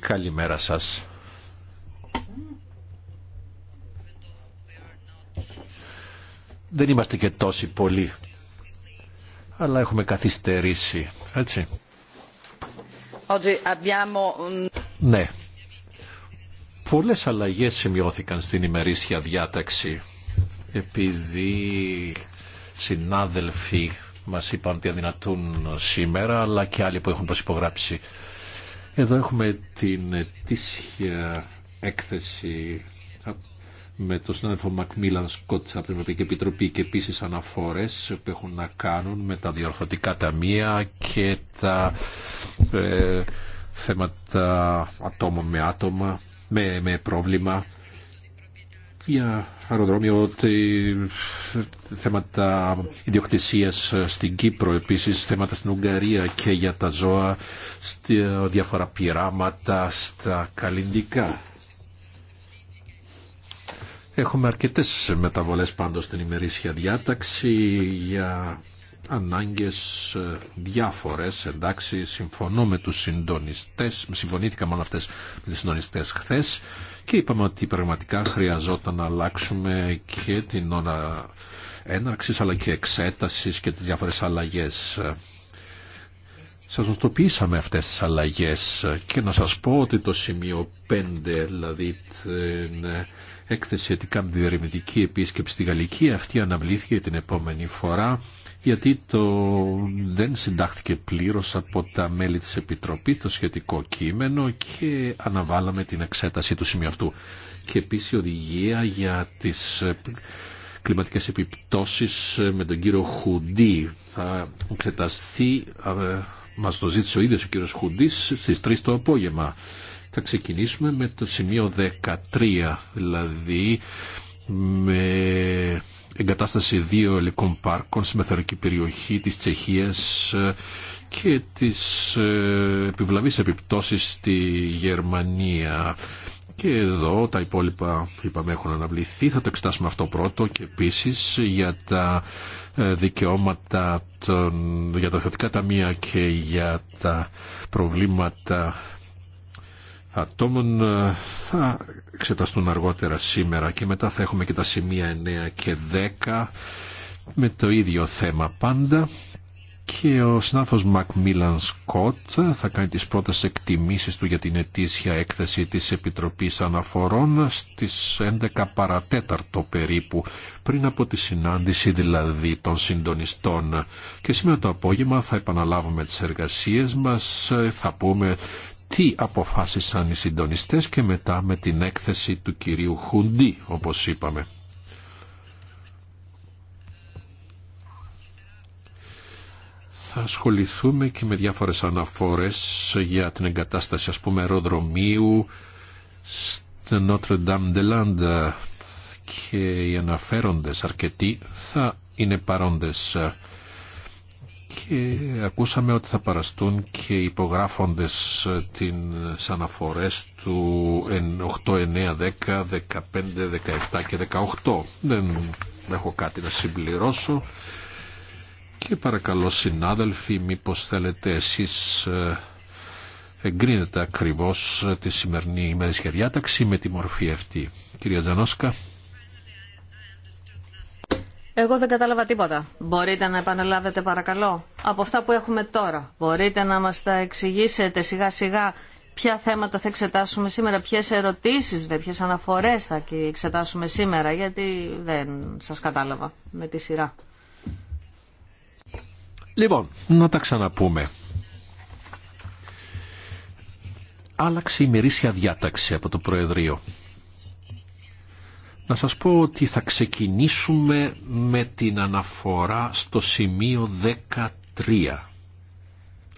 Καλημέρα σας. Δεν είμαστε και τόσοι πολλοί, αλλά έχουμε καθυστερήσει, έτσι. Ναι. Πολλές αλλαγές σημειώθηκαν στην ημερήσια διάταξη, επειδή συνάδελφοι μα είπαν ότι αδυνατούν σήμερα, αλλά και άλλοι που έχουν προσυπογράψει. Εδώ έχουμε την ετήσια έκθεση με τον συνάδελφο Μακμίλαν Σκοτ από την Ευρωπαϊκή Επιτροπή και επίση αναφορέ που έχουν να κάνουν με τα διορθωτικά ταμεία και τα ε, θέματα ατόμων με άτομα, με, με πρόβλημα για αεροδρόμιο, ότι θέματα ιδιοκτησία στην Κύπρο, επίσης θέματα στην Ουγγαρία και για τα ζώα, διάφορα πειράματα, στα καλλιντικά. Έχουμε αρκετέ μεταβολέ πάντω στην ημερήσια διάταξη για ανάγκες διάφορες, εντάξει, συμφωνώ με τους συντονιστέ. συμφωνήθηκα μόνο αυτές με τους συντονιστές χθες και είπαμε ότι πραγματικά χρειαζόταν να αλλάξουμε και την ώρα έναρξης αλλά και εξέτασης και τις διάφορες αλλαγές. Σας γνωστοποιήσαμε αυτές τις αλλαγές και να σας πω ότι το σημείο 5, δηλαδή την έκθεση ετικά με τη διερευνητική επίσκεψη στη Γαλλική, αυτή αναβλήθηκε την επόμενη φορά γιατί το δεν συντάχθηκε πλήρως από τα μέλη της Επιτροπής το σχετικό κείμενο και αναβάλαμε την εξέταση του σημείου αυτού. Και επίσης η οδηγία για τις κλιματικές επιπτώσεις με τον κύριο Χουντή θα εξεταστεί, μας το ζήτησε ο ίδιος ο κύριος Χουντής στις 3 το απόγευμα. Θα ξεκινήσουμε με το σημείο 13, δηλαδή με εγκατάσταση δύο ελικών πάρκων στη μεθαρική περιοχή της Τσεχίας ε, και της ε, επιβλαβείς επιπτώσεις στη Γερμανία. Και εδώ τα υπόλοιπα είπαμε έχουν αναβληθεί. Θα το εξετάσουμε αυτό πρώτο και επίσης για τα ε, δικαιώματα για τα θετικά ταμεία και για τα προβλήματα ατόμων ε, θα εξεταστούν αργότερα σήμερα και μετά θα έχουμε και τα σημεία 9 και 10 με το ίδιο θέμα πάντα και ο συνάδελφος Μακμίλαν Σκοτ θα κάνει τις πρώτες εκτιμήσεις του για την ετήσια έκθεση της Επιτροπής Αναφορών στις 11 παρατέταρτο περίπου, πριν από τη συνάντηση δηλαδή των συντονιστών. Και σήμερα το απόγευμα θα επαναλάβουμε τις εργασίες μας, θα πούμε τι αποφάσισαν οι συντονιστές και μετά με την έκθεση του κυρίου Χουντή, όπως είπαμε. Θα ασχοληθούμε και με διάφορες αναφορές για την εγκατάσταση, ας πούμε, αεροδρομίου στην Notre Dame de και οι αναφέροντες αρκετοί θα είναι παρόντες και ακούσαμε ότι θα παραστούν και υπογράφοντες ε, την ε, αναφορές του 8, 9, 10, 15, 17 και 18. Δεν έχω κάτι να συμπληρώσω. Και παρακαλώ συνάδελφοι, μήπως θέλετε εσείς ε, εγκρίνετε ακριβώς τη σημερινή για διάταξη με τη μορφή αυτή. Κυρία Τζανόσκα. Εγώ δεν κατάλαβα τίποτα. Μπορείτε να επαναλάβετε παρακαλώ. Από αυτά που έχουμε τώρα, μπορείτε να μας τα εξηγήσετε σιγά σιγά ποια θέματα θα εξετάσουμε σήμερα, ποιες ερωτήσεις, δε, ποιες αναφορές θα εξετάσουμε σήμερα, γιατί δεν σας κατάλαβα με τη σειρά. Λοιπόν, να τα ξαναπούμε. Άλλαξε η μερίσια διάταξη από το Προεδρείο. Να σας πω ότι θα ξεκινήσουμε με την αναφορά στο σημείο 13.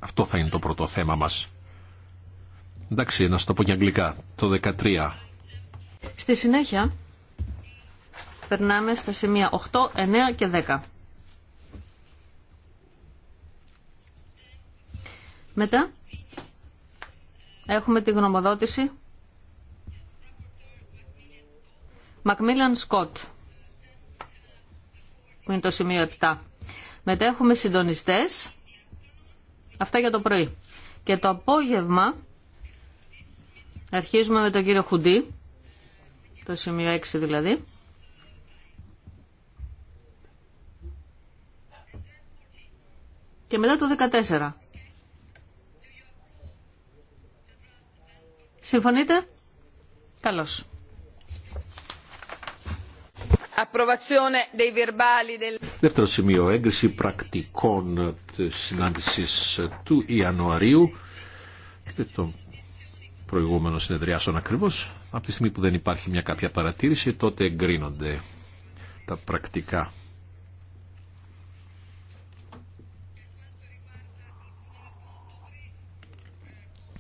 Αυτό θα είναι το πρώτο θέμα μας. Εντάξει, να σας το πω και αγγλικά, το 13. Στη συνέχεια, περνάμε στα σημεία 8, 9 και 10. Μετά, έχουμε τη γνωμοδότηση Μακμίλαν Σκοτ, που είναι το σημείο 7. Μετέχουμε έχουμε συντονιστές, αυτά για το πρωί. Και το απόγευμα αρχίζουμε με τον κύριο Χουντή, το σημείο 6 δηλαδή. Και μετά το 14. Συμφωνείτε? Καλώς. Δεύτερο σημείο, έγκριση πρακτικών της συνάντησης του Ιανουαρίου και των προηγούμενων συνεδριάσεων ακριβώς. Από τη στιγμή που δεν υπάρχει μια κάποια παρατήρηση, τότε εγκρίνονται τα πρακτικά.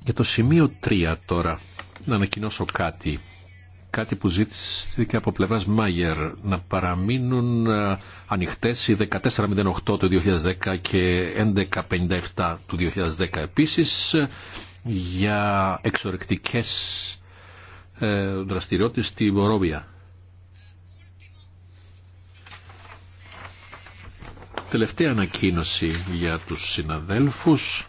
Για το σημείο 3 τώρα, να ανακοινώσω κάτι κάτι που ζήτησε από πλευρά Μάγερ να παραμείνουν ε, ανοιχτές οι 1408 του 2010 και 1157 του 2010 επίσης για εξορυκτικές ε, δραστηριότητες στη Μορόβια. Τελευταία ανακοίνωση για τους συναδέλφους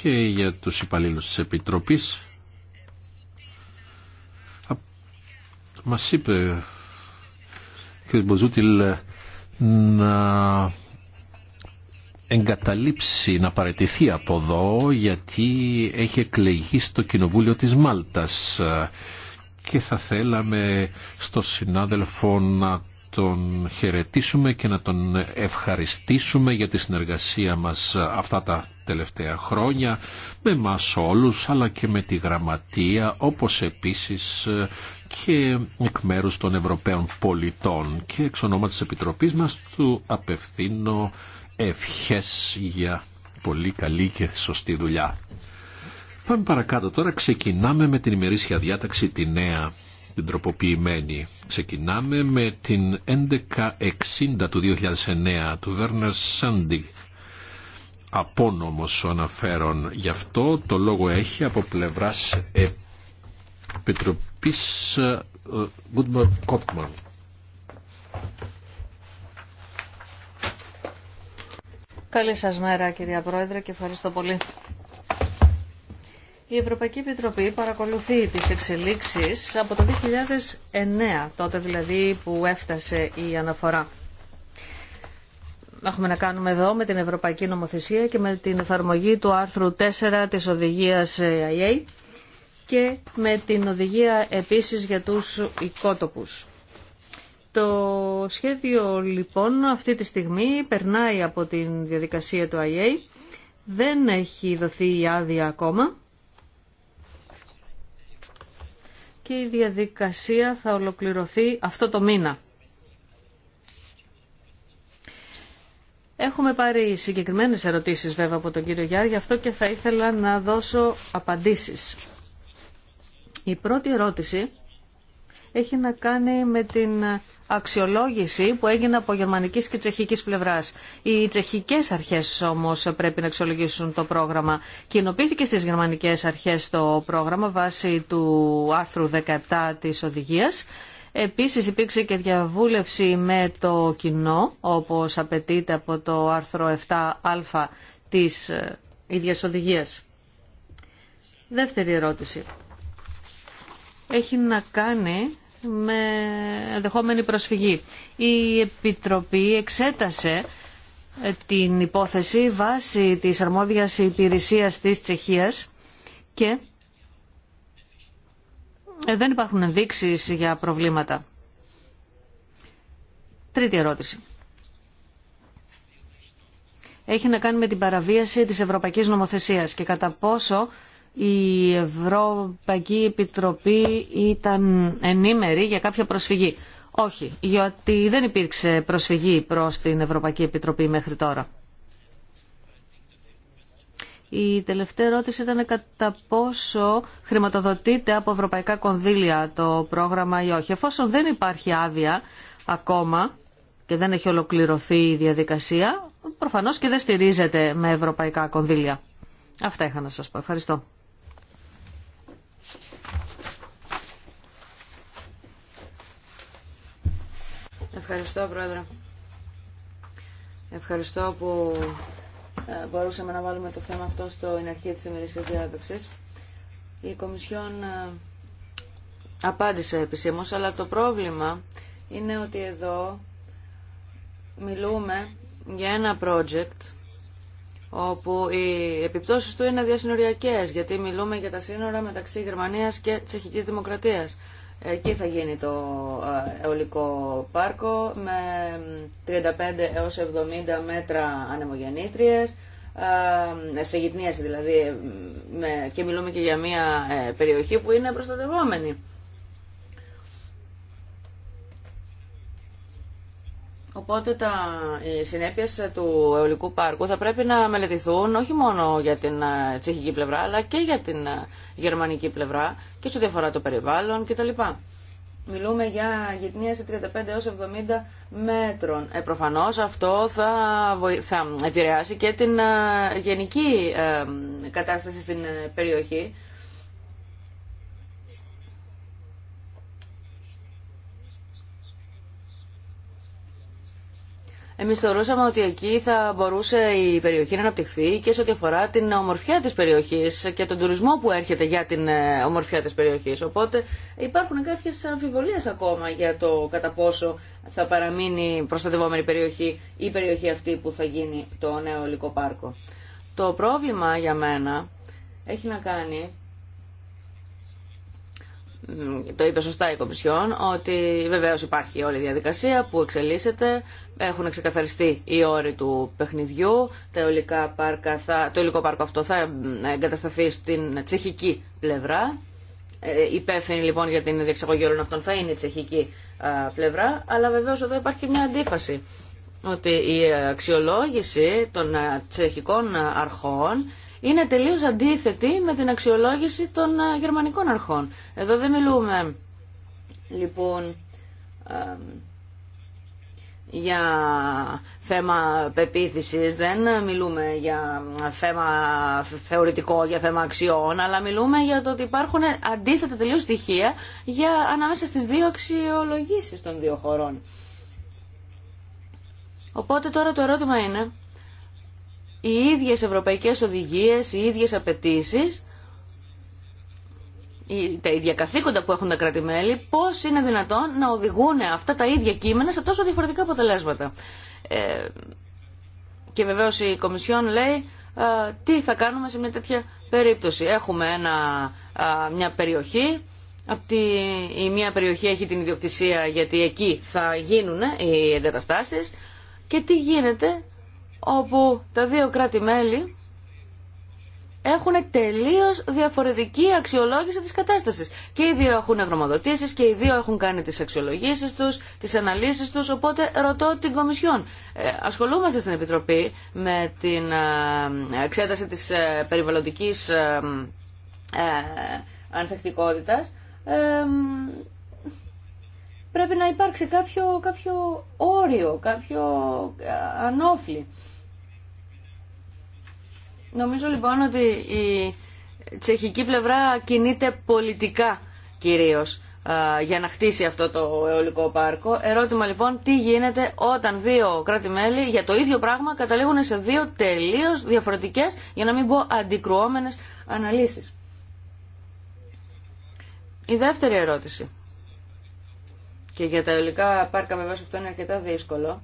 και για τους υπαλλήλους της Επιτροπής. Μας είπε κ. Μποζούτιλ ε, να εγκαταλείψει, να παραιτηθεί από εδώ γιατί έχει εκλεγεί στο Κοινοβούλιο της Μάλτας και θα θέλαμε στο συνάδελφο να τον χαιρετήσουμε και να τον ευχαριστήσουμε για τη συνεργασία μας αυτά τα τελευταία χρόνια με μας όλους αλλά και με τη γραμματεία όπως επίσης ε, και εκ μέρου των Ευρωπαίων πολιτών και εξ ονόμα της Επιτροπής μας του απευθύνω ευχές για πολύ καλή και σωστή δουλειά. Πάμε παρακάτω τώρα, ξεκινάμε με την ημερήσια διάταξη τη νέα την τροποποιημένη. Ξεκινάμε με την 1160 του 2009 του Βέρνερ Σάντιγκ. Απόνομος ο αναφέρον. Γι' αυτό το λόγο έχει από πλευράς Επιτροπής ε, Γκουτμαρ Κόπμαν. Καλή σας μέρα κυρία Πρόεδρε και ευχαριστώ πολύ η Ευρωπαϊκή Επιτροπή παρακολουθεί τις εξελίξεις από το 2009, τότε δηλαδή που έφτασε η αναφορά. Έχουμε να κάνουμε εδώ με την Ευρωπαϊκή Νομοθεσία και με την εφαρμογή του άρθρου 4 της οδηγίας IA ε ε και με την οδηγία επίσης για τους οικότοπους. Το σχέδιο λοιπόν αυτή τη στιγμή περνάει από την διαδικασία του IA. Ε Δεν έχει δοθεί η άδεια ακόμα και η διαδικασία θα ολοκληρωθεί αυτό το μήνα. Έχουμε πάρει συγκεκριμένες ερωτήσεις βέβαια από τον κύριο Γιάρ, γι' αυτό και θα ήθελα να δώσω απαντήσεις. Η πρώτη ερώτηση έχει να κάνει με την αξιολόγηση που έγινε από γερμανική και τσεχική πλευρά. Οι τσεχικέ αρχές όμω πρέπει να αξιολογήσουν το πρόγραμμα. Κοινοποιήθηκε στις γερμανικές αρχές το πρόγραμμα βάσει του άρθρου 17 της οδηγίας. Επίσης υπήρξε και διαβούλευση με το κοινό, όπως απαιτείται από το άρθρο 7α τη ε, ίδια οδηγία. Δεύτερη ερώτηση. Έχει να κάνει με δεχόμενη προσφυγή. Η Επιτροπή εξέτασε ε, την υπόθεση βάσει της αρμόδιας υπηρεσίας της Τσεχίας και ε, δεν υπάρχουν ενδείξεις για προβλήματα. Τρίτη ερώτηση. Έχει να κάνει με την παραβίαση της ευρωπαϊκής νομοθεσίας και κατά πόσο η Ευρωπαϊκή Επιτροπή ήταν ενήμερη για κάποια προσφυγή. Όχι, γιατί δεν υπήρξε προσφυγή προς την Ευρωπαϊκή Επιτροπή μέχρι τώρα. Η τελευταία ερώτηση ήταν κατά πόσο χρηματοδοτείται από ευρωπαϊκά κονδύλια το πρόγραμμα ή όχι. Εφόσον δεν υπάρχει άδεια ακόμα και δεν έχει ολοκληρωθεί η διαδικασία, προφανώς και δεν στηρίζεται με ευρωπαϊκά κονδύλια. Αυτά είχα να σας πω. Ευχαριστώ. Ευχαριστώ, Πρόεδρε. Ευχαριστώ που ε, μπορούσαμε να βάλουμε το θέμα αυτό στο αρχή της ημερήσιας διάδοξης. Η Κομισιόν ε, απάντησε επισήμως, αλλά το πρόβλημα είναι ότι εδώ μιλούμε για ένα project όπου οι επιπτώσεις του είναι διασυνοριακές, γιατί μιλούμε για τα σύνορα μεταξύ Γερμανίας και Τσεχικής Δημοκρατίας. Εκεί θα γίνει το ε, αιωλικό πάρκο με 35 έως 70 μέτρα ανεμογεννήτριες, σε γυπνίαση δηλαδή, ε, και μιλούμε και για μια ε, περιοχή που είναι προστατευόμενη. Οπότε τα, οι ε, συνέπειε του αεολικού πάρκου θα πρέπει να μελετηθούν όχι μόνο για την ε, τσεχική πλευρά αλλά και για την ε, γερμανική πλευρά και σε διαφορά αφορά το περιβάλλον κτλ. Μιλούμε για γυτνία σε 35 έως 70 μέτρων. Ε, προφανώς αυτό θα, θα επηρεάσει και την γενική κατάσταση στην περιοχή Εμεί θεωρούσαμε ότι εκεί θα μπορούσε η περιοχή να αναπτυχθεί και σε ό,τι αφορά την ομορφιά τη περιοχή και τον τουρισμό που έρχεται για την ε, ομορφιά τη περιοχή. Οπότε υπάρχουν κάποιε αμφιβολίε ακόμα για το κατά πόσο θα παραμείνει προστατευόμενη περιοχή η περιοχή αυτή που θα γίνει το νέο ολικό πάρκο. Το πρόβλημα για μένα έχει να κάνει το είπε σωστά η Κομισιόν, ότι βεβαίως υπάρχει όλη η διαδικασία που εξελίσσεται, έχουν ξεκαθαριστεί οι όροι του παιχνιδιού, τα θα, το υλικό πάρκο αυτό θα εγκατασταθεί στην τσεχική πλευρά. Ε, υπεύθυνη λοιπόν για την διεξαγωγή όλων αυτών θα είναι η τσεχική πλευρά, αλλά βεβαίως εδώ υπάρχει μια αντίφαση ότι η αξιολόγηση των τσεχικών αρχών είναι τελείως αντίθετη με την αξιολόγηση των ε, γερμανικών αρχών. Εδώ δεν μιλούμε λοιπόν για θέμα πεποίθησης, δεν μιλούμε για θέμα θεωρητικό, για θέμα αξιών, αλλά μιλούμε για το ότι υπάρχουν αντίθετα τελείως στοιχεία για, ανάμεσα στις δύο αξιολογήσεις των δύο χωρών. Οπότε τώρα το ερώτημα είναι οι ίδιες ευρωπαϊκές οδηγίες, οι ίδιες απαιτήσει, τα ίδια καθήκοντα που έχουν τα κρατη πώς είναι δυνατόν να οδηγούν αυτά τα ίδια κείμενα σε τόσο διαφορετικά αποτελέσματα. Ε, και βεβαίως η Κομισιόν λέει τι θα κάνουμε σε μια τέτοια περίπτωση. Έχουμε ένα, μια περιοχή η μία περιοχή έχει την ιδιοκτησία γιατί εκεί θα γίνουν οι εγκαταστάσεις και τι γίνεται όπου τα δύο κράτη-μέλη έχουν τελείως διαφορετική αξιολόγηση της κατάσταση. Και οι δύο έχουν γνωμοδοτήσεις και οι δύο έχουν κάνει τις αξιολογήσεις τους, τις αναλύσεις τους, οπότε ρωτώ την Κομισιόν. Ε, ασχολούμαστε στην Επιτροπή με την ε, εξέταση της ε, περιβαλλοντικής ε, ε, ανθεκτικότητας. Πρέπει να υπάρξει κάποιο, κάποιο όριο, κάποιο ανόφλη. Νομίζω λοιπόν ότι η τσεχική πλευρά κινείται πολιτικά κυρίως για να χτίσει αυτό το αιωλικό πάρκο. Ερώτημα λοιπόν, τι γίνεται όταν δύο κράτη-μέλη για το ίδιο πράγμα καταλήγουν σε δύο τελείως διαφορετικές, για να μην πω αντικρουόμενες αναλύσεις. Η δεύτερη ερώτηση. Και για τα αιωλικά πάρκα βέβαια, αυτό είναι αρκετά δύσκολο.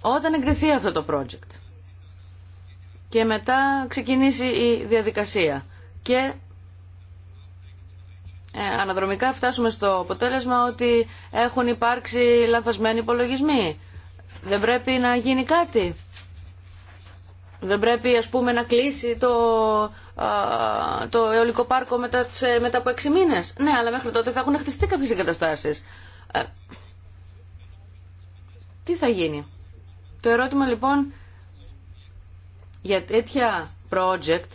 Όταν εγκριθεί αυτό το project, και μετά ξεκινήσει η διαδικασία. Και ε, αναδρομικά φτάσουμε στο αποτέλεσμα ότι έχουν υπάρξει λανθασμένοι υπολογισμοί. Δεν πρέπει να γίνει κάτι. Δεν πρέπει ας πούμε να κλείσει το, α, το αιωλικό πάρκο μετά, ε, μετά από 6 μήνες. Ναι, αλλά μέχρι τότε θα έχουν χτιστεί κάποιες εγκαταστάσεις. Ε, τι θα γίνει. Το ερώτημα λοιπόν για τέτοια project,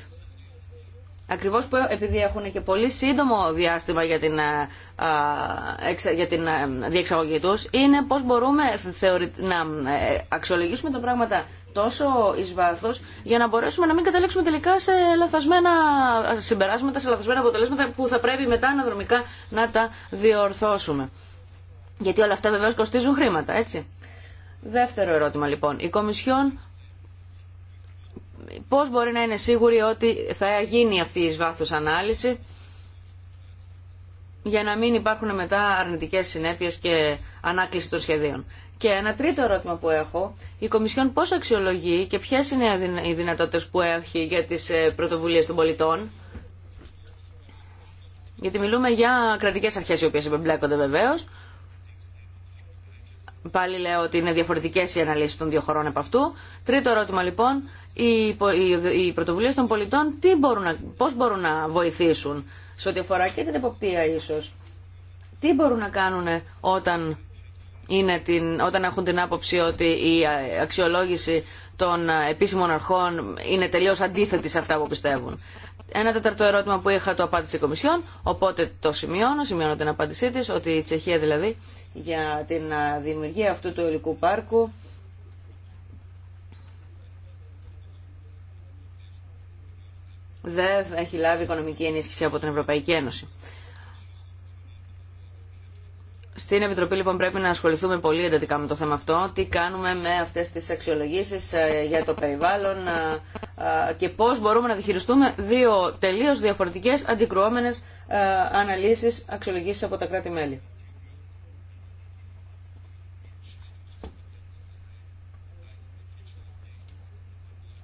ακριβώς που, επειδή έχουν και πολύ σύντομο διάστημα για την, ε, ε, για την ε, διεξαγωγή τους, είναι πώς μπορούμε θεωρη, να αξιολογήσουμε τα πράγματα τόσο εις βάθος, για να μπορέσουμε να μην καταλήξουμε τελικά σε λαθασμένα συμπεράσματα, σε λαθασμένα αποτελέσματα που θα πρέπει μετά αναδρομικά να τα διορθώσουμε. Γιατί όλα αυτά βεβαίως κοστίζουν χρήματα, έτσι. Δεύτερο ερώτημα λοιπόν. Η Κομισιόν πώς μπορεί να είναι σίγουροι ότι θα γίνει αυτή η βάθος ανάλυση για να μην υπάρχουν μετά αρνητικές συνέπειες και ανάκληση των σχεδίων. Και ένα τρίτο ερώτημα που έχω, η Κομισιόν πώς αξιολογεί και ποιες είναι οι δυνατότητες που έχει για τις ε, πρωτοβουλίες των πολιτών. Γιατί μιλούμε για κρατικές αρχές οι οποίες επεμπλέκονται βεβαίως, Πάλι λέω ότι είναι διαφορετικέ οι αναλύσει των δύο χωρών από αυτού. Τρίτο ερώτημα λοιπόν, οι, οι πρωτοβουλίε των πολιτών τι μπορούν να, πώς μπορούν να βοηθήσουν σε ό,τι αφορά και την εποπτεία ίσω. Τι μπορούν να κάνουν όταν, είναι την, όταν έχουν την άποψη ότι η αξιολόγηση των ε, επίσημων αρχών είναι τελείως αντίθετη σε αυτά που πιστεύουν. Ένα τέταρτο ερώτημα που είχα το απάντησε η Κομισιόν, οπότε το σημειώνω, σημειώνω την απάντησή της, ότι η Τσεχία δηλαδή για την ε, δημιουργία αυτού του υλικού πάρκου δεν έχει λάβει οικονομική ενίσχυση από την Ευρωπαϊκή Ένωση. Στην Επιτροπή λοιπόν πρέπει να ασχοληθούμε πολύ εντατικά με το θέμα αυτό. Τι κάνουμε με αυτές τις αξιολογήσεις ε, για το περιβάλλον ε, ε, και πώς μπορούμε να διχειριστούμε δύο τελείως διαφορετικές αντικρουόμενες αναλύσεις αξιολογήσεις από τα κράτη-μέλη.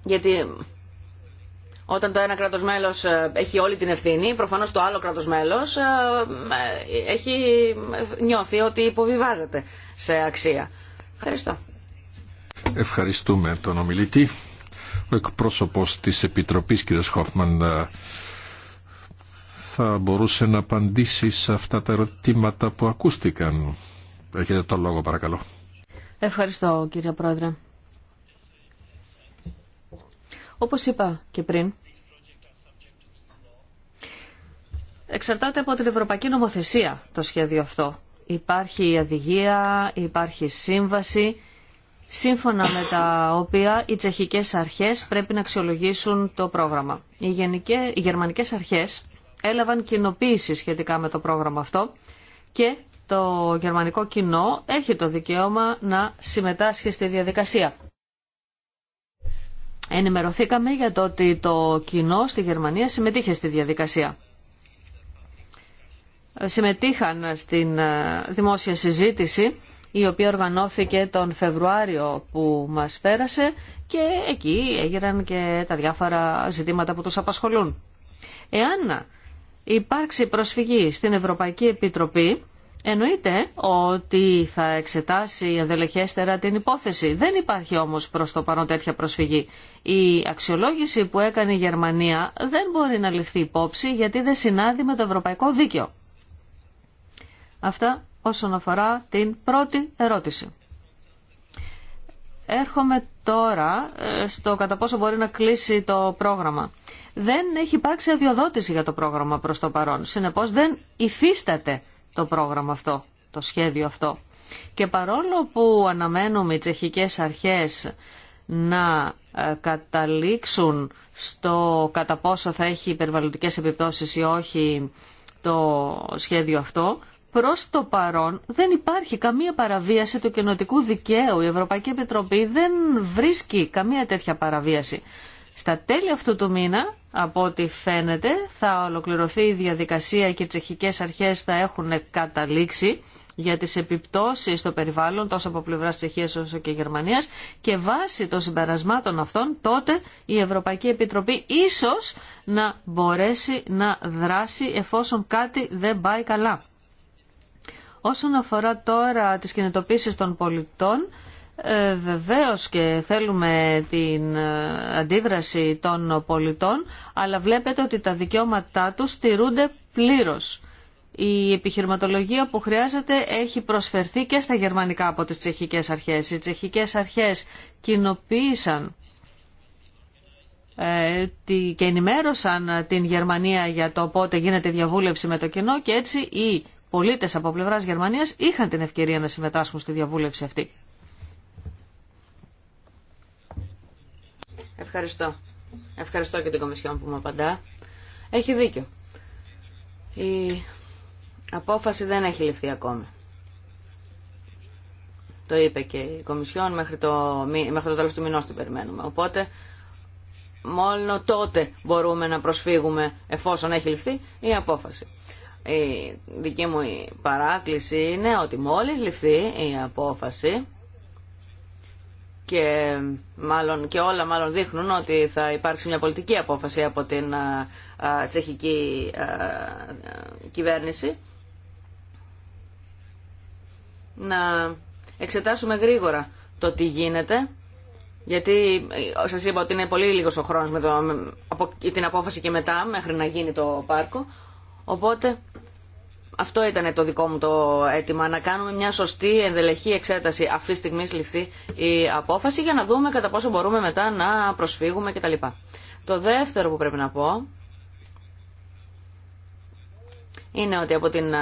Γιατί όταν το ένα κράτος μέλος ε, έχει όλη την ευθύνη, προφανώς το άλλο κράτος μέλος ε, ε, έχει νιώθει ότι υποβιβάζεται σε αξία. Ευχαριστώ. Ευχαριστούμε τον ομιλητή. Ο εκπρόσωπο της Επιτροπής, κ. Χόφμαν, θα μπορούσε να απαντήσει σε αυτά τα ερωτήματα που ακούστηκαν. Έχετε το λόγο, παρακαλώ. Ευχαριστώ, κύριε Πρόεδρε. Όπως είπα και πριν, Εξαρτάται από την Ευρωπαϊκή Νομοθεσία το σχέδιο αυτό. Υπάρχει η αδηγία, υπάρχει σύμβαση, σύμφωνα με τα οποία οι τσεχικές αρχές πρέπει να αξιολογήσουν το πρόγραμμα. Οι, γενικές, οι γερμανικές αρχές έλαβαν κοινοποίηση σχετικά με το πρόγραμμα αυτό και το γερμανικό κοινό έχει το δικαίωμα να συμμετάσχει στη διαδικασία. Ενημερωθήκαμε για το ότι το κοινό στη Γερμανία συμμετείχε στη διαδικασία συμμετείχαν στην ε, δημόσια συζήτηση η οποία οργανώθηκε τον Φεβρουάριο που μας πέρασε και εκεί έγιναν και τα διάφορα ζητήματα που τους απασχολούν. Εάν υπάρξει προσφυγή στην Ευρωπαϊκή Επιτροπή, εννοείται ότι θα εξετάσει αδελεχέστερα την υπόθεση. Δεν υπάρχει όμως προς το παρόν τέτοια προσφυγή. Η αξιολόγηση που έκανε η Γερμανία δεν μπορεί να ληφθεί υπόψη γιατί δεν συνάδει με το ευρωπαϊκό δίκαιο. Αυτά όσον αφορά την πρώτη ερώτηση. Έρχομαι τώρα ε, στο κατά πόσο μπορεί να κλείσει το πρόγραμμα. Δεν έχει υπάρξει αδειοδότηση για το πρόγραμμα προς το παρόν. Συνεπώς δεν υφίσταται το πρόγραμμα αυτό, το σχέδιο αυτό. Και παρόλο που αναμένουμε οι τσεχικές αρχές να ε, καταλήξουν στο κατά πόσο θα έχει περιβαλλοντικές επιπτώσεις ή όχι το σχέδιο αυτό, προς το παρόν δεν υπάρχει καμία παραβίαση του κοινοτικού δικαίου. Η Ευρωπαϊκή Επιτροπή δεν βρίσκει καμία τέτοια παραβίαση. Στα τέλη αυτού του μήνα, από ό,τι φαίνεται, θα ολοκληρωθεί η διαδικασία και οι τσεχικές αρχές θα έχουν καταλήξει για τις επιπτώσεις στο περιβάλλον τόσο από πλευρά Τσεχίας όσο και Γερμανίας και βάσει των συμπερασμάτων αυτών τότε η Ευρωπαϊκή Επιτροπή ίσως να μπορέσει να δράσει εφόσον κάτι δεν πάει καλά. Όσον αφορά τώρα τις κινητοποίησεις των πολιτών, ε, βεβαίως και θέλουμε την ε, αντίδραση των πολιτών, αλλά βλέπετε ότι τα δικαιώματά τους στηρούνται πλήρως. Η επιχειρηματολογία που χρειάζεται έχει προσφερθεί και στα γερμανικά από τις τσεχικές αρχές. Οι τσεχικές αρχές κοινοποίησαν ε, και ενημέρωσαν την Γερμανία για το πότε γίνεται διαβούλευση με το κοινό και έτσι οι πολίτες από πλευράς Γερμανίας είχαν την ευκαιρία να συμμετάσχουν στη διαβούλευση αυτή. Ευχαριστώ. Ευχαριστώ και την Κομισιόν που μου απαντά. Έχει δίκιο. Η απόφαση δεν έχει ληφθεί ακόμη. Το είπε και η Κομισιόν μέχρι το, μέχρι το τέλος του μηνός την περιμένουμε. Οπότε μόνο τότε μπορούμε να προσφύγουμε εφόσον έχει ληφθεί η απόφαση η δική μου παράκληση είναι ότι μόλις ληφθεί η απόφαση και, μάλλον, και όλα μάλλον δείχνουν ότι θα υπάρξει μια πολιτική απόφαση από την τσεχική κυβέρνηση να εξετάσουμε γρήγορα το τι γίνεται γιατί ε, σας είπα ότι είναι πολύ λίγος ο χρόνος με το, από την απόφαση και μετά μέχρι να γίνει το πάρκο Οπότε αυτό ήταν το δικό μου το αίτημα, να κάνουμε μια σωστή ενδελεχή εξέταση. Αυτή τη στιγμή ληφθεί η απόφαση για να δούμε κατά πόσο μπορούμε μετά να προσφύγουμε κτλ. Το δεύτερο που πρέπει να πω είναι ότι από, την,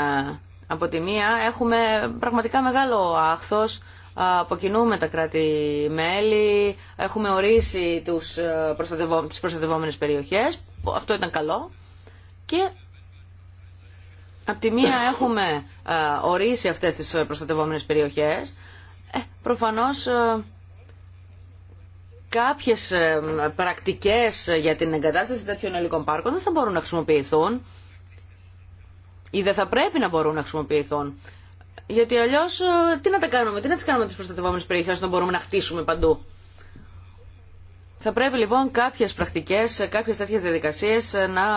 από τη μία έχουμε πραγματικά μεγάλο άχθος, αποκινούμε τα κράτη-μέλη, έχουμε ορίσει τους ε, προστατευό, τις προστατευόμενες περιοχές, αυτό ήταν καλό και Απ' τη μία έχουμε ε, ορίσει αυτές τις προστατευόμενες περιοχές. Ε, προφανώς ε, κάποιες ε, πρακτικές για την εγκατάσταση τέτοιων υλικών πάρκων δεν θα μπορούν να χρησιμοποιηθούν ή δεν θα πρέπει να μπορούν να χρησιμοποιηθούν. Γιατί αλλιώ τι να τα κάνουμε, τι να τι κάνουμε τι προστατευόμενες περιοχές; όταν μπορούμε να χτίσουμε παντού. Θα πρέπει λοιπόν κάποιες πρακτικές, κάποιες τέτοιε διαδικασίε να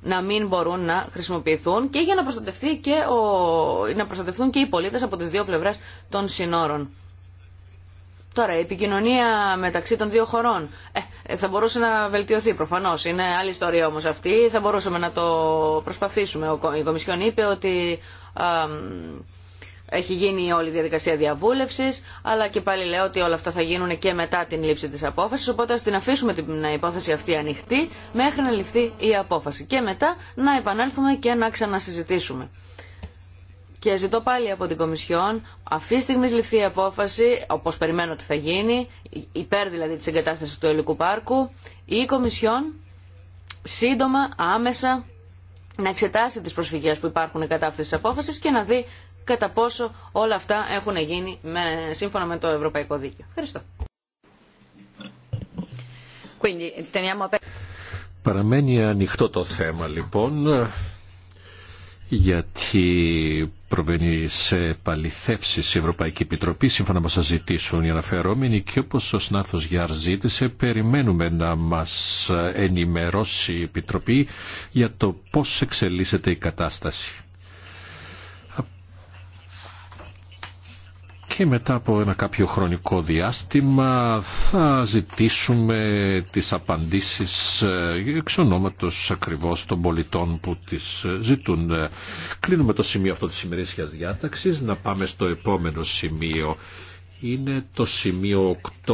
να μην μπορούν να χρησιμοποιηθούν και για να, προστατευτεί και ο, να προστατευτούν και οι πολίτες από τις δύο πλευρές των συνόρων. Τώρα, η επικοινωνία μεταξύ των δύο χωρών ε, ε θα μπορούσε να βελτιωθεί προφανώ. Είναι άλλη ιστορία όμω αυτή. Θα μπορούσαμε να το προσπαθήσουμε. η Κομισιόν είπε ότι έχει γίνει όλη η διαδικασία διαβούλευση, αλλά και πάλι λέω ότι όλα αυτά θα γίνουν και μετά την λήψη τη απόφαση. Οπότε α την αφήσουμε την υπόθεση αυτή ανοιχτή μέχρι να ληφθεί η απόφαση. Και μετά να επανέλθουμε και να ξανασυζητήσουμε. Και ζητώ πάλι από την Κομισιόν, αυτή τη στιγμή ληφθεί η απόφαση, όπω περιμένω ότι θα γίνει, υπέρ δηλαδή τη εγκατάσταση του ελληνικού πάρκου, η Κομισιόν σύντομα, άμεσα, να εξετάσει τι προσφυγέ που υπάρχουν κατά αυτή τη απόφαση και να δει κατά πόσο όλα αυτά έχουν γίνει με, σύμφωνα με το Ευρωπαϊκό Δίκαιο. Ευχαριστώ. Παραμένει ανοιχτό το θέμα λοιπόν γιατί προβαίνει σε παληθεύσει η Ευρωπαϊκή Επιτροπή σύμφωνα με όσα ζητήσουν οι αναφερόμενοι και όπω ο σνάθο Γιάρ ζήτησε περιμένουμε να μα ενημερώσει η Επιτροπή για το πώ εξελίσσεται η κατάσταση. και μετά από ένα κάποιο χρονικό διάστημα θα ζητήσουμε τις απαντήσεις ε, εξ ονόματος ακριβώς των πολιτών που τις ε, ζητούν. Κλείνουμε το σημείο αυτό της ημερήσιας διάταξης, να πάμε στο επόμενο σημείο. Είναι το σημείο 8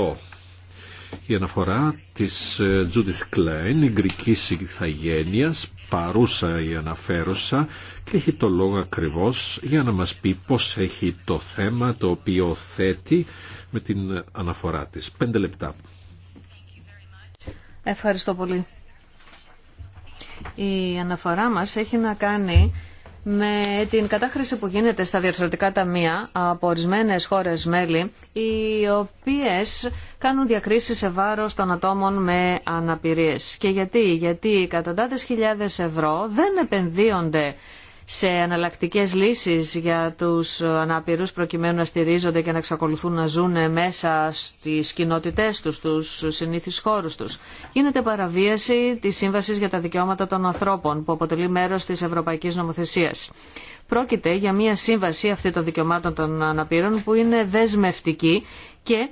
η αναφορά της Τζούντιθ Κλάιν, η θα ηθαγένειας, παρούσα η αναφέρουσα και έχει το λόγο ακριβώς για να μας πει πώς έχει το θέμα το οποίο θέτει με την αναφορά της. Πέντε λεπτά. Ευχαριστώ πολύ. Η αναφορά μας έχει να κάνει με την κατάχρηση που γίνεται στα διαρθρωτικά ταμεία από ορισμένε χώρε μέλη, οι οποίε κάνουν διακρίσει σε βάρο των ατόμων με αναπηρίε. Και γιατί, γιατί οι εκατοντάδε χιλιάδε ευρώ δεν επενδύονται σε αναλλακτικές λύσεις για τους αναπηρούς προκειμένου να στηρίζονται και να εξακολουθούν να ζουν μέσα στις κοινότητές τους, στους συνήθει χώρους τους. Γίνεται παραβίαση της Σύμβασης για τα Δικαιώματα των Ανθρώπων που αποτελεί μέρος της Ευρωπαϊκής Νομοθεσίας. Πρόκειται για μια σύμβαση αυτή των δικαιωμάτων των αναπήρων που είναι δεσμευτική και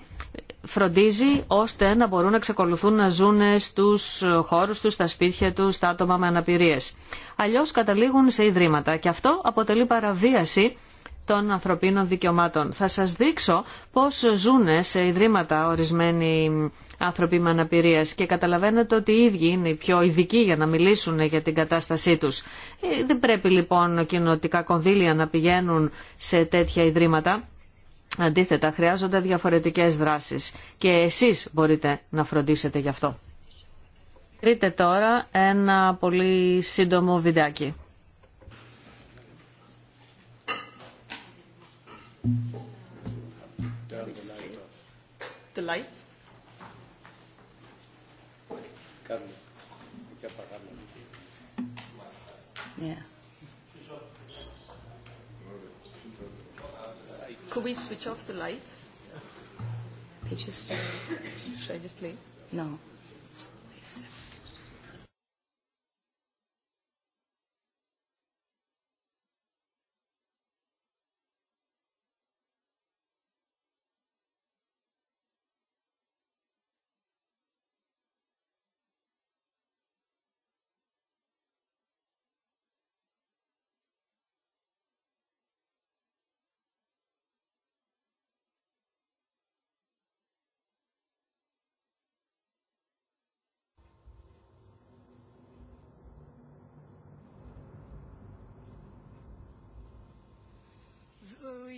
φροντίζει ώστε να μπορούν να εξακολουθούν να ζουν στους χώρους τους, στα σπίτια του, στα άτομα με αναπηρίες. Αλλιώς καταλήγουν σε ιδρύματα και αυτό αποτελεί παραβίαση των ανθρωπίνων δικαιωμάτων. Θα σας δείξω πώς ζουν σε ιδρύματα ορισμένοι άνθρωποι με αναπηρίες και καταλαβαίνετε ότι οι ίδιοι είναι πιο ειδικοί για να μιλήσουν για την κατάστασή τους. Ε, δεν πρέπει λοιπόν κοινοτικά κονδύλια να πηγαίνουν σε τέτοια ιδρύματα Αντίθετα, χρειάζονται διαφορετικές δράσεις και εσείς μπορείτε να φροντίσετε γι' αυτό. Δείτε τώρα ένα πολύ σύντομο βιντεάκι. The lights. Yeah. Could we switch off the lights? They just. Should I just play? No.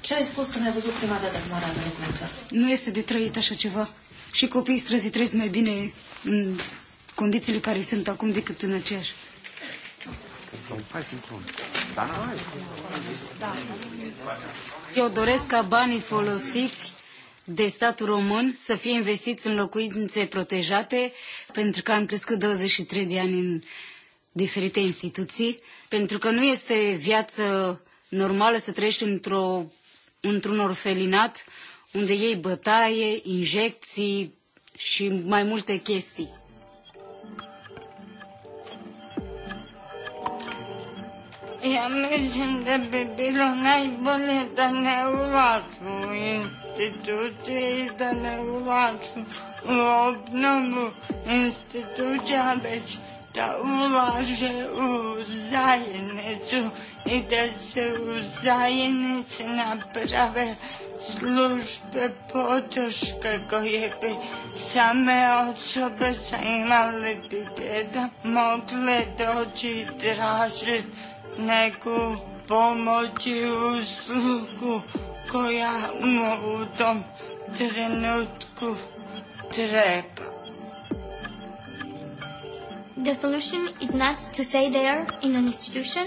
Ce ai spus când ai văzut prima dată cum arată locuința? Nu este de trăit așa ceva. Și copiii străzii trăiesc mai bine în condițiile care sunt acum decât în aceeași. Eu doresc ca banii folosiți de statul român să fie investiți în locuințe protejate, pentru că am crescut 23 de ani în diferite instituții, pentru că nu este viață normală să trăiești într-o într-un orfelinat unde iei bătaie, injecții și mai multe chestii. Ja mislim da bi bilo bune da ne ulažu u institucije i da ne ulažu u obnovu institucija, da ulaže u zajednicu i da se u zajednici naprave službe podrške koje bi same osobe sa invaliditetom mogle doći i tražiti neku pomoć i uslugu koja mu u tom trenutku treba. The solution is not to stay there in an institution,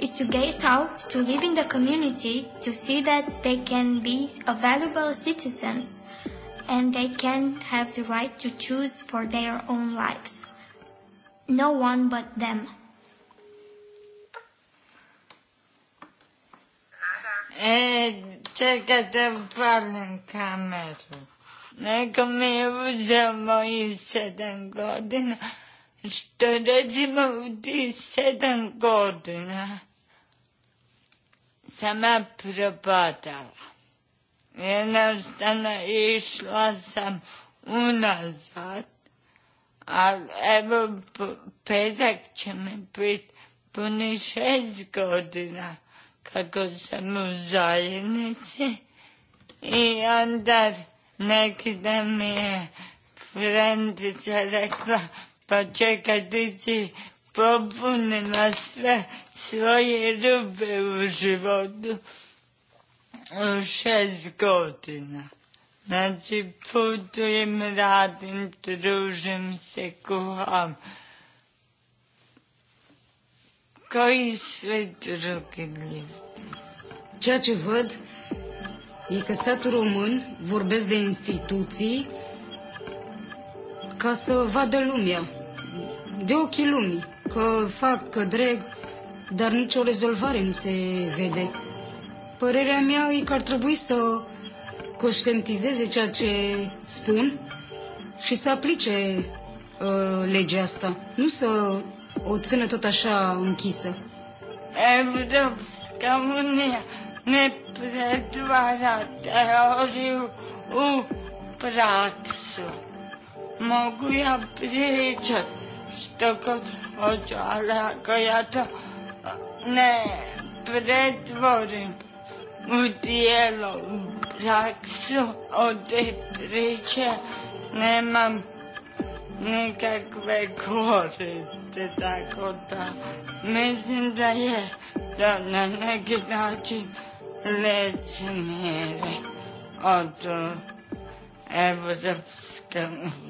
is to get out, to live in the community, to see that they can be valuable citizens and they can have the right to choose for their own lives. No one but them što recimo u tih sedam godina sama propadala. Jednostavno išla sam unazad, ali evo petak će mi puni šest godina kako sam u zajednici i onda neki dan mi rekla čekati popune na sve svoje rupe u životu u šest godina. Znači putujem, radim, družim se, kuham. Koji sve drugi ljudi? Ceea ce văd e că statul român vorbesc de instituții ca să vadă lumea de ochii lumii, că fac, că dreg, dar nicio rezolvare nu se vede. Părerea mea e că ar trebui să conștientizeze ceea ce spun și să aplice uh, legea asta, nu să o țină tot așa închisă. Evropska unia ne u Mogu ja pričat στο αλλά για το ναι πρέτβορη μου τι έλω πράξω ότι τρίχε ναι μα ναι κακ με κόρες με συνταγέ το να να κοινάκι λέτσι μέρε ότι έβρεψε μου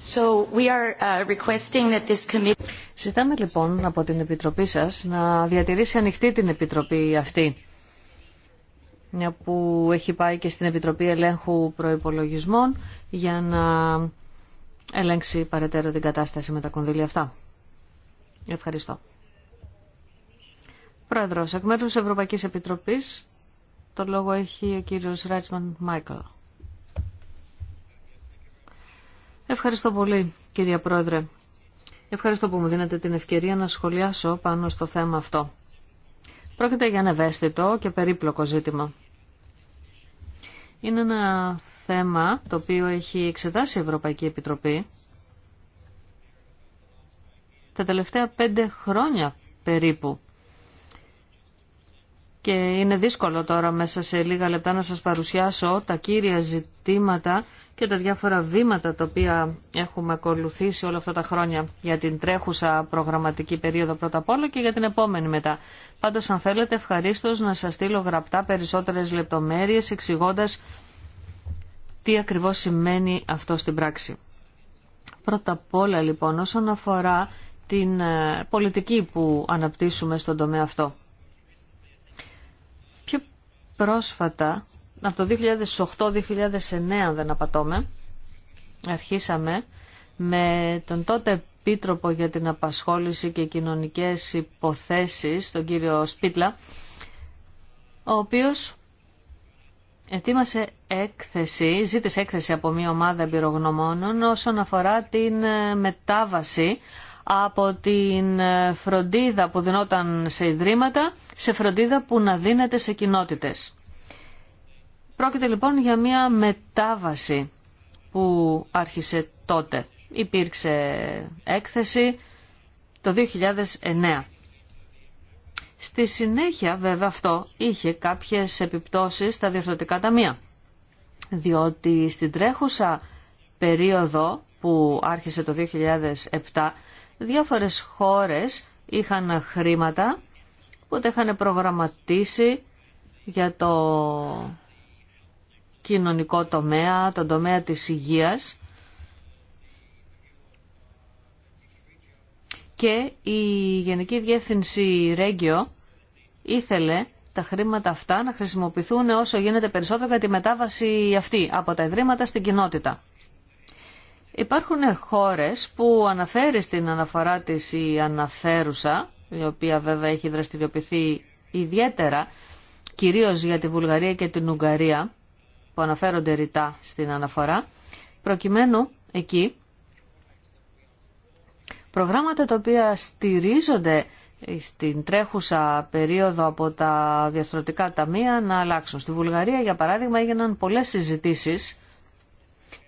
So uh, Ζητάμε λοιπόν από την Επιτροπή σας να διατηρήσει ανοιχτή την Επιτροπή αυτή μια που έχει πάει και στην Επιτροπή Ελέγχου Προϋπολογισμών για να ελέγξει παρετέρω την κατάσταση με τα κονδύλια αυτά. Ευχαριστώ. Πρόεδρος, εκ μέρους της Ευρωπαϊκής Επιτροπής, το λόγο έχει ο κύριος Ράτσμαν Μάικλ. Ευχαριστώ πολύ, κυρία Πρόεδρε. Ευχαριστώ που μου δίνετε την ευκαιρία να σχολιάσω πάνω στο θέμα αυτό. Πρόκειται για ένα ευαίσθητο και περίπλοκο ζήτημα. Είναι ένα θέμα το οποίο έχει εξετάσει η Ευρωπαϊκή Επιτροπή τα τελευταία πέντε χρόνια περίπου και είναι δύσκολο τώρα μέσα σε λίγα λεπτά να σας παρουσιάσω τα κύρια ζητήματα και τα διάφορα βήματα τα οποία έχουμε ακολουθήσει όλα αυτά τα χρόνια για την τρέχουσα προγραμματική περίοδο πρώτα απ' όλα και για την επόμενη μετά. Πάντως αν θέλετε ευχαρίστως να σας στείλω γραπτά περισσότερες λεπτομέρειες εξηγώντα τι ακριβώς σημαίνει αυτό στην πράξη. Πρώτα απ' όλα λοιπόν όσον αφορά την ε, πολιτική που αναπτύσσουμε στον τομέα αυτό πρόσφατα, από το 2008-2009 δεν απατώμε, αρχίσαμε με τον τότε Επίτροπο για την Απασχόληση και Κοινωνικές Υποθέσεις, τον κύριο Σπίτλα, ο οποίος ετοίμασε έκθεση, ζήτησε έκθεση από μια ομάδα εμπειρογνωμόνων όσον αφορά την μετάβαση από την ε, φροντίδα που δινόταν σε ιδρύματα σε φροντίδα που να δίνεται σε κοινότητες. Πρόκειται λοιπόν για μια μετάβαση που άρχισε τότε. Υπήρξε έκθεση το 2009. Στη συνέχεια βέβαια αυτό είχε κάποιες επιπτώσεις στα διορθωτικά ταμεία. Διότι στην τρέχουσα περίοδο που άρχισε το 2007 διάφορες χώρες είχαν χρήματα που τα είχαν προγραμματίσει για το κοινωνικό τομέα, τον τομέα της υγείας και η Γενική Διεύθυνση Ρέγγιο ήθελε τα χρήματα αυτά να χρησιμοποιηθούν όσο γίνεται περισσότερο για τη μετάβαση αυτή από τα ιδρύματα στην κοινότητα. Υπάρχουν ε, χώρες που αναφέρει στην αναφορά της η αναφέρουσα, η οποία βέβαια έχει δραστηριοποιηθεί ιδιαίτερα, κυρίως για τη Βουλγαρία και την Ουγγαρία, που αναφέρονται ρητά στην αναφορά, προκειμένου εκεί προγράμματα τα οποία στηρίζονται στην τρέχουσα περίοδο από τα διαστρωτικά ταμεία να αλλάξουν. Στη Βουλγαρία, για παράδειγμα, έγιναν πολλές συζητήσεις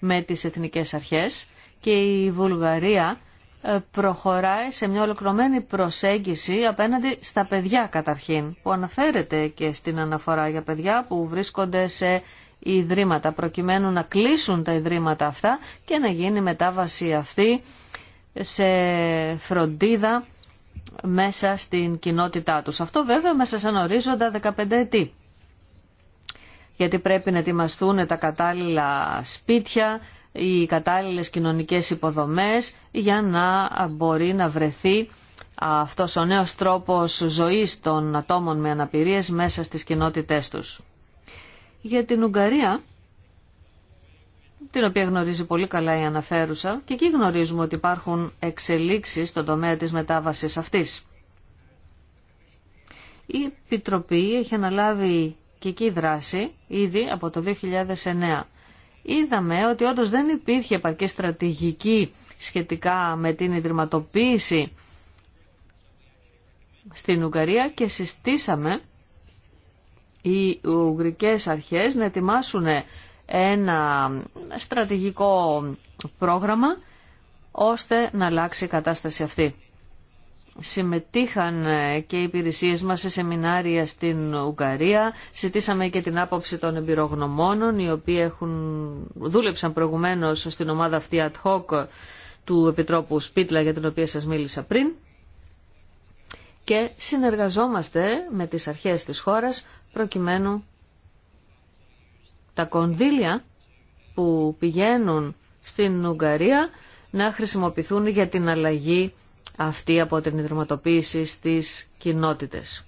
με τις εθνικές αρχές και η Βουλγαρία ε, προχωράει σε μια ολοκληρωμένη προσέγγιση απέναντι στα παιδιά καταρχήν, που αναφέρεται και στην αναφορά για παιδιά που βρίσκονται σε ιδρύματα, προκειμένου να κλείσουν τα ιδρύματα αυτά και να γίνει μετάβαση αυτή σε φροντίδα μέσα στην κοινότητά τους. Αυτό βέβαια μέσα σε ένα ορίζοντα 15 ετή γιατί πρέπει να ετοιμαστούν τα κατάλληλα σπίτια, οι κατάλληλες κοινωνικές υποδομές για να μπορεί να βρεθεί αυτός ο νέος τρόπος ζωής των ατόμων με αναπηρίες μέσα στις κοινότητές τους. Για την Ουγγαρία, την οποία γνωρίζει πολύ καλά η αναφέρουσα, και εκεί γνωρίζουμε ότι υπάρχουν εξελίξεις στον τομέα της μετάβασης αυτής. Η Επιτροπή έχει αναλάβει δράση ήδη από το 2009. Είδαμε ότι όντως δεν υπήρχε επαρκή στρατηγική σχετικά με την ιδρυματοποίηση στην Ουγγαρία και συστήσαμε οι Ουγγρικές αρχές να ετοιμάσουν ένα στρατηγικό πρόγραμμα ώστε να αλλάξει η κατάσταση αυτή συμμετείχαν ε, και οι υπηρεσίε μα σε σεμινάρια στην Ουγγαρία. Ζητήσαμε και την άποψη των εμπειρογνωμόνων, οι οποίοι έχουν, δούλεψαν προηγουμένως στην ομάδα αυτή ad του Επιτρόπου Σπίτλα, για την οποία σας μίλησα πριν. Και συνεργαζόμαστε με τις αρχές της χώρας, προκειμένου τα κονδύλια που πηγαίνουν στην Ουγγαρία να χρησιμοποιηθούν για την αλλαγή αυτή από την ιδρυματοποίηση στις κοινότητες.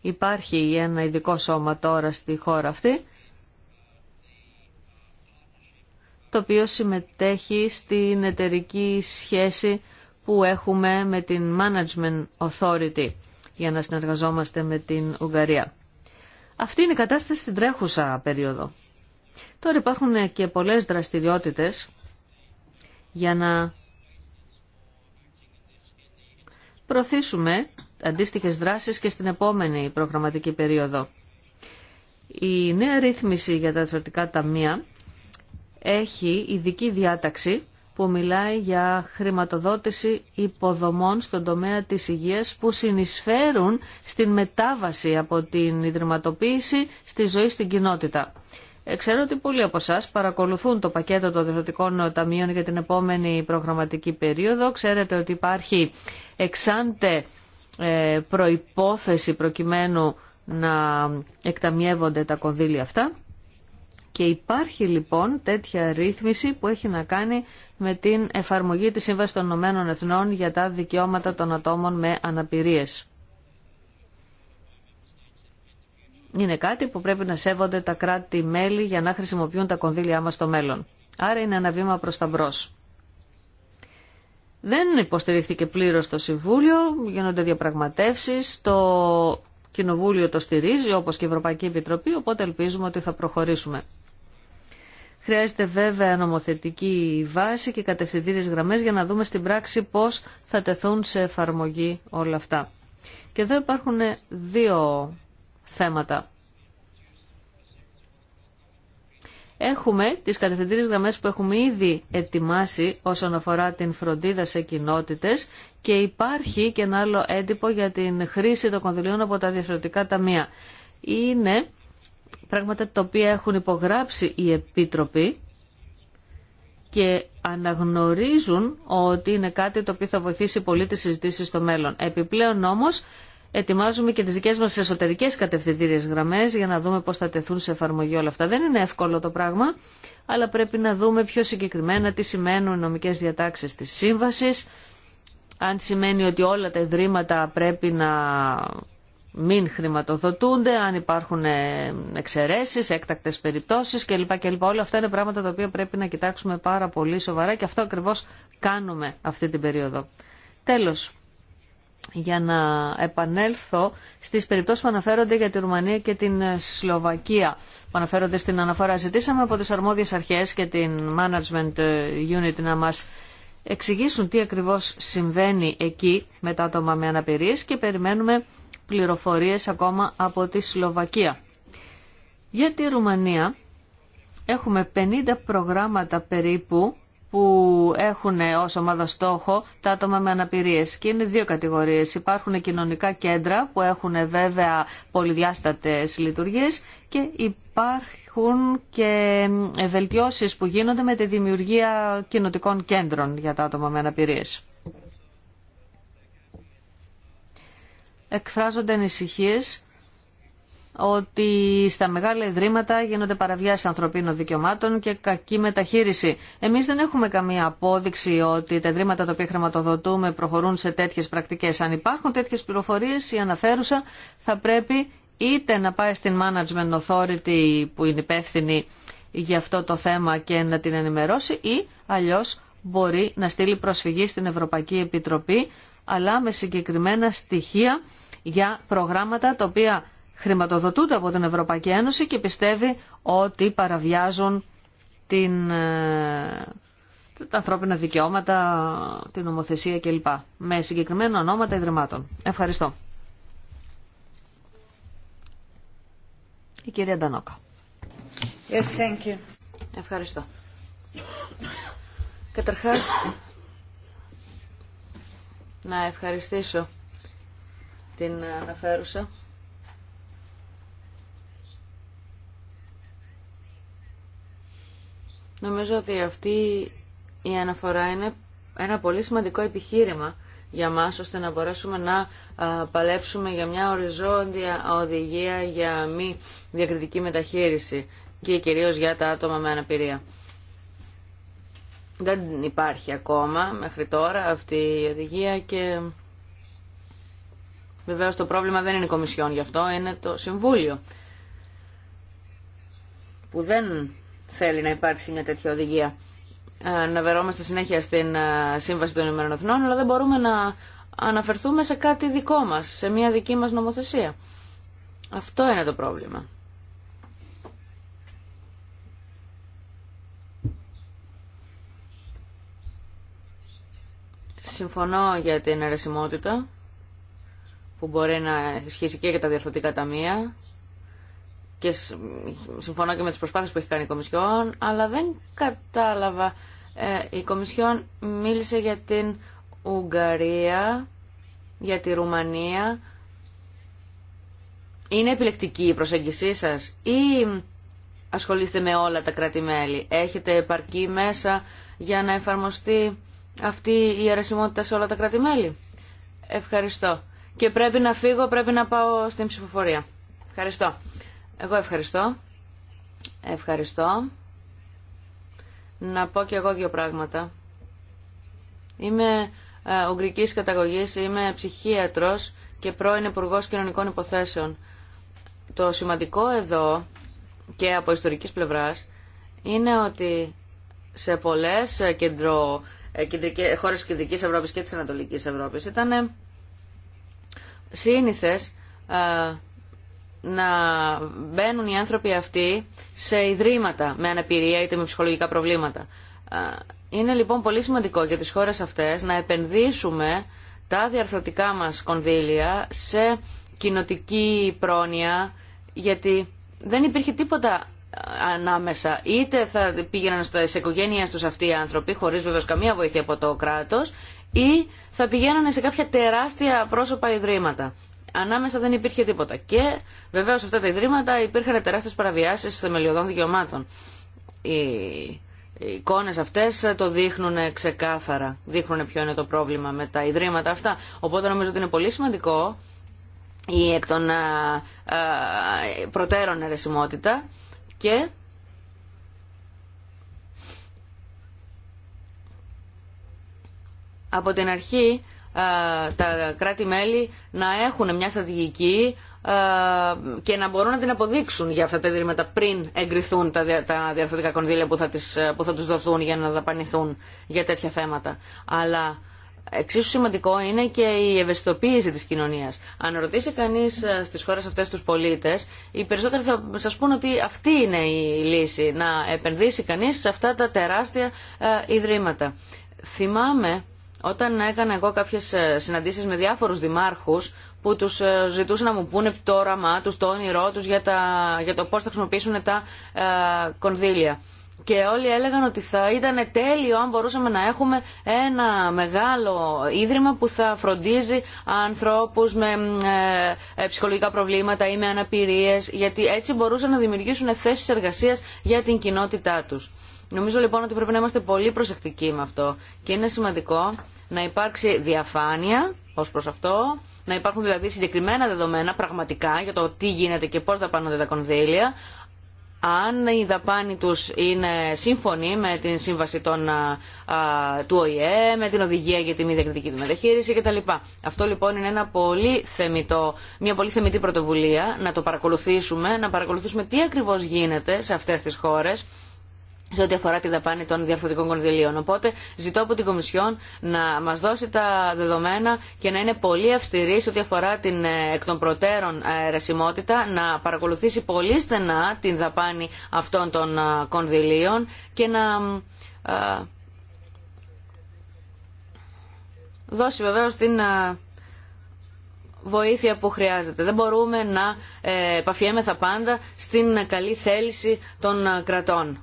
Υπάρχει ένα ειδικό σώμα τώρα στη χώρα αυτή, το οποίο συμμετέχει στην εταιρική σχέση που έχουμε με την Management Authority για να συνεργαζόμαστε με την Ουγγαρία. Αυτή είναι η κατάσταση στην τρέχουσα περίοδο. Τώρα υπάρχουν και πολλές δραστηριότητες για να προωθήσουμε αντίστοιχες δράσεις και στην επόμενη προγραμματική περίοδο. Η νέα ρύθμιση για τα εξωτικά ταμεία έχει ειδική διάταξη που μιλάει για χρηματοδότηση υποδομών στον τομέα της υγείας που συνεισφέρουν στην μετάβαση από την ιδρυματοποίηση στη ζωή στην κοινότητα. Ξέρω ότι πολλοί από εσά παρακολουθούν το πακέτο των δημοτικών ταμείων για την επόμενη προγραμματική περίοδο. Ξέρετε ότι υπάρχει εξάντε ε, προϋπόθεση προκειμένου να εκταμιεύονται τα κονδύλια αυτά. Και υπάρχει λοιπόν τέτοια ρύθμιση που έχει να κάνει με την εφαρμογή της Σύμβασης των Ηνωμένων Εθνών για τα δικαιώματα των ατόμων με αναπηρίες. είναι κάτι που πρέπει να σέβονται τα κράτη-μέλη για να χρησιμοποιούν τα κονδύλια μας στο μέλλον. Άρα είναι ένα βήμα προς τα μπρος. Δεν υποστηρίχθηκε πλήρως το Συμβούλιο, γίνονται διαπραγματεύσεις, το Κοινοβούλιο το στηρίζει όπως και η Ευρωπαϊκή Επιτροπή, οπότε ελπίζουμε ότι θα προχωρήσουμε. Χρειάζεται βέβαια νομοθετική βάση και κατευθυντήριες γραμμές για να δούμε στην πράξη πώς θα τεθούν σε εφαρμογή όλα αυτά. Και εδώ υπάρχουν δύο θέματα. Έχουμε τις κατευθυντήριες γραμμές που έχουμε ήδη ετοιμάσει όσον αφορά την φροντίδα σε κοινότητε και υπάρχει και ένα άλλο έντυπο για την χρήση των κονδυλίων από τα διαφορετικά ταμεία. Είναι πράγματα τα οποία έχουν υπογράψει οι επίτροποι και αναγνωρίζουν ότι είναι κάτι το οποίο θα βοηθήσει πολύ τις συζητήσεις στο μέλλον. Επιπλέον όμως ετοιμάζουμε και τις δικές μας εσωτερικές κατευθυντήριες γραμμές για να δούμε πώς θα τεθούν σε εφαρμογή όλα αυτά. Δεν είναι εύκολο το πράγμα, αλλά πρέπει να δούμε πιο συγκεκριμένα τι σημαίνουν οι νομικές διατάξεις της σύμβασης, αν σημαίνει ότι όλα τα ιδρύματα πρέπει να μην χρηματοδοτούνται, αν υπάρχουν ε, εξαιρέσεις, έκτακτες περιπτώσεις κλπ. κλπ. Όλα αυτά είναι πράγματα τα οποία πρέπει να κοιτάξουμε πάρα πολύ σοβαρά και αυτό ακριβώς κάνουμε αυτή την περίοδο. Τέλος, για να επανέλθω στις περιπτώσεις που αναφέρονται για τη Ρουμανία και την Σλοβακία. Που αναφέρονται στην αναφορά. Ζητήσαμε από τις αρμόδιες αρχές και την Management ε, Unit να μας εξηγήσουν τι ακριβώς συμβαίνει εκεί με τα άτομα με αναπηρίες και περιμένουμε πληροφορίες ακόμα από τη Σλοβακία. Για τη Ρουμανία έχουμε 50 προγράμματα περίπου που έχουν ως ομάδα στόχο τα άτομα με αναπηρίες και είναι δύο κατηγορίες. Υπάρχουν κοινωνικά κέντρα που έχουν βέβαια πολυδιάστατες λειτουργίες και υπάρχουν και βελτιώσει που γίνονται με τη δημιουργία κοινοτικών κέντρων για τα άτομα με αναπηρίες. Εκφράζονται ανησυχίες ότι στα μεγάλα ιδρύματα γίνονται παραβιάσεις ανθρωπίνων δικαιωμάτων και κακή μεταχείριση. Εμείς δεν έχουμε καμία απόδειξη ότι τα ιδρύματα τα οποία χρηματοδοτούμε προχωρούν σε τέτοιες πρακτικές. Αν υπάρχουν τέτοιες πληροφορίες, η αναφέρουσα θα πρέπει είτε να πάει στην Management Authority που είναι υπεύθυνη για αυτό το θέμα και να την ενημερώσει ή αλλιώς μπορεί να στείλει προσφυγή στην Ευρωπαϊκή Επιτροπή αλλά με συγκεκριμένα στοιχεία για προγράμματα τα οποία χρηματοδοτούνται από την Ευρωπαϊκή Ένωση και πιστεύει ότι παραβιάζουν την, ε, τα ανθρώπινα δικαιώματα, την νομοθεσία κλπ. Με συγκεκριμένα ονόματα ιδρυμάτων. Ευχαριστώ. Η κυρία Ντανόκα. Yes, thank you. Ευχαριστώ. Καταρχάς, να ευχαριστήσω την αναφέρουσα Νομίζω ότι αυτή η αναφορά είναι ένα πολύ σημαντικό επιχείρημα για μας ώστε να μπορέσουμε να παλέψουμε για μια οριζόντια οδηγία για μη διακριτική μεταχείριση και κυρίως για τα άτομα με αναπηρία. Δεν υπάρχει ακόμα μέχρι τώρα αυτή η οδηγία και βεβαίως το πρόβλημα δεν είναι η Κομισιόν γι' αυτό, είναι το Συμβούλιο που δεν θέλει να υπάρξει μια τέτοια οδηγία. Ε, να βερόμαστε συνέχεια στην ε, Σύμβαση των Ηνωμένων Εθνών, αλλά δεν μπορούμε να αναφερθούμε σε κάτι δικό μας, σε μια δική μας νομοθεσία. Αυτό είναι το πρόβλημα. Συμφωνώ για την αιρεσιμότητα που μπορεί να ισχύσει και για τα διορθωτικά ταμεία και συμφωνώ και με τις προσπάθειες που έχει κάνει η Κομισιόν, αλλά δεν κατάλαβα. Ε, η Κομισιόν μίλησε για την Ουγγαρία, για τη Ρουμανία. Είναι επιλεκτική η προσέγγισή σας ή ασχολείστε με όλα τα κράτη-μέλη. Έχετε επαρκή μέσα για να εφαρμοστεί αυτή η αρεσιμότητα σε όλα τα κράτη-μέλη. Ευχαριστώ. Και πρέπει να φύγω, πρέπει να πάω στην ψηφοφορία. Ευχαριστώ. Εγώ ευχαριστώ. Ευχαριστώ. Να πω και εγώ δύο πράγματα. Είμαι ε, ογκρικής καταγωγής, είμαι ψυχίατρος και πρώην υπουργό Κοινωνικών Υποθέσεων. Το σημαντικό εδώ και από ιστορικής πλευράς είναι ότι σε πολλές ε, κεντρο, ε, κεντρικές, χώρες της Κεντρικής Ευρώπης και της Ανατολικής Ευρώπης ήταν σύνηθες να μπαίνουν οι άνθρωποι αυτοί σε ιδρύματα με αναπηρία είτε με ψυχολογικά προβλήματα. Είναι λοιπόν πολύ σημαντικό για τις χώρες αυτές να επενδύσουμε τα διαρθρωτικά μας κονδύλια σε κοινοτική πρόνοια γιατί δεν υπήρχε τίποτα ανάμεσα. Είτε θα πήγαιναν σε οικογένειές τους αυτοί οι άνθρωποι χωρίς βεβαίως καμία βοήθεια από το κράτος ή θα πηγαίνανε σε κάποια τεράστια πρόσωπα ιδρύματα ανάμεσα δεν υπήρχε τίποτα. Και βεβαίω σε αυτά τα ιδρύματα υπήρχαν τεράστιε παραβιάσει θεμελιωδών δικαιωμάτων. Οι, οι εικόνε αυτέ το δείχνουν ξεκάθαρα. Δείχνουν ποιο είναι το πρόβλημα με τα ιδρύματα αυτά. Οπότε νομίζω ότι είναι πολύ σημαντικό η εκ των προτέρων αιρεσιμότητα και από την αρχή τα κράτη-μέλη να έχουν μια στρατηγική ε, και να μπορούν να την αποδείξουν για αυτά τα ιδρύματα πριν εγκριθούν τα, διαρθρωτικά κονδύλια που θα, τις, ε, που θα τους δοθούν για να δαπανηθούν για τέτοια θέματα. Αλλά εξίσου σημαντικό είναι και η ευαισθητοποίηση της κοινωνίας. Αν ρωτήσει κανείς ε, στις χώρες αυτές τους πολίτες, οι περισσότεροι θα σας πούν ότι αυτή είναι η λύση, να επενδύσει κανείς σε αυτά τα τεράστια ιδρύματα. Θυμάμαι όταν έκανα εγώ κάποιες ε, συναντήσεις με διάφορους δημάρχους που τους ε, ζητούσαν να μου πούνε το όραμά τους, το όνειρό τους για, για το πώς θα χρησιμοποιήσουν τα ε, κονδύλια. Και όλοι έλεγαν ότι θα ήταν τέλειο αν μπορούσαμε να έχουμε ένα μεγάλο ίδρυμα που θα φροντίζει ανθρώπους με ψυχολογικά προβλήματα ή με αναπηρίες, γιατί έτσι μπορούσαν να δημιουργήσουν θέσεις εργασίας για την κοινότητά τους. Νομίζω λοιπόν ότι πρέπει να είμαστε πολύ προσεκτικοί με αυτό και είναι σημαντικό να υπάρξει διαφάνεια ω προς αυτό, να υπάρχουν δηλαδή συγκεκριμένα δεδομένα πραγματικά για το τι γίνεται και πώς δαπάνονται τα κονδύλια, αν η δαπάνη τους είναι σύμφωνη με την σύμβαση των, του ΟΗΕ, με την οδηγία για τη μη διακριτική μεταχείριση κτλ. Αυτό λοιπόν είναι ένα πολύ θεμητό, μια πολύ θεμητή πρωτοβουλία να το παρακολουθήσουμε, να παρακολουθήσουμε τι ακριβώς γίνεται σε αυτές τις χώρες σε ό,τι αφορά τη δαπάνη των διαρθρωτικών κονδυλίων. Οπότε ζητώ από την Κομισιόν να μα δώσει τα δεδομένα και να είναι πολύ αυστηρή σε ό,τι αφορά την ε, εκ των προτέρων ε, ρεσιμότητα, να παρακολουθήσει πολύ στενά την δαπάνη αυτών των ε, κονδυλίων και να δώσει βεβαίω την βοήθεια που χρειάζεται. Δεν μπορούμε να επαφιέμεθα πάντα στην καλή θέληση των κρατών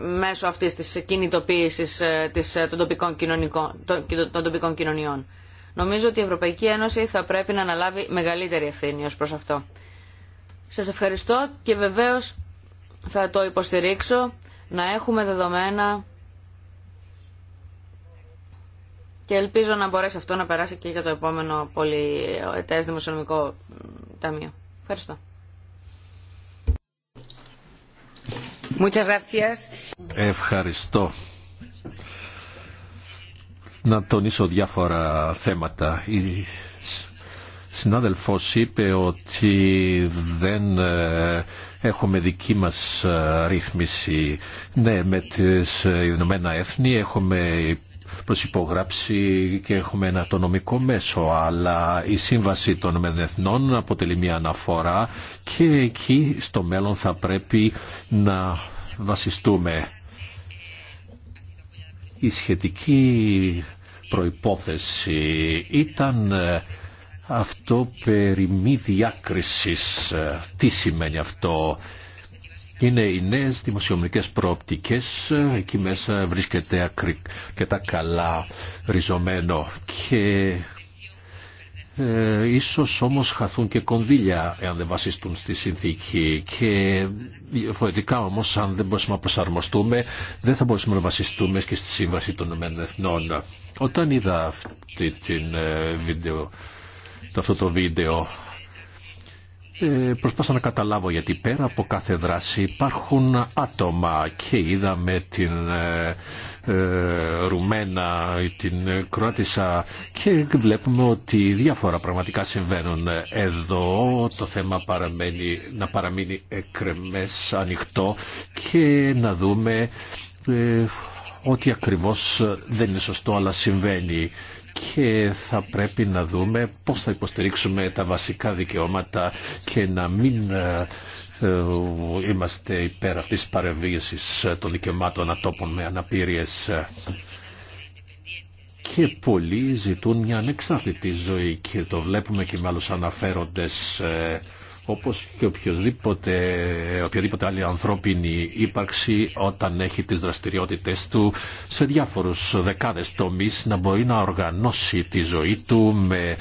μέσω αυτής της κινητοποίησης ε, ε, των, τοπικών τοπικών κοινωνιών. Νομίζω ότι η Ευρωπαϊκή Ένωση θα πρέπει να αναλάβει μεγαλύτερη ευθύνη ως προς αυτό. Σας ευχαριστώ και βεβαίως θα το υποστηρίξω να έχουμε δεδομένα και ελπίζω να μπορέσει αυτό να περάσει και για το επόμενο πολυετές δημοσιονομικό ταμείο. Ευχαριστώ. Ευχαριστώ. Να τονίσω διάφορα θέματα. Η συνάδελφος είπε ότι δεν ε, έχουμε δική μας ε, ρύθμιση. Ναι, με τις Ηνωμένα Έθνη έχουμε υπογράψη και έχουμε ένα το νομικό μέσο, αλλά η Σύμβαση των Μεδεθνών αποτελεί μια αναφορά και εκεί στο μέλλον θα πρέπει να βασιστούμε. Η σχετική προϋπόθεση ήταν ε, αυτό περί μη διάκρισης. Ε, τι σημαίνει αυτό είναι οι νέε δημοσιονομικέ προοπτικέ. Εκεί μέσα βρίσκεται και τα καλά ριζωμένο και ε, ίσως όμως χαθούν και κονδύλια εάν δεν βασιστούν στη συνθήκη και διαφορετικά όμως αν δεν μπορούμε να προσαρμοστούμε δεν θα μπορούσαμε να βασιστούμε και στη Σύμβαση των Εθνών. Όταν είδα αυτή την ε, βίντεο, αυτό το βίντεο ε, προσπάθησα να καταλάβω γιατί πέρα από κάθε δράση υπάρχουν άτομα και είδαμε την ε, ε, Ρουμένα, την Κροάτισσα και βλέπουμε ότι διάφορα πραγματικά συμβαίνουν εδώ. Το θέμα παραμένει, να παραμείνει εκρεμές, ανοιχτό και να δούμε ε, ότι ακριβώς δεν είναι σωστό αλλά συμβαίνει και θα πρέπει να δούμε πώς θα υποστηρίξουμε τα βασικά δικαιώματα και να μην ε, ε, είμαστε υπέρ αυτής της παρεμβίωσης των δικαιωμάτων ατόπων με αναπηρίες και πολλοί ζητούν μια ανεξάρτητη ζωή και το βλέπουμε και με άλλους αναφέροντες ε, όπως και οποιοδήποτε, οποιοδήποτε άλλη ανθρώπινη ύπαρξη όταν έχει τις δραστηριότητες του σε διάφορους δεκάδες τομείς να μπορεί να οργανώσει τη ζωή του με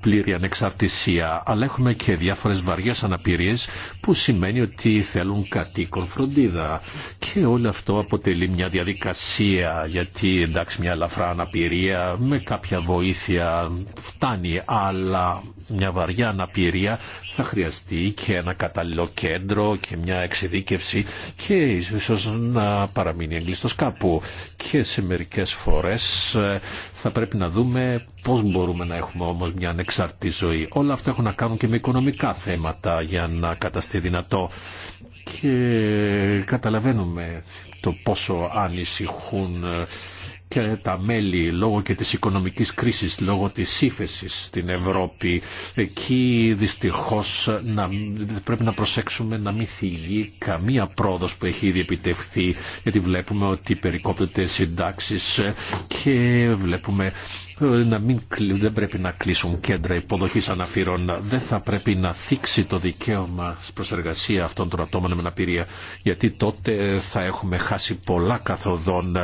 πλήρη ανεξαρτησία, αλλά έχουμε και διάφορες βαριές αναπηρίες που σημαίνει ότι θέλουν κατοίκον φροντίδα. Και όλο αυτό αποτελεί μια διαδικασία, γιατί εντάξει μια ελαφρά αναπηρία με κάποια βοήθεια φτάνει, αλλά μια βαριά αναπηρία θα χρειαστεί και ένα καταλληλό κέντρο και μια εξειδίκευση και ίσως να παραμείνει εγκλειστός κάπου. Και σε μερικές φορές ε, θα πρέπει να δούμε πώς μπορούμε να έχουμε όμως μια μια ανεξάρτητη ζωή. Όλα αυτά έχουν να κάνουν και με οικονομικά θέματα για να καταστεί δυνατό. Και καταλαβαίνουμε το πόσο ανησυχούν ε, και τα μέλη λόγω και της οικονομικής κρίσης, λόγω της ύφεση στην Ευρώπη. Εκεί δυστυχώς να, πρέπει να προσέξουμε να μην θυγεί καμία πρόοδος που έχει ήδη επιτευχθεί γιατί βλέπουμε ότι περικόπτεται συντάξεις ε, και βλέπουμε ε, να μην, δεν πρέπει να κλείσουν κέντρα υποδοχής αναφύρων. Δεν θα πρέπει να θίξει το δικαίωμα προσεργασία αυτών των ατόμων με αναπηρία, γιατί τότε θα έχουμε χάσει πολλά καθοδόν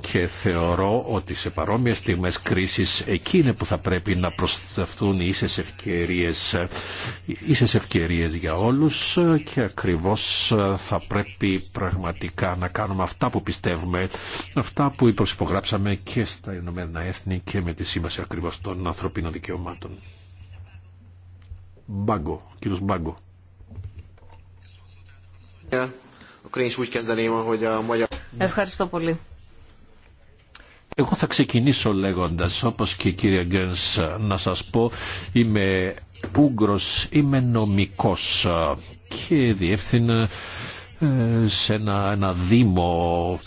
και θεωρώ ότι σε παρόμοιες στιγμές κρίσης εκεί είναι που θα πρέπει να προσταθούν οι ίσες ευκαιρίες, ίσες ευκαιρίες για όλους και ακριβώς θα πρέπει πραγματικά να κάνουμε αυτά που πιστεύουμε, αυτά που υποσυπογράψαμε και στα Ηνωμένα Έθνη και με με τη σύμβαση ακριβώ των ανθρωπίνων δικαιωμάτων. Μπάγκο, κύριο Μπάγκο. Ευχαριστώ πολύ. Εγώ θα ξεκινήσω λέγοντας, όπως και η κυρία Γκένς, να σας πω, είμαι ούγκρο, είμαι νομικός και διεύθυνα ε, σε ένα, ένα δήμο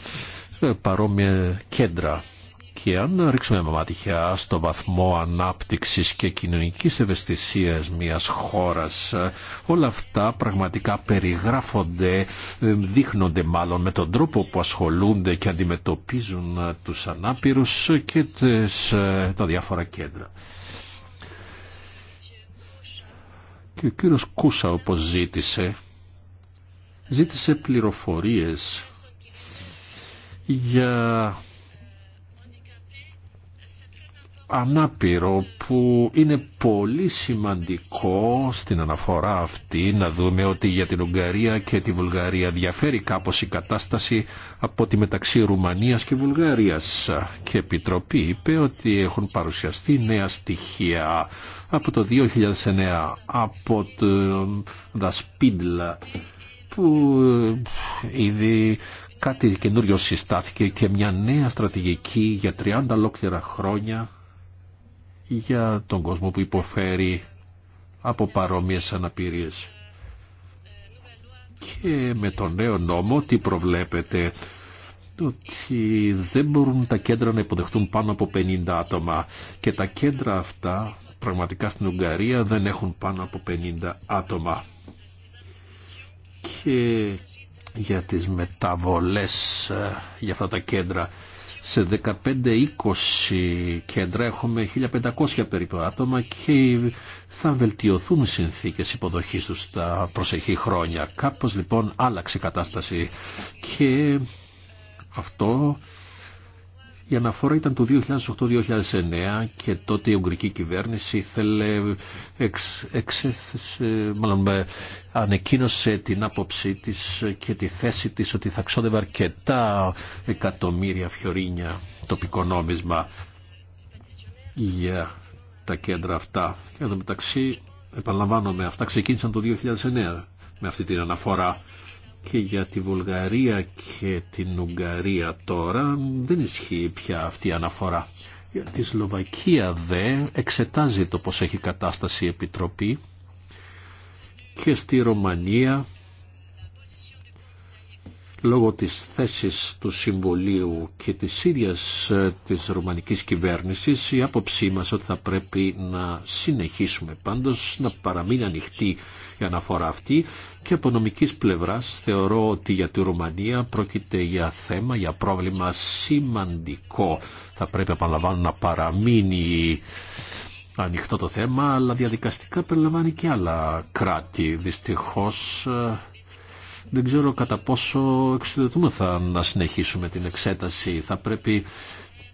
ε, παρόμοια κέντρα και αν ρίξουμε μάτια στο βαθμό ανάπτυξης και κοινωνικής ευαισθησίας μιας χώρας, όλα αυτά πραγματικά περιγράφονται, δείχνονται μάλλον με τον τρόπο που ασχολούνται και αντιμετωπίζουν τους ανάπηρους και τις, τα διάφορα κέντρα. Και ο κύριος Κούσα όπως ζήτησε, ζήτησε πληροφορίες για ανάπηρο που είναι πολύ σημαντικό στην αναφορά αυτή να δούμε ότι για την Ουγγαρία και τη Βουλγαρία διαφέρει κάπως η κατάσταση από τη μεταξύ Ρουμανίας και Βουλγαρίας και Επιτροπή είπε ότι έχουν παρουσιαστεί νέα στοιχεία από το 2009 από το Δασπίντλα που ε, ήδη κάτι καινούριο συστάθηκε και μια νέα στρατηγική για 30 ολόκληρα χρόνια για τον κόσμο που υποφέρει από παρόμοιες αναπηρίες. Και με τον νέο νόμο τι προβλέπετε, ότι δεν μπορούν τα κέντρα να υποδεχτούν πάνω από 50 άτομα και τα κέντρα αυτά πραγματικά στην Ουγγαρία δεν έχουν πάνω από 50 άτομα. Και για τις μεταβολές ε, για αυτά τα κέντρα σε 15-20 κέντρα έχουμε 1500 περίπου άτομα και θα βελτιωθούν οι συνθήκες υποδοχής τους τα προσεχή χρόνια. Κάπως λοιπόν άλλαξε η κατάσταση και αυτό η αναφορά ήταν το 2008-2009 και τότε η Ουγγρική κυβέρνηση ήθελε, εξ, μάλλον, ε, ανεκκίνωσε την άποψή της και τη θέση της ότι θα ξόδευε αρκετά εκατομμύρια φιωρίνια τοπικό νόμισμα για τα κέντρα αυτά. Και εδώ μεταξύ, επαναλαμβάνομαι, αυτά ξεκίνησαν το 2009 με αυτή την αναφορά και για τη Βουλγαρία και την Ουγγαρία τώρα δεν ισχύει πια αυτή η αναφορά. Για τη Σλοβακία δε εξετάζει το πως έχει κατάσταση η Επιτροπή και στη Ρωμανία λόγω της θέσης του Συμβουλίου και της ίδιας ε, της ρουμανικής κυβέρνησης η άποψή μας ότι θα πρέπει να συνεχίσουμε πάντως να παραμείνει ανοιχτή η αναφορά αυτή και από νομικής πλευράς θεωρώ ότι για τη Ρουμανία πρόκειται για θέμα, για πρόβλημα σημαντικό. Θα πρέπει επαναλαμβάνω να παραμείνει ανοιχτό το θέμα αλλά διαδικαστικά περιλαμβάνει και άλλα κράτη. Δυστυχώς ε, δεν ξέρω κατά πόσο εξουδετούμεθα να συνεχίσουμε την εξέταση. Θα πρέπει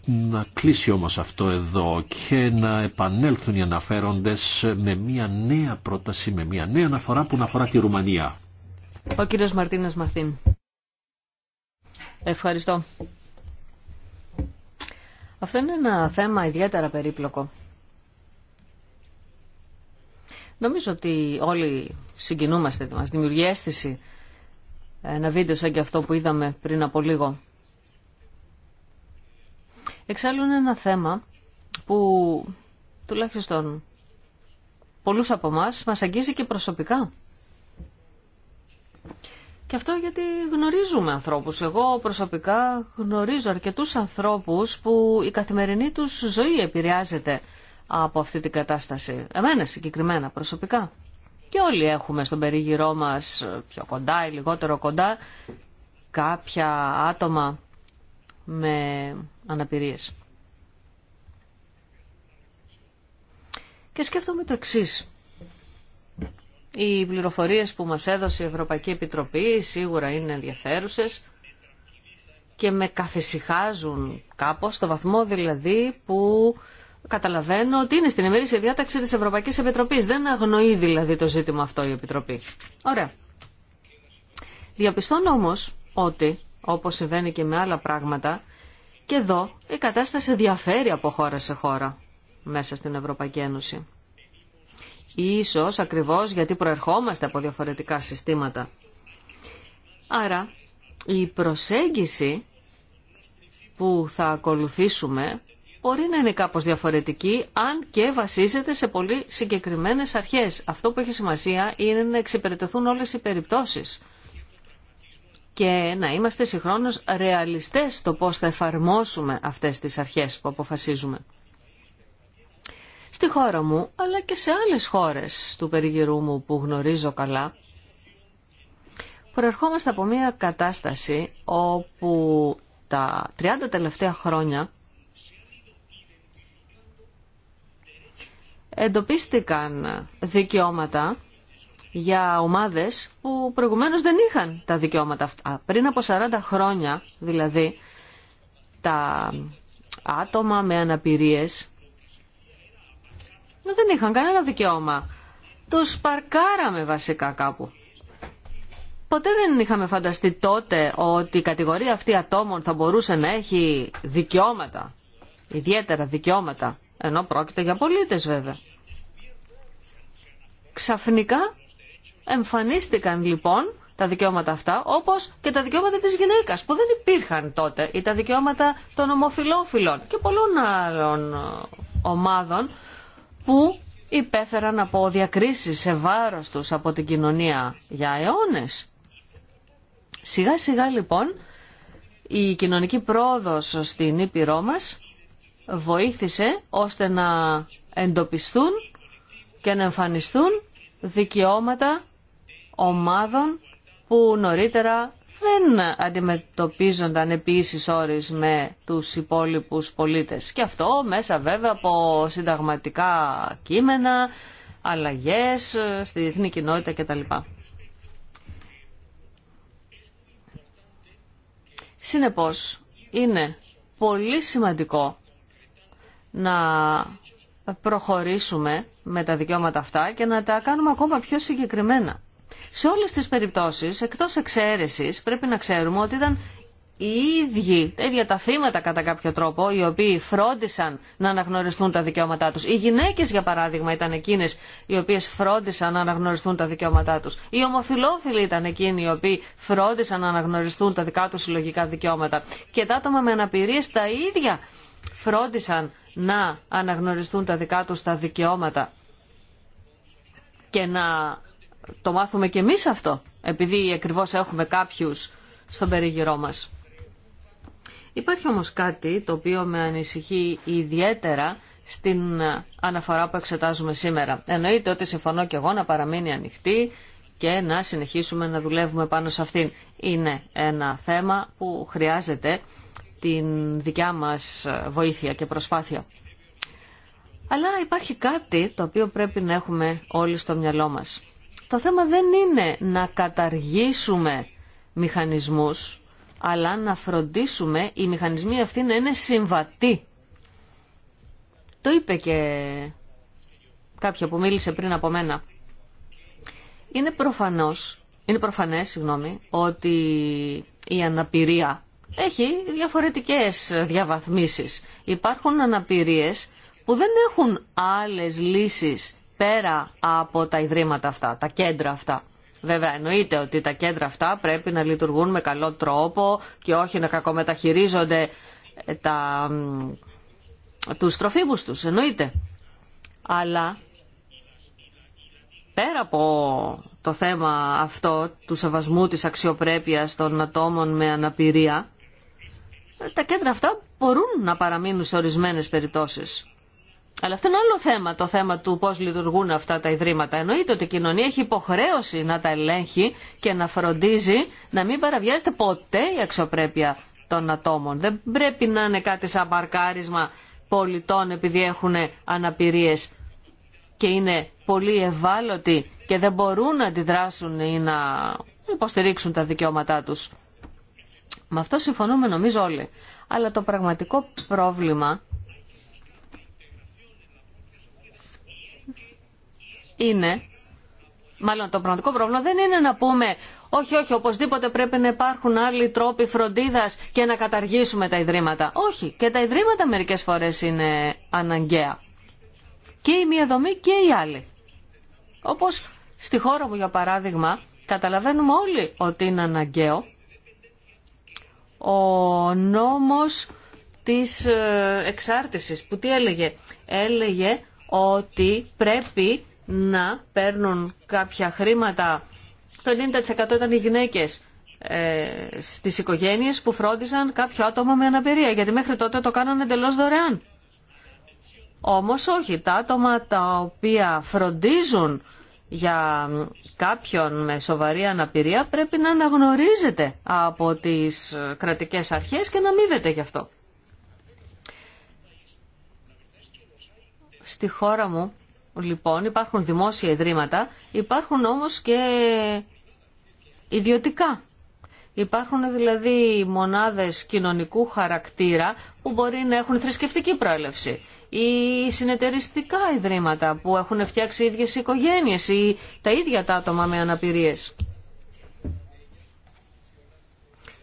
να κλείσει όμως αυτό εδώ και να επανέλθουν οι αναφέροντες με μια νέα πρόταση, με μια νέα αναφορά που να αφορά τη Ρουμανία. Ο κύριος Μαρτίνας Μαρτίν. Ευχαριστώ. Αυτό είναι ένα θέμα ιδιαίτερα περίπλοκο. Νομίζω ότι όλοι συγκινούμαστε, μας δημιουργεί αίσθηση ένα βίντεο σαν και αυτό που είδαμε πριν από λίγο. Εξάλλου είναι ένα θέμα που τουλάχιστον πολλούς από εμά μας αγγίζει και προσωπικά. Και αυτό γιατί γνωρίζουμε ανθρώπους. Εγώ προσωπικά γνωρίζω αρκετούς ανθρώπους που η καθημερινή τους ζωή επηρεάζεται από αυτή την κατάσταση. Εμένα συγκεκριμένα προσωπικά. Και όλοι έχουμε στον περίγυρό μας, πιο κοντά ή λιγότερο κοντά, κάποια άτομα με αναπηρίες. Και σκέφτομαι το εξής. Οι πληροφορίες που μας έδωσε η Ευρωπαϊκή Επιτροπή σίγουρα είναι ενδιαφέρουσες και με καθησυχάζουν κάπως, στο βαθμό δηλαδή που Καταλαβαίνω ότι είναι στην ημερήσια διάταξη της Ευρωπαϊκής Επιτροπής. Δεν αγνοεί δηλαδή το ζήτημα αυτό η Επιτροπή. Ωραία. Διαπιστώνω όμως ότι, όπως συμβαίνει και με άλλα πράγματα, και εδώ η κατάσταση διαφέρει από χώρα σε χώρα μέσα στην Ευρωπαϊκή Ένωση. Ίσως ακριβώς γιατί προερχόμαστε από διαφορετικά συστήματα. Άρα η προσέγγιση που θα ακολουθήσουμε μπορεί να είναι κάπως διαφορετική αν και βασίζεται σε πολύ συγκεκριμένες αρχές. Αυτό που έχει σημασία είναι να εξυπηρετεθούν όλες οι περιπτώσεις και να είμαστε συγχρόνως ρεαλιστές στο πώς θα εφαρμόσουμε αυτές τις αρχές που αποφασίζουμε. Στη χώρα μου, αλλά και σε άλλες χώρες του περιγυρού μου που γνωρίζω καλά, προερχόμαστε από μια κατάσταση όπου τα 30 τελευταία χρόνια εντοπίστηκαν δικαιώματα για ομάδες που προηγουμένως δεν είχαν τα δικαιώματα αυτά. Πριν από 40 χρόνια δηλαδή τα άτομα με αναπηρίες δεν είχαν κανένα δικαιώμα. Τους παρκάραμε βασικά κάπου. Ποτέ δεν είχαμε φανταστεί τότε ότι η κατηγορία αυτή ατόμων θα μπορούσε να έχει δικαιώματα, ιδιαίτερα δικαιώματα ενώ πρόκειται για πολίτες βέβαια. Ξαφνικά εμφανίστηκαν λοιπόν τα δικαιώματα αυτά, όπως και τα δικαιώματα της γυναίκας που δεν υπήρχαν τότε ή τα δικαιώματα των ομοφιλόφιλων και πολλών άλλων ομάδων που υπέφεραν από διακρίσεις σε βάρος τους από την κοινωνία για αιώνες. Σιγά σιγά λοιπόν η κοινωνική πρόοδος στην Ήπειρό μας βοήθησε ώστε να εντοπιστούν και να εμφανιστούν δικαιώματα ομάδων που νωρίτερα δεν αντιμετωπίζονταν επίσης όρις με τους υπόλοιπους πολίτες. Και αυτό μέσα βέβαια από συνταγματικά κείμενα, αλλαγές ε, στη διεθνή κοινότητα κτλ. Συνεπώς, είναι πολύ σημαντικό να προχωρήσουμε με τα δικαιώματα αυτά και να τα κάνουμε ακόμα πιο συγκεκριμένα. Σε όλες τις περιπτώσεις, εκτός εξαίρεσης, πρέπει να ξέρουμε ότι ήταν οι ίδιοι, τα ίδια τα θύματα κατά κάποιο τρόπο, οι οποίοι φρόντισαν να αναγνωριστούν τα δικαιώματά τους. Οι γυναίκες, για παράδειγμα, ήταν εκείνες οι οποίες φρόντισαν να αναγνωριστούν τα δικαιώματά τους. Οι ομοφιλόφιλοι ήταν εκείνοι οι οποίοι φρόντισαν να αναγνωριστούν τα δικά τους συλλογικά δικαιώματα. Και τα άτομα με αναπηρίες τα ίδια φρόντισαν να αναγνωριστούν τα δικά τους τα δικαιώματα και να το μάθουμε και εμείς αυτό, επειδή ακριβώς έχουμε κάποιους στον περίγυρό μας. Υπάρχει όμως κάτι το οποίο με ανησυχεί ιδιαίτερα στην αναφορά που εξετάζουμε σήμερα. Εννοείται ότι συμφωνώ και εγώ να παραμείνει ανοιχτή και να συνεχίσουμε να δουλεύουμε πάνω σε αυτήν. Είναι ένα θέμα που χρειάζεται την δικιά μας βοήθεια και προσπάθεια. Αλλά υπάρχει κάτι το οποίο πρέπει να έχουμε όλοι στο μυαλό μας. Το θέμα δεν είναι να καταργήσουμε μηχανισμούς, αλλά να φροντίσουμε οι μηχανισμοί αυτοί να είναι συμβατοί. Το είπε και κάποιο που μίλησε πριν από μένα. Είναι προφανώς, είναι προφανές, συγγνώμη, ότι η αναπηρία έχει διαφορετικές διαβαθμίσεις. Υπάρχουν αναπηρίες που δεν έχουν άλλες λύσεις πέρα από τα ιδρύματα αυτά, τα κέντρα αυτά. Βέβαια εννοείται ότι τα κέντρα αυτά πρέπει να λειτουργούν με καλό τρόπο και όχι να κακομεταχειρίζονται ε, τα, τους τροφίμους τους, εννοείται. Αλλά πέρα από το θέμα αυτό του σεβασμού της αξιοπρέπειας των ατόμων με αναπηρία, τα κέντρα αυτά μπορούν να παραμείνουν σε ορισμένες περιπτώσεις. Αλλά αυτό είναι άλλο θέμα, το θέμα του πώς λειτουργούν αυτά τα ιδρύματα. Εννοείται ότι η κοινωνία έχει υποχρέωση να τα ελέγχει και να φροντίζει να μην παραβιάζεται ποτέ η αξιοπρέπεια των ατόμων. Δεν πρέπει να είναι κάτι σαν παρκάρισμα πολιτών επειδή έχουν αναπηρίες και είναι πολύ ευάλωτοι και δεν μπορούν να αντιδράσουν ή να υποστηρίξουν τα δικαιώματά τους. Με αυτό συμφωνούμε νομίζω όλοι. Αλλά το πραγματικό πρόβλημα είναι, μάλλον το πραγματικό πρόβλημα δεν είναι να πούμε όχι, όχι, οπωσδήποτε πρέπει να υπάρχουν άλλοι τρόποι φροντίδας και να καταργήσουμε τα ιδρύματα. Όχι, και τα ιδρύματα μερικές φορές είναι αναγκαία. Και η μία δομή και η άλλη. Όπως στη χώρα μου για παράδειγμα, καταλαβαίνουμε όλοι ότι είναι αναγκαίο ο νόμος της ε, εξάρτησης που τι έλεγε. Έλεγε ότι πρέπει να παίρνουν κάποια χρήματα. Το 90% ήταν οι γυναίκες ε, στις οικογένειες που φρόντιζαν κάποιο άτομο με αναπηρία, γιατί μέχρι τότε το κάνανε εντελώ δωρεάν. Όμως όχι, τα άτομα τα οποία φροντίζουν για κάποιον με σοβαρή αναπηρία πρέπει να αναγνωρίζεται από τις κρατικές αρχές και να μείβεται γι' αυτό. Στη χώρα μου, λοιπόν, υπάρχουν δημόσια ιδρύματα, υπάρχουν όμως και ιδιωτικά. Υπάρχουν δηλαδή μονάδες κοινωνικού χαρακτήρα που μπορεί να έχουν θρησκευτική προέλευση ή συνεταιριστικά ιδρύματα που έχουν φτιάξει ίδιες οικογένειες ή τα ίδια τα άτομα με αναπηρίες.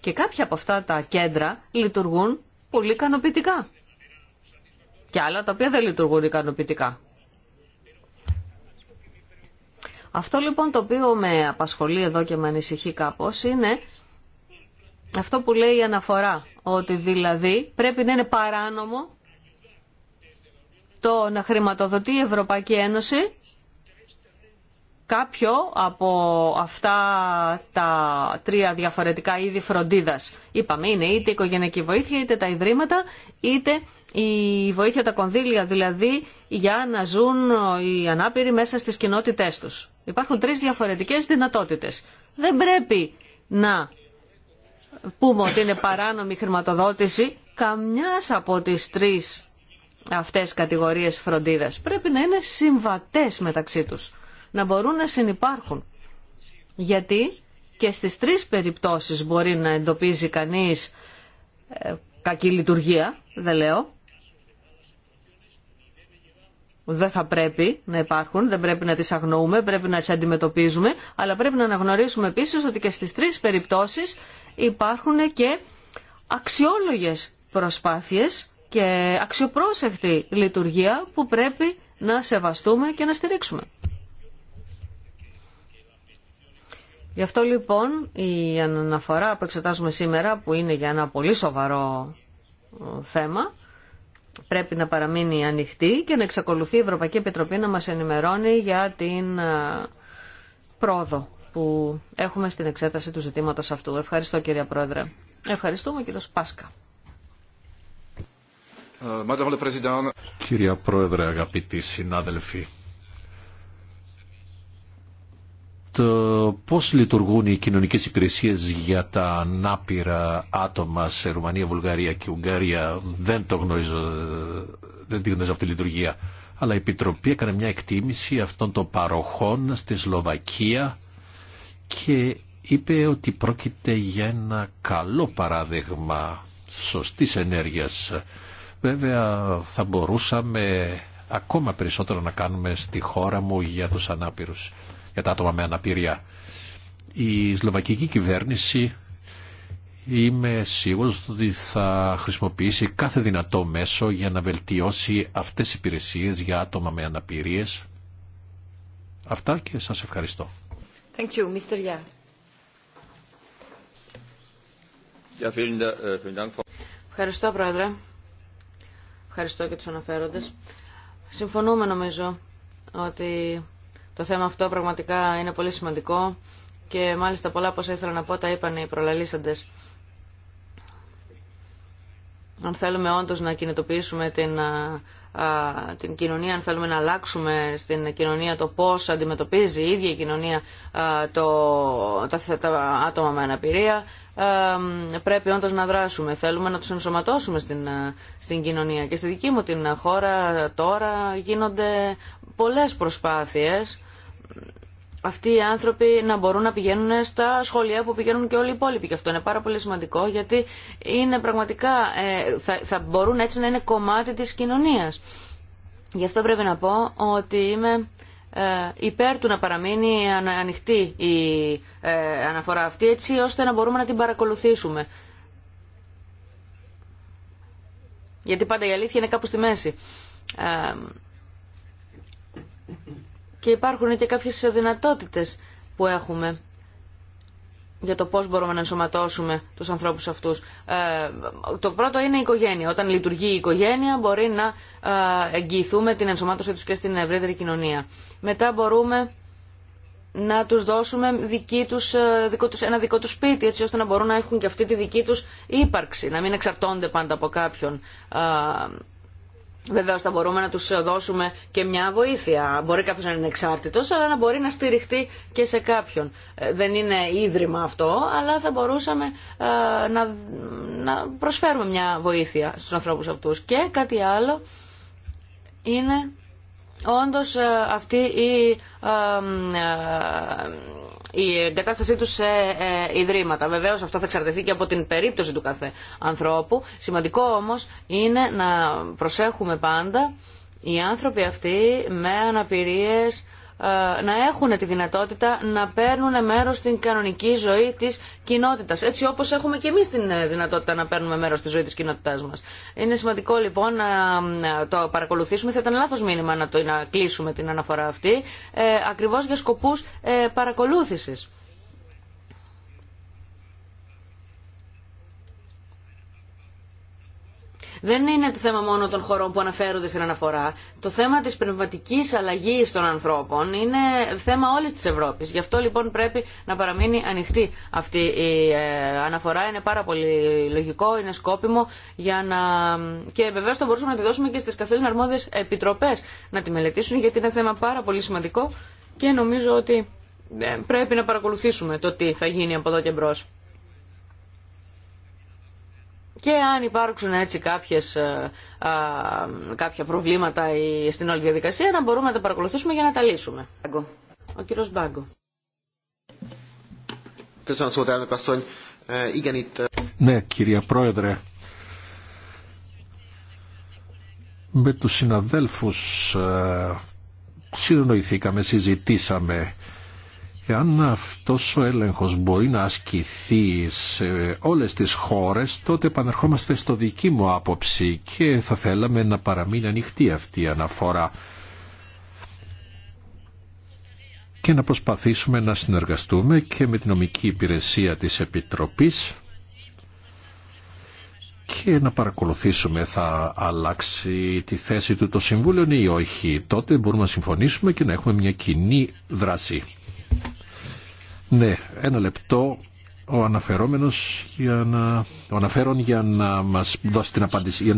Και κάποια από αυτά τα κέντρα λειτουργούν πολύ ικανοποιητικά. Και άλλα τα οποία δεν λειτουργούν ικανοποιητικά. Αυτό λοιπόν το οποίο με απασχολεί εδώ και με ανησυχεί κάπως είναι αυτό που λέει η αναφορά, ότι δηλαδή πρέπει να είναι παράνομο το να χρηματοδοτεί η Ευρωπαϊκή Ένωση κάποιο από αυτά τα τρία διαφορετικά είδη φροντίδας. Είπαμε, είναι είτε η οικογενειακή βοήθεια, είτε τα ιδρύματα, είτε η βοήθεια τα κονδύλια, δηλαδή για να ζουν οι ανάπηροι μέσα στις κοινότητές τους. Υπάρχουν τρεις διαφορετικές δυνατότητες. Δεν πρέπει να πούμε ότι είναι παράνομη χρηματοδότηση καμιάς από τις τρεις αυτές κατηγορίες φροντίδας. Πρέπει να είναι συμβατές μεταξύ τους, να μπορούν να συνεπάρχουν. Γιατί και στις τρεις περιπτώσεις μπορεί να εντοπίζει κανείς ε, κακή λειτουργία, δεν λέω. Δεν θα πρέπει να υπάρχουν, δεν πρέπει να τις αγνοούμε, πρέπει να τις αντιμετωπίζουμε, αλλά πρέπει να αναγνωρίσουμε επίσης ότι και στις τρεις περιπτώσεις υπάρχουν και αξιόλογες προσπάθειες και αξιοπρόσεχτη λειτουργία που πρέπει να σεβαστούμε και να στηρίξουμε. Γι' αυτό λοιπόν η αναφορά που εξετάζουμε σήμερα που είναι για ένα πολύ σοβαρό θέμα πρέπει να παραμείνει ανοιχτή και να εξακολουθεί η Ευρωπαϊκή Επιτροπή να μας ενημερώνει για την πρόοδο που έχουμε στην εξέταση του ζητήματος αυτού. Ευχαριστώ κυρία Πρόεδρε. Ευχαριστούμε κύριο Πάσκα. Euh, Κύριε Πρόεδρε, αγαπητοί συνάδελφοι, το πώς λειτουργούν οι κοινωνικές υπηρεσίες για τα ανάπηρα άτομα σε Ρουμανία, Βουλγαρία και Ουγγαρία δεν το γνωρίζω, δεν τη γνωρίζω αυτή τη λειτουργία. Αλλά η Επιτροπή έκανε μια εκτίμηση αυτών των παροχών στη Σλοβακία και είπε ότι πρόκειται για ένα καλό παράδειγμα σωστής ενέργειας Βέβαια θα μπορούσαμε ακόμα περισσότερο να κάνουμε στη χώρα μου για τους ανάπηρους, για τα άτομα με αναπηρία. Η σλοβακική κυβέρνηση είμαι σίγουρος ότι θα χρησιμοποιήσει κάθε δυνατό μέσο για να βελτιώσει αυτές τις υπηρεσίες για άτομα με αναπηρίες. Αυτά και σας ευχαριστώ. Äh, ευχαριστώ, Πρόεδρε. Ευχαριστώ και τους αναφέροντες. Συμφωνούμε νομίζω ότι το θέμα αυτό πραγματικά είναι πολύ σημαντικό και μάλιστα πολλά από ήθελα να πω τα είπαν οι προλαλήσαντες. Αν θέλουμε όντως να κινητοποιήσουμε την, την κοινωνία, αν θέλουμε να αλλάξουμε στην κοινωνία το πώς αντιμετωπίζει η ίδια η κοινωνία το, τα, τα άτομα με αναπηρία, πρέπει όντως να δράσουμε. Θέλουμε να τους ενσωματώσουμε στην, ε, στην κοινωνία. Και στη δική μου την χώρα τώρα γίνονται πολλές προσπάθειες αυτοί οι άνθρωποι να μπορούν να πηγαίνουν στα σχολεία που πηγαίνουν και όλοι οι υπόλοιποι. Και αυτό είναι πάρα πολύ σημαντικό γιατί είναι πραγματικά, ε, θα, θα μπορούν έτσι να είναι κομμάτι της κοινωνίας. Γι' αυτό πρέπει να πω ότι είμαι ε, υπέρ του να παραμείνει ανοιχτή η ε, αναφορά αυτή έτσι ώστε να μπορούμε να την παρακολουθήσουμε. Γιατί πάντα η αλήθεια είναι κάπου στη μέση. Ε, και υπάρχουν και κάποιες δυνατότητες που έχουμε για το πώς μπορούμε να ενσωματώσουμε τους ανθρώπους αυτούς. Ε, το πρώτο είναι η οικογένεια. Όταν λειτουργεί η οικογένεια μπορεί να ε, εγγυηθούμε την ενσωμάτωσή τους και στην ευρύτερη κοινωνία. Μετά μπορούμε να τους δώσουμε δική τους, ε, δικό τους, ένα δικό τους σπίτι έτσι ώστε να μπορούν να έχουν και αυτή τη δική τους ύπαρξη, να μην εξαρτώνται πάντα από κάποιον. Βεβαίω θα μπορούμε να τους δώσουμε και μια βοήθεια. Μπορεί κάποιο να είναι εξάρτητο, αλλά να μπορεί να στηριχτεί και σε κάποιον. Ε, δεν είναι ίδρυμα αυτό, αλλά θα μπορούσαμε ε, να, να προσφέρουμε μια βοήθεια στους ανθρώπου αυτούς. Και κάτι άλλο είναι όντως ε, αυτή η η εγκατάστασή του σε ε, ιδρύματα. Βεβαίω, αυτό θα εξαρτηθεί και από την περίπτωση του κάθε ανθρώπου. Σημαντικό όμως είναι να προσέχουμε πάντα οι άνθρωποι αυτοί με αναπηρίες ε, να έχουν τη δυνατότητα να παίρνουν μέρος στην κανονική ζωή της κοινότητας, έτσι όπως έχουμε και εμείς την ε, δυνατότητα να παίρνουμε μέρος στη ζωή της κοινότητάς μας. Είναι σημαντικό λοιπόν να το παρακολουθήσουμε, θα ήταν λάθος μήνυμα να, το, να κλείσουμε την αναφορά αυτή, ε, ακριβώς για σκοπούς παρακολούθησης. δεν είναι το θέμα μόνο των χωρών που αναφέρονται στην αναφορά. Το θέμα της πνευματικής αλλαγής των ανθρώπων είναι θέμα όλης της Ευρώπης. Γι' αυτό λοιπόν πρέπει να παραμείνει ανοιχτή αυτή η ε, αναφορά. Είναι πάρα πολύ λογικό, είναι σκόπιμο για να... και βεβαίω θα μπορούσαμε να τη δώσουμε και στις καθόλου αρμόδιες επιτροπές να τη μελετήσουν γιατί είναι θέμα πάρα πολύ σημαντικό και νομίζω ότι ε, πρέπει να παρακολουθήσουμε το τι θα γίνει από εδώ και μπρος και αν υπάρξουν έτσι κάποιες, ε, κάποια προβλήματα στην όλη διαδικασία να μπορούμε να τα παρακολουθήσουμε για να τα λύσουμε. Ο κύριος Μπάγκο. Ε, ε, ναι, κυρία Πρόεδρε, με τους συναδέλφους συνοηθήκαμε, συζητήσαμε Εάν αυτός ο έλεγχος μπορεί να ασκηθεί σε όλες τις χώρες, τότε επανερχόμαστε στο δική μου άποψη και θα θέλαμε να παραμείνει ανοιχτή αυτή η αναφορά και να προσπαθήσουμε να συνεργαστούμε και με την νομική υπηρεσία της Επιτροπής και να παρακολουθήσουμε θα αλλάξει τη θέση του το Συμβούλιο ναι ή όχι. Τότε μπορούμε να συμφωνήσουμε και να έχουμε μια κοινή δράση. Ναι, ένα λεπτό ο αναφερόμενος για να... ο αναφέρον για να μας δώσει την απάντηση, για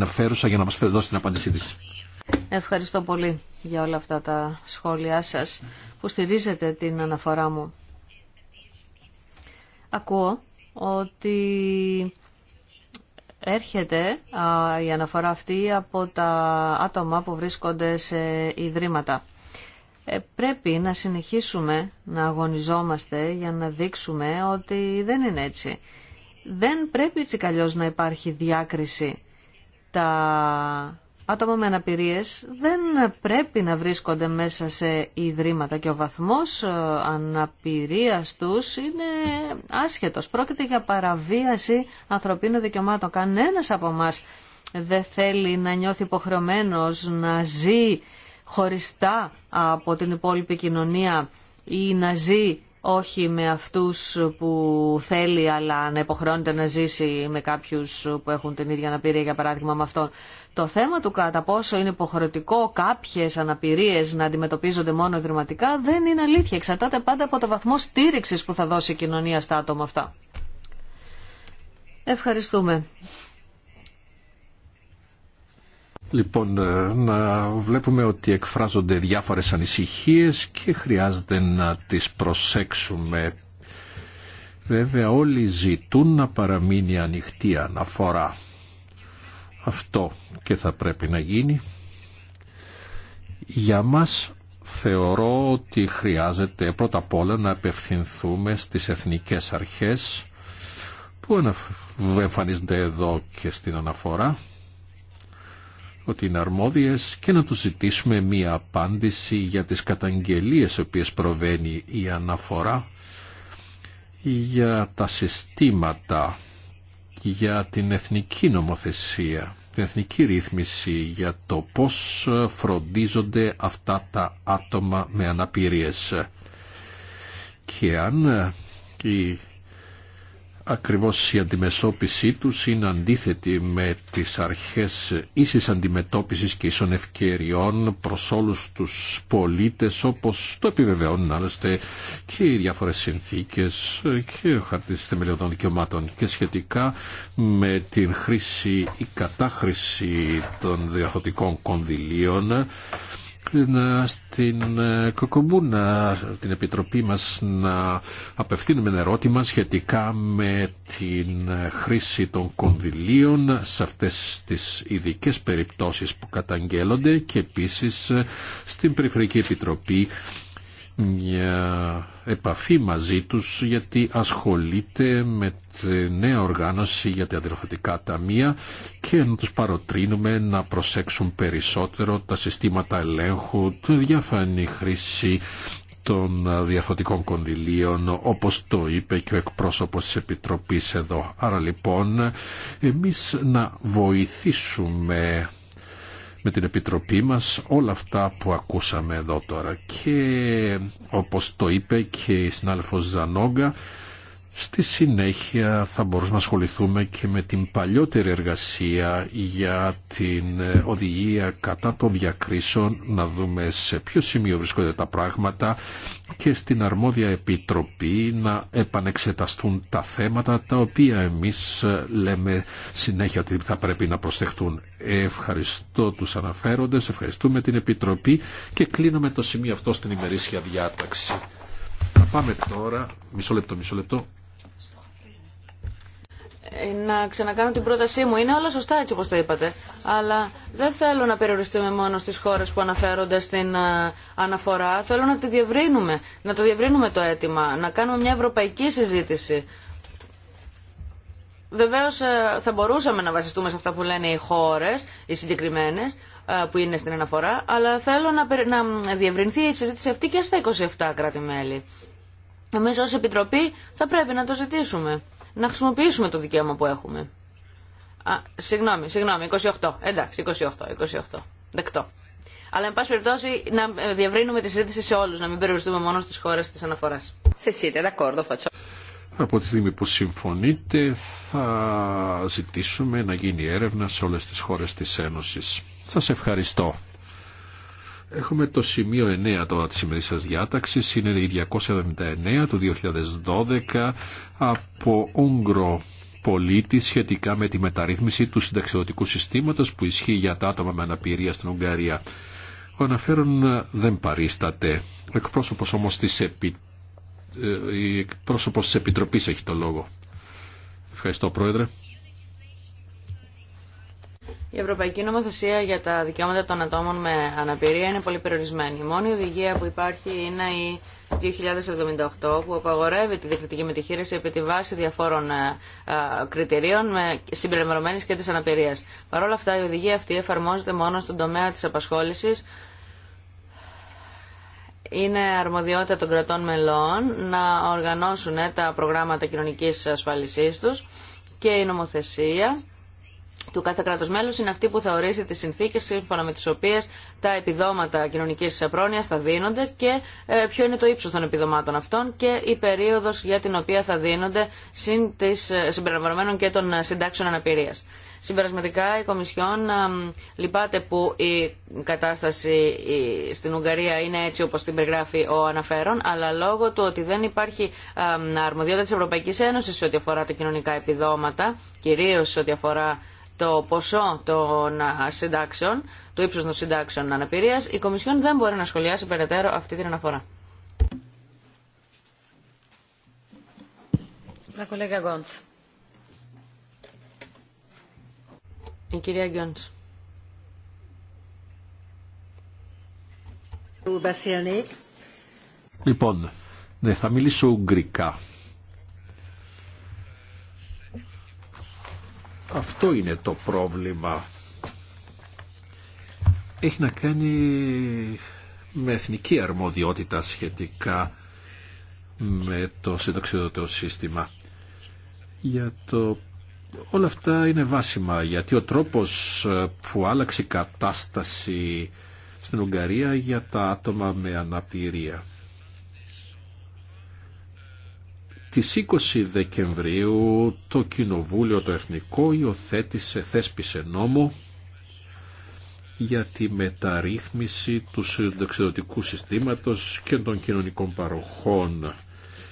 να μας δώσει την απάντησή της. Ευχαριστώ πολύ για όλα αυτά τα σχόλιά σας που στηρίζετε την αναφορά μου. Ακούω ότι έρχεται η αναφορά αυτή από τα άτομα που βρίσκονται σε ιδρύματα. Ε, πρέπει να συνεχίσουμε να αγωνιζόμαστε για να δείξουμε ότι δεν είναι έτσι. Δεν πρέπει έτσι καλλιώς να υπάρχει διάκριση. Τα άτομα με αναπηρίες δεν πρέπει να βρίσκονται μέσα σε ιδρύματα και ο βαθμός ε, αναπηρίας τους είναι άσχετος. Πρόκειται για παραβίαση ανθρωπίνων δικαιωμάτων. Κανένας από μας δεν θέλει να νιώθει υποχρεωμένος να ζει χωριστά από την υπόλοιπη κοινωνία ή να ζει όχι με αυτούς που θέλει αλλά να υποχρεώνεται να ζήσει με κάποιους που έχουν την ίδια αναπηρία για παράδειγμα με αυτό. Το θέμα του κατά πόσο είναι υποχρεωτικό κάποιες αναπηρίες να αντιμετωπίζονται μόνο ιδρυματικά δεν είναι αλήθεια. Εξαρτάται πάντα από το βαθμό στήριξης που θα δώσει η κοινωνία στα άτομα αυτά. Ευχαριστούμε. Λοιπόν, ε, να βλέπουμε ότι εκφράζονται διάφορες ανησυχίες και χρειάζεται να τις προσέξουμε. Βέβαια όλοι ζητούν να παραμείνει ανοιχτή αναφορά. Αυτό και θα πρέπει να γίνει. Για μας θεωρώ ότι χρειάζεται πρώτα απ' όλα να απευθυνθούμε στις εθνικές αρχές που εμφανίζονται εδώ και στην αναφορά ότι είναι αρμόδιες και να του ζητήσουμε μία απάντηση για τις καταγγελίες οποίες προβαίνει η αναφορά για τα συστήματα, για την εθνική νομοθεσία, την εθνική ρύθμιση για το πώς φροντίζονται αυτά τα άτομα με αναπηρίες. Και αν η ακριβώς η αντιμεσόπιση τους είναι αντίθετη με τις αρχές ίσης αντιμετώπισης και ίσων ευκαιριών προς όλους τους πολίτες όπως το επιβεβαιώνουν άλλωστε και οι διάφορες συνθήκες και ο χαρτής θεμελιωδών δικαιωμάτων και σχετικά με την χρήση ή κατάχρηση των διαχωτικών κονδυλίων στην ε, Κοκομπούνα την Επιτροπή μας να απευθύνουμε ένα ερώτημα σχετικά με την ε, χρήση των κονδυλίων σε αυτές τις ειδικέ περιπτώσεις που καταγγέλλονται και επίσης ε, στην Περιφερειακή Επιτροπή μια επαφή μαζί τους γιατί ασχολείται με τη νέα οργάνωση για τα διευθυντικά ταμεία και να τους παροτρύνουμε να προσέξουν περισσότερο τα συστήματα ελέγχου, τη διαφανή χρήση των διαφορετικών κονδυλίων όπως το είπε και ο εκπρόσωπος της Επιτροπής εδώ. Άρα λοιπόν εμείς να βοηθήσουμε με την Επιτροπή μας όλα αυτά που ακούσαμε εδώ τώρα. Και όπως το είπε και η συνάδελφος Ζανόγκα, Στη συνέχεια θα μπορούσαμε να ασχοληθούμε και με την παλιότερη εργασία για την ε, οδηγία κατά των διακρίσεων, να δούμε σε ποιο σημείο βρίσκονται τα πράγματα και στην αρμόδια επιτροπή να επανεξεταστούν τα θέματα τα οποία εμείς ε, λέμε συνέχεια ότι θα πρέπει να προσεχτούν. Ευχαριστώ τους αναφέροντες, ευχαριστούμε την Επιτροπή και κλείνουμε το σημείο αυτό στην ημερήσια διάταξη. Θα πάμε τώρα, μισό λεπτό, μισό λεπτό, να ξανακάνω την πρότασή μου. Είναι όλα σωστά έτσι όπως το είπατε. Αλλά δεν θέλω να περιοριστούμε μόνο στις χώρες που αναφέρονται στην ε, αναφορά. Θέλω να, τη διευρύνουμε, να το διευρύνουμε το αίτημα, να κάνουμε μια ευρωπαϊκή συζήτηση. Βεβαίως ε, θα μπορούσαμε να βασιστούμε σε αυτά που λένε οι χώρες, οι συγκεκριμένες, ε, που είναι στην αναφορά, αλλά θέλω να, να διευρυνθεί η συζήτηση αυτή και στα 27 κράτη-μέλη. Εμείς ως Επιτροπή θα πρέπει να το ζητήσουμε να χρησιμοποιήσουμε το δικαίωμα που έχουμε. Α, συγγνώμη, συγγνώμη, 28. Εντάξει, 28, 28. Δεκτό. Αλλά, εν πάση περιπτώσει, να ε, διαβρύνουμε τη συζήτηση σε όλου, να μην περιοριστούμε μόνο στι χώρε τη αναφορά. Από τη στιγμή που συμφωνείτε, θα ζητήσουμε να γίνει έρευνα σε όλε τι χώρε τη Ένωση. Σα ευχαριστώ. Έχουμε το σημείο 9 τώρα της σημερινής διάταξης, είναι η 279 του 2012 από Ούγγρο πολίτη σχετικά με τη μεταρρύθμιση του συνταξιδοτικού συστήματος που ισχύει για τα άτομα με αναπηρία στην Ουγγαρία. Ο αναφέρον δεν παρίσταται. Ο εκπρόσωπος όμως της, επι... Ε, εκπρόσωπος της Επιτροπής έχει το λόγο. Ευχαριστώ Πρόεδρε. Η Ευρωπαϊκή Νομοθεσία για τα δικαιώματα των ατόμων με αναπηρία είναι πολύ περιορισμένη. Η μόνη οδηγία που υπάρχει είναι η 2078 που απαγορεύει τη διακριτική μεταχείριση επί τη βάση διαφόρων ε, ε, κριτηρίων συμπεριλαμβανομένης και της αναπηρίας. Παρ' όλα αυτά η οδηγία αυτή εφαρμόζεται μόνο στον τομέα της απασχόληση. είναι αρμοδιότητα των κρατών μελών να οργανώσουν ε, τα προγράμματα κοινωνική ασφαλισή του και η νομοθεσία του κάθε κράτου μέλου είναι αυτή που θα ορίσει τι συνθήκε σύμφωνα με τι οποίε τα επιδόματα κοινωνική πρόνοια θα δίνονται και ε, ποιο είναι το ύψο των επιδομάτων αυτών και η περίοδο για την οποία θα δίνονται συν της, ε, συμπεριλαμβανομένων και των ε, συντάξεων αναπηρία. Συμπερασματικά, η Κομισιόν λυπάται που η κατάσταση στην Ουγγαρία είναι έτσι όπω την περιγράφει ο αναφέρον, αλλά λόγω του ότι δεν υπάρχει αρμοδιότητα τη Ευρωπαϊκή Ένωση σε ό,τι αφορά τα κοινωνικά επιδόματα, κυρίω σε ό,τι αφορά το ποσό των συντάξεων, του ύψους των συντάξεων αναπηρίας, η Κομισιόν δεν μπορεί να σχολιάσει περαιτέρω αυτή την αναφορά. Η κυρία Γκιόντς. Λοιπόν, ναι, θα μιλήσω ουγγρικά. Αυτό είναι το πρόβλημα. Έχει να κάνει με εθνική αρμοδιότητα σχετικά με το συνταξιδοτό σύστημα. Για το... Όλα αυτά είναι βάσιμα γιατί ο τρόπος ε, που άλλαξε η κατάσταση στην Ουγγαρία για τα άτομα με αναπηρία Τη 20 Δεκεμβρίου το Κοινοβούλιο το Εθνικό υιοθέτησε, θέσπισε νόμο για τη μεταρρύθμιση του συνδεξιδοτικού συστήματος και των κοινωνικών παροχών.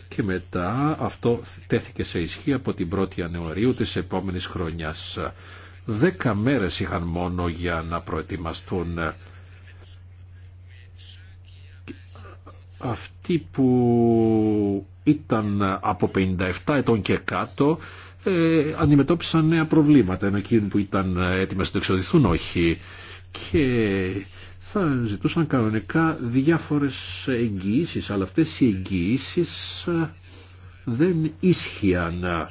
Και μετά αυτό τέθηκε σε ισχύ από την 1η Ιανουαρίου της επόμενης χρονιάς. Δέκα μέρες είχαν μόνο για να προετοιμαστούν αυτοί που ήταν από 57 ετών και κάτω ε, αντιμετώπισαν νέα προβλήματα ενώ εκείνοι που ήταν έτοιμοι να εξοδηθούν όχι και θα ζητούσαν κανονικά διάφορες εγγυήσεις αλλά αυτές οι εγγυήσεις ε, δεν ίσχυαν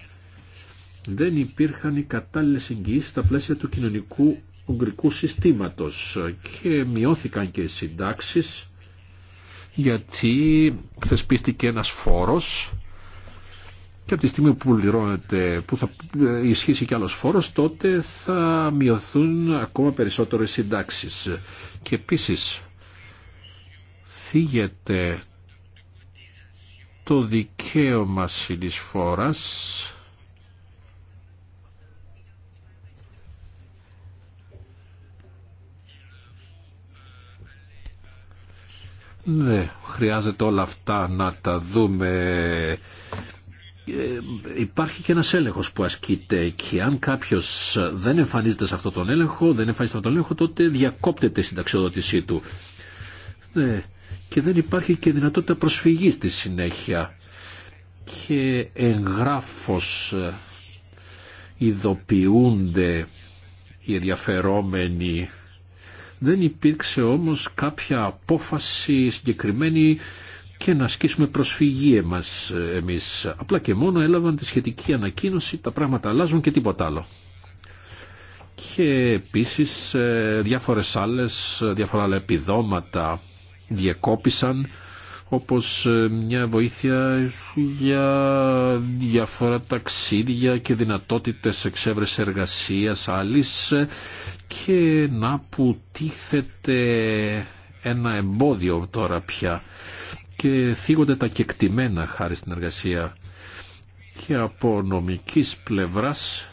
δεν υπήρχαν οι κατάλληλες εγγυήσεις στα πλαίσια του κοινωνικού ουγγρικού συστήματος και μειώθηκαν και οι συντάξεις γιατί θεσπίστηκε ένας φόρος και από τη στιγμή που που θα ισχύσει κι άλλος φόρος, τότε θα μειωθούν ακόμα περισσότερες οι συντάξεις. Και επίσης, θίγεται το δικαίωμα συνεισφόρας Ναι, χρειάζεται όλα αυτά να τα δούμε. Ε, υπάρχει και ένας έλεγχος που ασκείται και αν κάποιος δεν εμφανίζεται σε αυτόν τον έλεγχο, δεν εμφανίζεται σε αυτόν τον έλεγχο, τότε διακόπτεται η συνταξιοδότησή του. Ναι, και δεν υπάρχει και δυνατότητα προσφυγής στη συνέχεια. Και εγγράφως ε, ειδοποιούνται οι ενδιαφερόμενοι δεν υπήρξε όμως κάποια απόφαση συγκεκριμένη και να ασκήσουμε προσφυγή μας εμείς. Απλά και μόνο έλαβαν τη σχετική ανακοίνωση, τα πράγματα αλλάζουν και τίποτα άλλο. Και επίσης ε, διάφορες άλλες, διάφορα άλλα επιδόματα διεκόπησαν όπως ε, μια βοήθεια για διάφορα ταξίδια και δυνατότητες εξέβρεση εργασίας άλλης και να που ένα εμπόδιο τώρα πια και θίγονται τα κεκτημένα χάρη στην εργασία και από νομικής πλευράς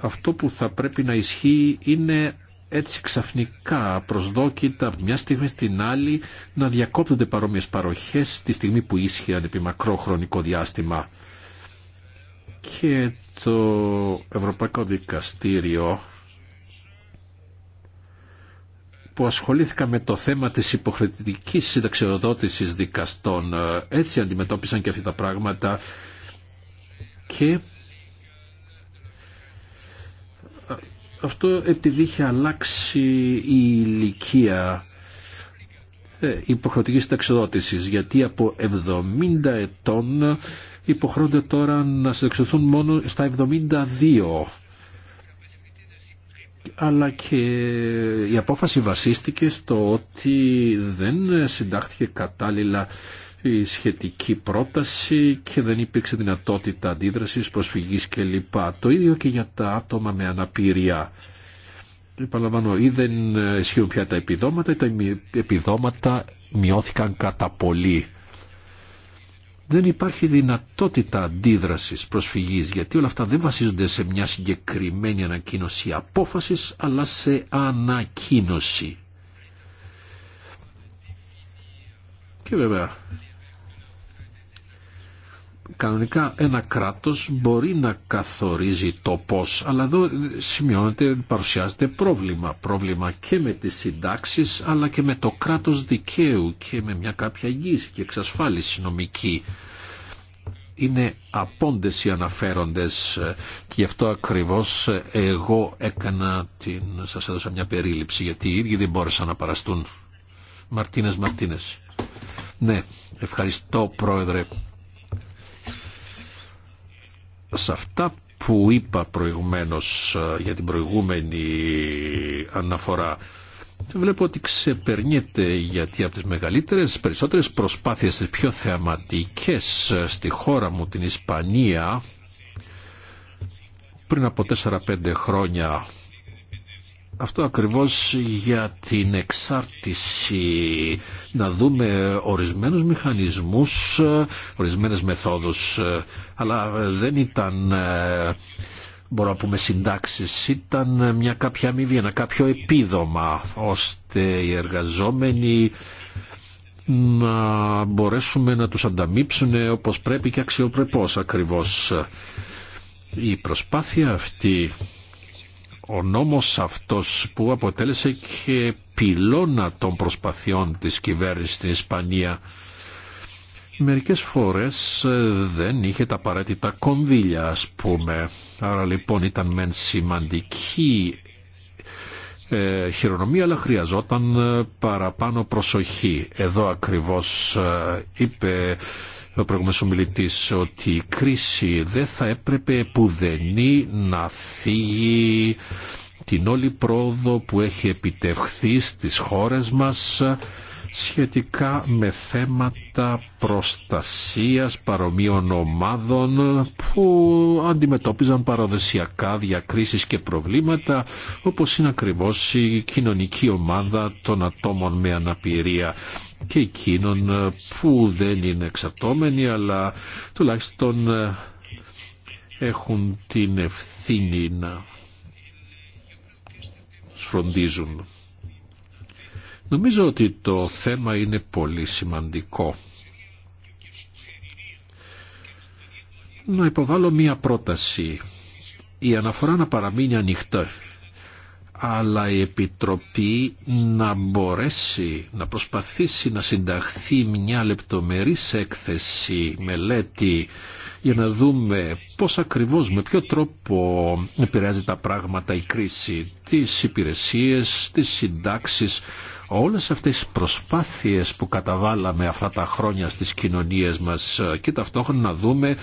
αυτό που θα πρέπει να ισχύει είναι έτσι ξαφνικά προσδόκητα από μια στιγμή στην άλλη να διακόπτονται παρόμοιες παροχές τη στιγμή που ίσχυαν επί μακρό χρονικό διάστημα. Και το Ευρωπαϊκό Δικαστήριο που ασχολήθηκα με το θέμα της υποχρετικής συνταξιοδότησης δικαστών ε, έτσι αντιμετώπισαν και αυτά τα πράγματα και Αυτό επειδή είχε αλλάξει η ηλικία ε, υποχρεωτικής ταξιδότησης, γιατί από 70 ετών υποχρεώνται τώρα να συνταξιδοθούν μόνο στα 72 αλλά και η απόφαση βασίστηκε στο ότι δεν συντάχθηκε κατάλληλα σχετική πρόταση και δεν υπήρξε δυνατότητα αντίδρασης, προσφυγής κλπ. Το ίδιο και για τα άτομα με αναπηρία. Επαναλαμβάνω, ή δεν ισχύουν πια τα επιδόματα ή τα επιδόματα μειώθηκαν κατά πολύ. Δεν υπάρχει δυνατότητα αντίδρασης, προσφυγής, γιατί όλα αυτά δεν βασίζονται σε μια συγκεκριμένη ανακοίνωση απόφασης, αλλά σε ανακοίνωση. Και βέβαια Κανονικά ένα κράτος μπορεί να καθορίζει το πώς, αλλά εδώ σημειώνεται, παρουσιάζεται πρόβλημα. Πρόβλημα και με τις συντάξεις, αλλά και με το κράτος δικαίου και με μια κάποια εγγύηση και εξασφάλιση νομική. Είναι απόντες οι αναφέροντες και γι' αυτό ακριβώς εγώ έκανα την... σας έδωσα μια περίληψη γιατί οι ίδιοι δεν μπόρεσαν να παραστούν. Μαρτίνες Μαρτίνες. Ναι, ευχαριστώ πρόεδρε σε αυτά που είπα προηγουμένως ε, για την προηγούμενη αναφορά βλέπω ότι ξεπερνιέται γιατί από τις μεγαλύτερες, περισσότερες προσπάθειες τις πιο θεαματικές ε, στη χώρα μου την Ισπανία πριν από 4-5 χρόνια αυτό ακριβώς για την εξάρτηση να δούμε ορισμένους μηχανισμούς, ορισμένες μεθόδους, αλλά δεν ήταν μπορώ να πούμε συντάξεις ήταν μια κάποια αμοιβή, ένα κάποιο επίδομα ώστε οι εργαζόμενοι να μπορέσουμε να τους ανταμείψουν όπως πρέπει και αξιοπρεπώς ακριβώς. Η προσπάθεια αυτή ο νόμος αυτός που αποτέλεσε και πυλώνα των προσπαθειών της κυβέρνησης στην Ισπανία μερικές φορές ε, δεν είχε τα απαραίτητα κονδύλια ας πούμε. Άρα λοιπόν ήταν μεν σημαντική ε, χειρονομία αλλά χρειαζόταν ε, παραπάνω προσοχή. Εδώ ακριβώς είπε ο προηγούμενος ομιλητής ότι η κρίση δεν θα έπρεπε πουδενή να θίγει την όλη πρόοδο που έχει επιτευχθεί στις χώρες μας σχετικά με θέματα προστασίας παρομοίων ομάδων που αντιμετώπιζαν παραδοσιακά διακρίσεις και προβλήματα όπως είναι ακριβώς η κοινωνική ομάδα των ατόμων με αναπηρία και εκείνων ε, που δεν είναι εξαρτώμενοι αλλά τουλάχιστον ε, έχουν την ευθύνη να σφροντίζουν. Νομίζω ότι το θέμα είναι πολύ σημαντικό. Να υποβάλω μία πρόταση. Η αναφορά να παραμείνει ανοιχτή αλλά η Επιτροπή να μπορέσει να προσπαθήσει να συνταχθεί μια λεπτομερής έκθεση, μελέτη για να δούμε πώς ακριβώς, με ποιο τρόπο επηρεάζει τα πράγματα η κρίση, τις υπηρεσίες, τις συντάξεις, όλες αυτές τις προσπάθειες που καταβάλαμε αυτά τα χρόνια στις κοινωνίες μας και ταυτόχρονα να δούμε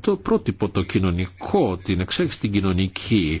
το πρότυπο το κοινωνικό, την εξέλιξη την κοινωνική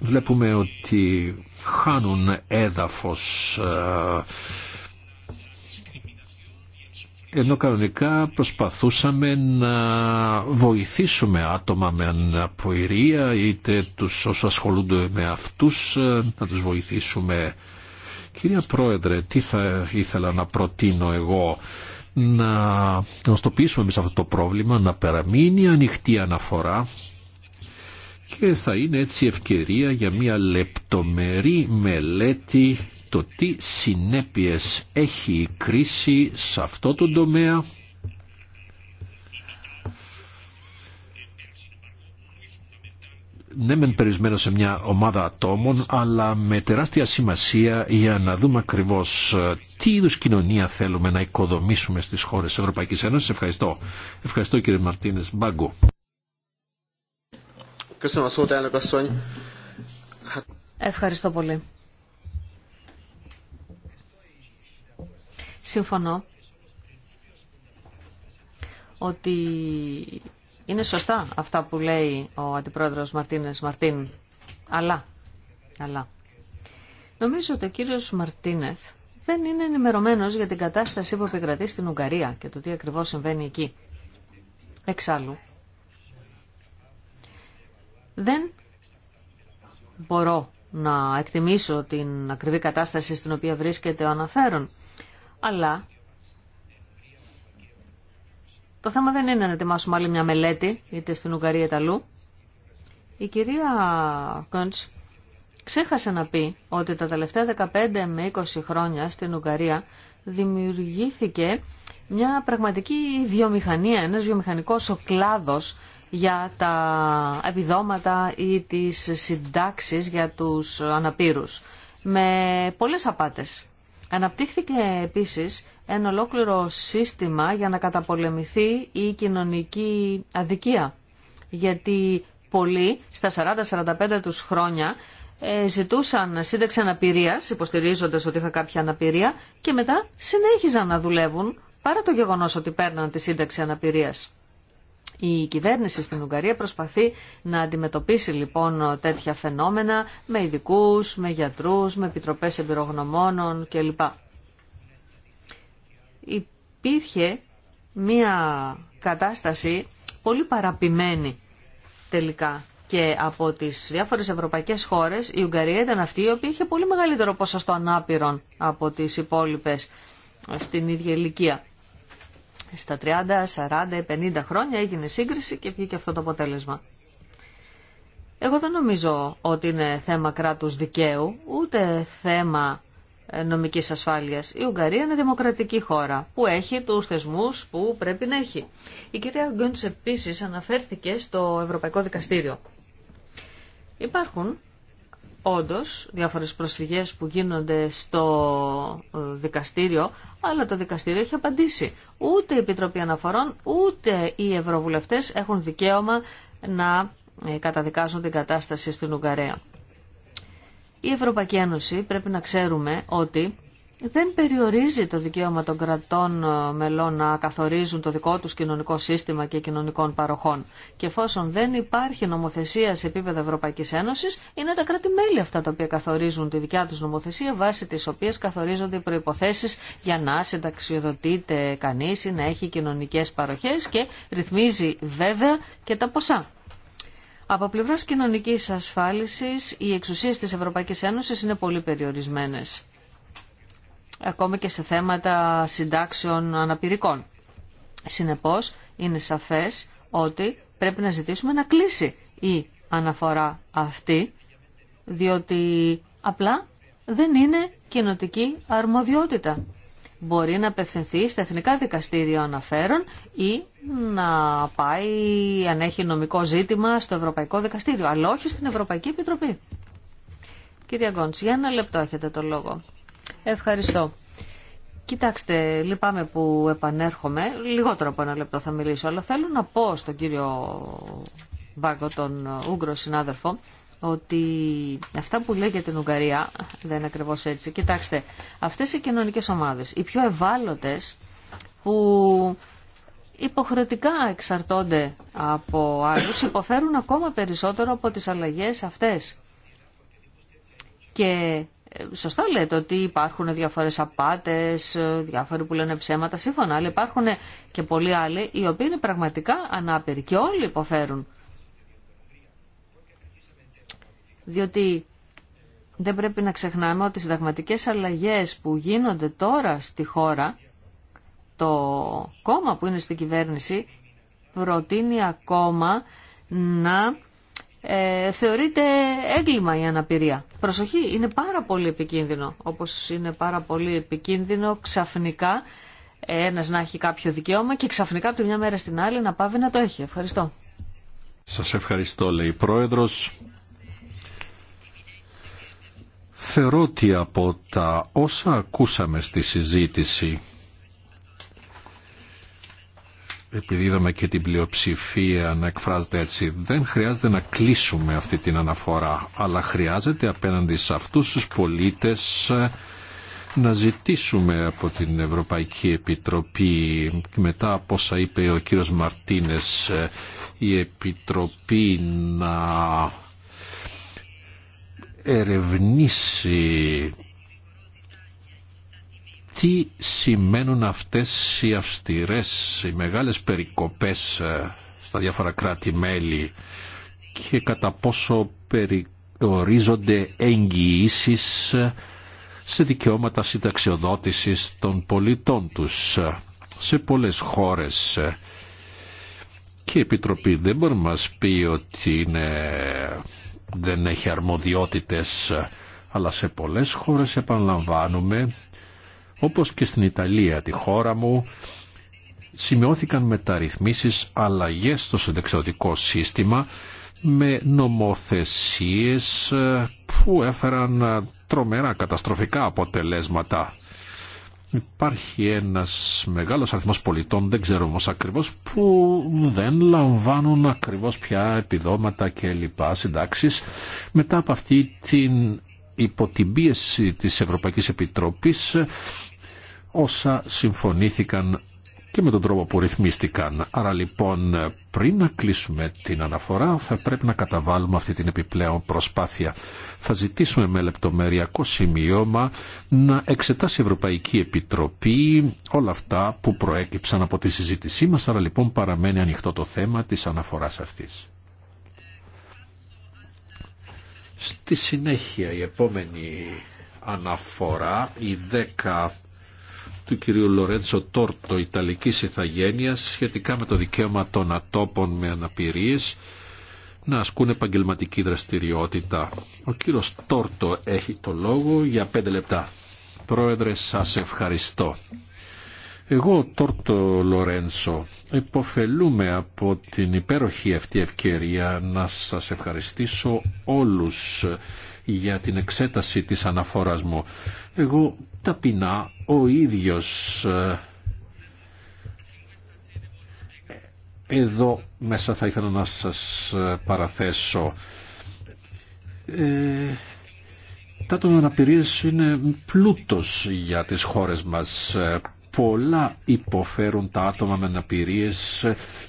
βλέπουμε ότι χάνουν έδαφος ε, ενώ κανονικά προσπαθούσαμε να βοηθήσουμε άτομα με αναποηρία είτε τους όσους ασχολούνται με αυτούς ε, να τους βοηθήσουμε. Κυρία Πρόεδρε, τι θα ήθελα να προτείνω εγώ να γνωστοποιήσουμε εμείς αυτό το πρόβλημα, να περαμείνει ανοιχτή αναφορά και θα είναι έτσι ευκαιρία για μια λεπτομερή μελέτη το τι συνέπειες έχει η κρίση σε αυτό το τομέα ναι μεν περισμένο σε μια ομάδα ατόμων, αλλά με τεράστια σημασία για να δούμε ακριβώς ε, τι είδους κοινωνία θέλουμε να οικοδομήσουμε στις χώρες Ευρωπαϊκής Ένωσης. Ευχαριστώ. Ευχαριστώ κύριε Μαρτίνες Μπάγκο. Ευχαριστώ πολύ. Συμφωνώ ότι είναι σωστά αυτά που λέει ο Αντιπρόεδρος Μαρτίνες Μαρτίν. Αλλά, αλλά, νομίζω ότι ο κύριος Μαρτίνεθ δεν είναι ενημερωμένος για την κατάσταση που επικρατεί στην Ουγγαρία και το τι ακριβώς συμβαίνει εκεί. Εξάλλου, δεν μπορώ να εκτιμήσω την ακριβή κατάσταση στην οποία βρίσκεται ο αναφέρον, αλλά το θέμα δεν είναι να ετοιμάσουμε άλλη μια μελέτη, είτε στην Ουγγαρία είτε αλλού. Η κυρία Κόντς ξέχασε να πει ότι τα τελευταία 15 με 20 χρόνια στην Ουγγαρία δημιουργήθηκε μια πραγματική βιομηχανία, ένας βιομηχανικός ο για τα επιδόματα ή τις συντάξεις για τους αναπήρους με πολλές απάτες. Αναπτύχθηκε επίσης ένα ολόκληρο σύστημα για να καταπολεμηθεί η κοινωνική αδικία. Γιατί πολλοί στα 40-45 τους χρόνια ε, ζητούσαν σύνταξη αναπηρίας, υποστηρίζοντας ότι είχα κάποια αναπηρία, και μετά συνέχιζαν να δουλεύουν παρά το γεγονός ότι παίρναν τη σύνταξη αναπηρίας. Η κυβέρνηση στην Ουγγαρία προσπαθεί να αντιμετωπίσει λοιπόν τέτοια φαινόμενα με ειδικού, με γιατρούς, με επιτροπές εμπειρογνωμόνων κλπ. Υπήρχε μία κατάσταση πολύ παραπημένη τελικά και από τις διάφορες ευρωπαϊκές χώρες η Ουγγαρία ήταν αυτή η οποία είχε πολύ μεγαλύτερο ποσοστό ανάπηρων από τις υπόλοιπες στην ίδια ηλικία. Στα 30, 40, 50 χρόνια έγινε σύγκριση και βγήκε αυτό το αποτέλεσμα. Εγώ δεν νομίζω ότι είναι θέμα κράτους δικαίου, ούτε θέμα ε, νομικής ασφάλειας. Η Ουγγαρία είναι δημοκρατική χώρα που έχει τους θεσμούς που πρέπει να έχει. Η κυρία Γκόντς επίσης αναφέρθηκε στο Ευρωπαϊκό Δικαστήριο. Υπάρχουν όντως διάφορες προσφυγές που γίνονται στο ε, δικαστήριο, αλλά το δικαστήριο έχει απαντήσει. Ούτε η Επιτροπή Αναφορών, ούτε οι Ευρωβουλευτές έχουν δικαίωμα να ε, καταδικάζουν την κατάσταση στην Ουγγαρία. Η Ευρωπαϊκή Ένωση πρέπει να ξέρουμε ότι δεν περιορίζει το δικαίωμα των κρατών ε, μελών να καθορίζουν το δικό τους κοινωνικό σύστημα και κοινωνικών παροχών. Και εφόσον δεν υπάρχει νομοθεσία σε επίπεδο Ευρωπαϊκής Ένωσης, είναι τα κράτη-μέλη αυτά τα οποία καθορίζουν τη δικιά τους νομοθεσία, βάσει της οποίας καθορίζονται οι προϋποθέσεις για να συνταξιοδοτείται κανείς ή να έχει κοινωνικές παροχές και ρυθμίζει βέβαια και τα ποσά. Από πλευράς κοινωνικής ασφάλισης, οι εξουσίε της Ευρωπαϊκής Ένωσης είναι πολύ περιορισμένες ακόμη και σε θέματα συντάξεων αναπηρικών. Συνεπώς, είναι σαφές ότι πρέπει να ζητήσουμε να κλείσει η αναφορά αυτή, διότι απλά δεν είναι κοινοτική αρμοδιότητα. Μπορεί να απευθυνθεί στα εθνικά δικαστήρια αναφέρον ή να πάει, αν έχει νομικό ζήτημα, στο Ευρωπαϊκό Δικαστήριο, αλλά όχι στην Ευρωπαϊκή Επιτροπή. Κύριε Γκόντς, για ένα λεπτό έχετε το λόγο. Ευχαριστώ. Κοιτάξτε, λυπάμαι που επανέρχομαι. Λιγότερο από ένα λεπτό θα μιλήσω, αλλά θέλω να πω στον κύριο Μπάγκο, τον Ούγγρο συνάδελφο, ότι αυτά που λέει την Ουγγαρία δεν είναι ακριβώς έτσι. Κοιτάξτε, αυτές οι κοινωνικές ομάδες, οι πιο ευάλωτες που υποχρεωτικά εξαρτώνται από άλλους, υποφέρουν ακόμα περισσότερο από τις αλλαγές αυτές. Και σωστά λέτε ότι υπάρχουν διάφορες απάτες, διάφοροι που λένε ψέματα, σύμφωνα, αλλά υπάρχουν και πολλοί άλλοι οι οποίοι είναι πραγματικά ανάπηροι και όλοι υποφέρουν. Διότι δεν πρέπει να ξεχνάμε ότι οι συνταγματικές αλλαγές που γίνονται τώρα στη χώρα, το κόμμα που είναι στην κυβέρνηση προτείνει ακόμα να ε, θεωρείται έγκλημα η αναπηρία. Προσοχή, είναι πάρα πολύ επικίνδυνο. Όπως είναι πάρα πολύ επικίνδυνο ξαφνικά ένας να έχει κάποιο δικαίωμα και ξαφνικά από τη μια μέρα στην άλλη να πάβει να το έχει. Ευχαριστώ. Σας ευχαριστώ λέει η Πρόεδρος. Θεωρώ ότι από τα όσα ακούσαμε στη συζήτηση επειδή είδαμε και την πλειοψηφία να εκφράζεται έτσι, δεν χρειάζεται να κλείσουμε αυτή την αναφορά, αλλά χρειάζεται απέναντι σε αυτούς τους πολίτες ε, να ζητήσουμε από την Ευρωπαϊκή Επιτροπή μετά από όσα είπε ο κύριος Μαρτίνες ε, η Επιτροπή να ερευνήσει τι σημαίνουν αυτές οι αυστηρές, οι μεγάλες περικοπές ε, στα διάφορα κράτη-μέλη και κατά πόσο περιορίζονται εγγυήσει σε δικαιώματα συνταξιοδότησης των πολιτών τους σε πολλές χώρες. Και η Επιτροπή δεν μπορεί να μας πει ότι δεν έχει αρμοδιότητες, αλλά σε πολλές χώρες επαναλαμβάνουμε όπως και στην Ιταλία, τη χώρα μου, σημειώθηκαν μεταρρυθμίσεις αλλαγές στο συντεξιωτικό σύστημα με νομοθεσίες ε, που έφεραν ε, τρομερά καταστροφικά αποτελέσματα. Υπάρχει ένας μεγάλος αριθμός πολιτών, δεν ξέρω όμως ακριβώς, που δεν λαμβάνουν ακριβώς πια επιδόματα και λοιπά συντάξεις μετά από αυτή την υπό της Ευρωπαϊκής Επιτροπής όσα συμφωνήθηκαν και με τον τρόπο που ρυθμίστηκαν. Άρα λοιπόν πριν να κλείσουμε την αναφορά θα πρέπει να καταβάλουμε αυτή την επιπλέον προσπάθεια. Θα ζητήσουμε με λεπτομεριακό σημείωμα να εξετάσει η Ευρωπαϊκή Επιτροπή όλα αυτά που προέκυψαν από τη συζήτησή μας. Άρα λοιπόν παραμένει ανοιχτό το θέμα της αναφοράς αυτής. Στη συνέχεια η επόμενη αναφορά, η 10 του κυρίου Λορέντσο Τόρτο Ιταλικής Ιθαγένειας σχετικά με το δικαίωμα των ατόπων με αναπηρίες να ασκούν επαγγελματική δραστηριότητα. Ο κύριος Τόρτο έχει το λόγο για πέντε λεπτά. Πρόεδρε, σας ευχαριστώ. Εγώ, Τόρτο Λορέντσο, υποφελούμε από την υπέροχη αυτή ευκαιρία να σας ευχαριστήσω όλους για την εξέταση της αναφοράς μου. Εγώ ταπεινά ο ίδιος ε, εδώ μέσα θα ήθελα να σας ε, παραθέσω ε, τα των αναπηρίες είναι πλούτος για τις χώρες μας ε, πολλά υποφέρουν τα άτομα με αναπηρίες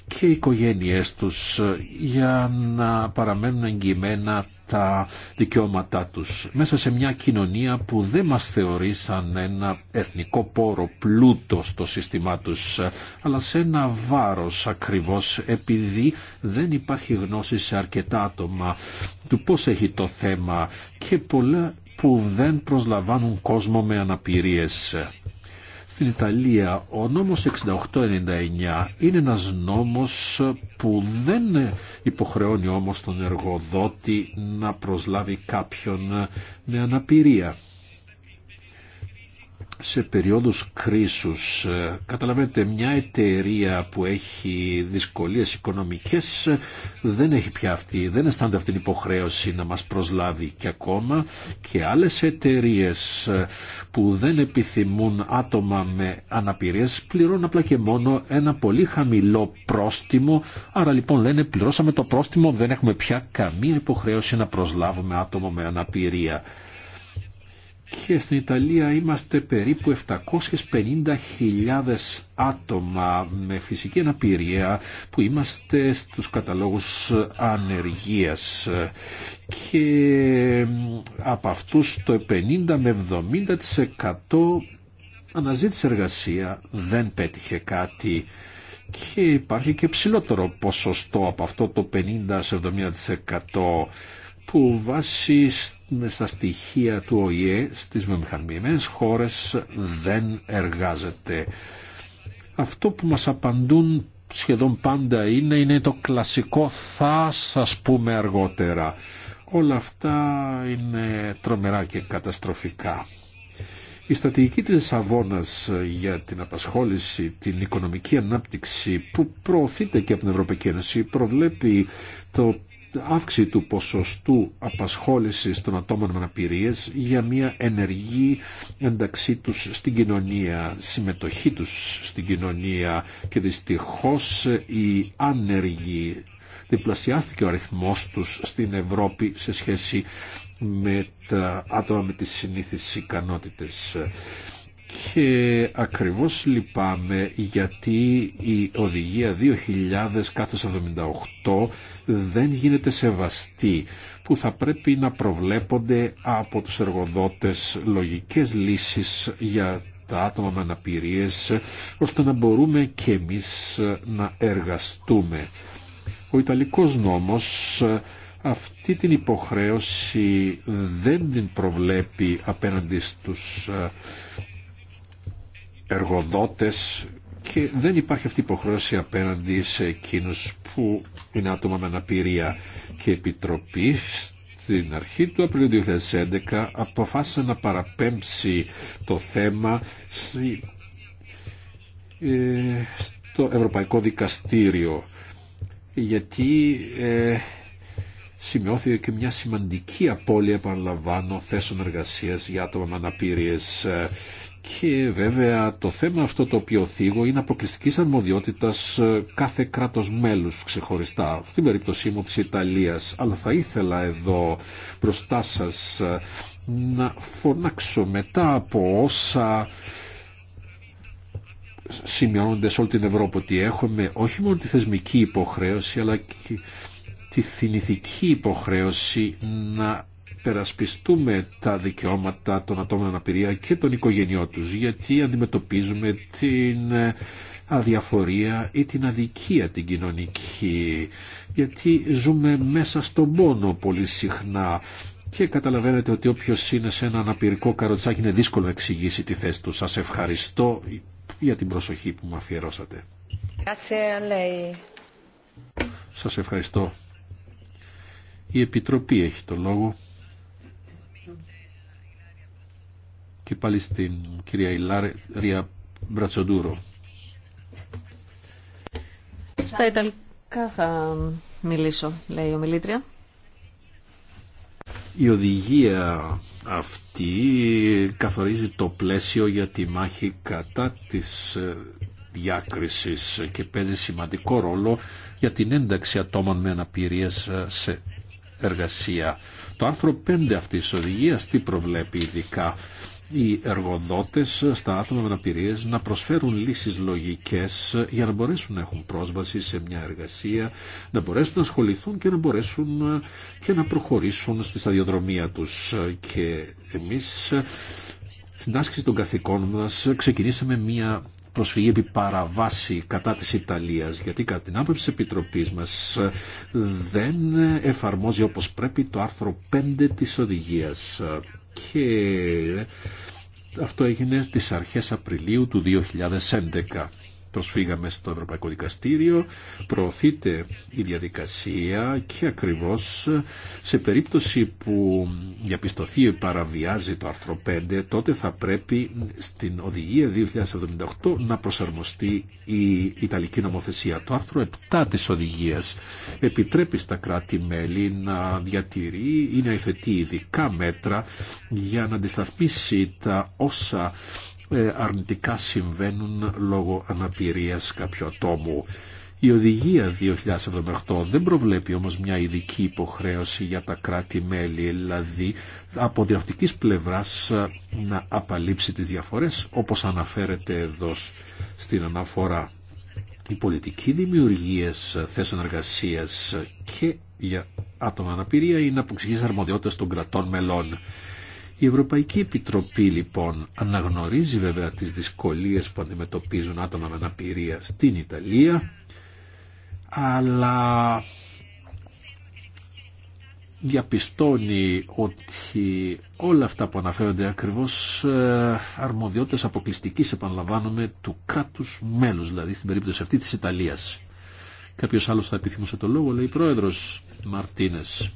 και οι οικογένειές τους για να παραμένουν εγγυημένα τα δικαιώματά τους. Μέσα σε μια κοινωνία που δεν μας θεωρεί σαν ένα εθνικό πόρο πλούτο στο σύστημά τους, αλλά σε ένα βάρος ακριβώς επειδή δεν υπάρχει γνώση σε αρκετά άτομα του πώς έχει το θέμα και πολλά που δεν προσλαμβάνουν κόσμο με αναπηρίες. Στην Ιταλία ο νόμος 6899 είναι ένας νόμος που δεν υποχρεώνει όμως τον εργοδότη να προσλάβει κάποιον με αναπηρία σε περίοδους κρίσους. Ε, καταλαβαίνετε, μια εταιρεία που έχει δυσκολίες οικονομικές ε, δεν έχει πια αυτή, δεν αισθάνεται αυτήν την υποχρέωση να μας προσλάβει και ακόμα και άλλες εταιρείες ε, που δεν επιθυμούν άτομα με αναπηρίες πληρώνουν απλά και μόνο ένα πολύ χαμηλό πρόστιμο. Άρα λοιπόν λένε πληρώσαμε το πρόστιμο, δεν έχουμε πια καμία υποχρέωση να προσλάβουμε άτομα με αναπηρία και στην Ιταλία είμαστε περίπου 750.000 άτομα με φυσική αναπηρία που είμαστε στους καταλόγους ανεργίας και από αυτούς το 50 με 70% αναζήτησε εργασία, δεν πέτυχε κάτι και υπάρχει και ψηλότερο ποσοστό από αυτό το 50 σε 70% που βάσει στα στοιχεία του ΟΗΕ στις βιομηχανημένες χώρες δεν εργάζεται. Αυτό που μας απαντούν σχεδόν πάντα είναι, είναι το κλασικό θα σας πούμε αργότερα. Όλα αυτά είναι τρομερά και καταστροφικά. Η στρατηγική της Σαββόνας για την απασχόληση, την οικονομική ανάπτυξη που προωθείται και από την Ευρωπαϊκή Ένωση προβλέπει το αύξηση του ποσοστού απασχόλησης των ατόμων με αναπηρίες για μια ενεργή ένταξή τους στην κοινωνία, συμμετοχή τους στην κοινωνία και δυστυχώς οι άνεργοι διπλασιάστηκε ο αριθμός τους στην Ευρώπη σε σχέση με τα άτομα με τις συνήθεις ικανότητες. Και ακριβώς λυπάμαι γιατί η οδηγια 2078 δεν γίνεται σεβαστή που θα πρέπει να προβλέπονται από τους εργοδότες λογικές λύσεις για τα άτομα με αναπηρίες ώστε να μπορούμε και εμείς να εργαστούμε. Ο Ιταλικός νόμος αυτή την υποχρέωση δεν την προβλέπει απέναντι στους ε, εργοδότες και δεν υπάρχει αυτή η υποχρέωση απέναντι σε εκείνους που είναι άτομα με αναπηρία και επιτροπή στην αρχή του Απριλίου 2011 αποφάσισε να παραπέμψει το θέμα ε, στο Ευρωπαϊκό Δικαστήριο γιατί ε, σημειώθηκε και μια σημαντική απώλεια, επαναλαμβάνω, θέσεων εργασίας για άτομα με αναπηρίες και βέβαια το θέμα αυτό το οποίο θίγω είναι αποκλειστικής αρμοδιότητας ε, κάθε κράτος μέλους ξεχωριστά. Στην περίπτωσή μου της Ιταλίας. Αλλά θα ήθελα εδώ μπροστά σας ε, να φωνάξω μετά από όσα σημειώνονται σε όλη την Ευρώπη ότι έχουμε όχι μόνο τη θεσμική υποχρέωση αλλά και τη θυνηθική υποχρέωση να Περασπιστούμε τα δικαιώματα των ατόμων αναπηρία και των οικογενειών τους, γιατί αντιμετωπίζουμε την ε, αδιαφορία ή την αδικία την κοινωνική, γιατί ζούμε μέσα στον πόνο πολύ συχνά και καταλαβαίνετε ότι όποιος είναι σε ένα αναπηρικό καροτσάκι είναι δύσκολο να εξηγήσει τη θέση του. Σας ευχαριστώ για την προσοχή που μου αφιερώσατε. Σας ευχαριστώ. Η Επιτροπή έχει το λόγο. και πάλι στην κυρία Ιλάρια Μπρατσοντούρο. Στα Ιταλικά θα μιλήσω, λέει η ομιλήτρια. Η οδηγία αυτή καθορίζει το πλαίσιο για τη μάχη κατά της ε, διάκρισης και παίζει σημαντικό ρόλο για την ένταξη ατόμων με αναπηρίες ε, σε εργασία. Το άρθρο 5 αυτής της οδηγίας τι προβλέπει ειδικά οι εργοδότες στα άτομα με αναπηρίες να προσφέρουν λύσεις λογικές για να μπορέσουν να έχουν πρόσβαση σε μια εργασία, να μπορέσουν να ασχοληθούν και να μπορέσουν και να προχωρήσουν στη σταδιοδρομία τους. Και εμείς στην άσκηση των καθηκών μας ξεκινήσαμε μια προσφυγή επί παραβάση κατά της Ιταλίας, γιατί κατά την άποψη της Επιτροπής μας δεν εφαρμόζει όπως πρέπει το άρθρο 5 της οδηγίας αυτό έγινε τις αρχές Απριλίου του 2011 προσφύγαμε στο Ευρωπαϊκό Δικαστήριο, προωθείται η διαδικασία και ακριβώς σε περίπτωση που διαπιστωθεί παραβιάζει το άρθρο 5, τότε θα πρέπει στην οδηγία 2078 να προσαρμοστεί η Ιταλική νομοθεσία. Το άρθρο 7 της οδηγίας επιτρέπει στα κράτη-μέλη να διατηρεί ή να υφετεί ειδικά μέτρα για να αντισταθμίσει τα όσα ε, αρνητικά συμβαίνουν λόγω αναπηρίας κάποιου ατόμου. Η οδηγία 2078 δεν προβλέπει όμως μια ειδική υποχρέωση για τα κράτη-μέλη, δηλαδή από διαφορετικής πλευράς ε, να απαλείψει τις διαφορές, όπως αναφέρεται εδώ στην αναφορά. Η πολιτική δημιουργίες θέσεων εργασίας και για άτομα αναπηρία είναι αποξηγής αρμοδιότητας των κρατών μελών. Η Ευρωπαϊκή Επιτροπή λοιπόν αναγνωρίζει βέβαια τις δυσκολίες που αντιμετωπίζουν άτομα με αναπηρία στην Ιταλία, αλλά διαπιστώνει ότι όλα αυτά που αναφέρονται ακριβώς ε, αρμοδιότητες αποκλειστικής επαναλαμβάνουμε του κράτους μέλους, δηλαδή στην περίπτωση αυτή της Ιταλίας. Κάποιος άλλος θα επιθυμούσε το λόγο, λέει η Πρόεδρος Μαρτίνες.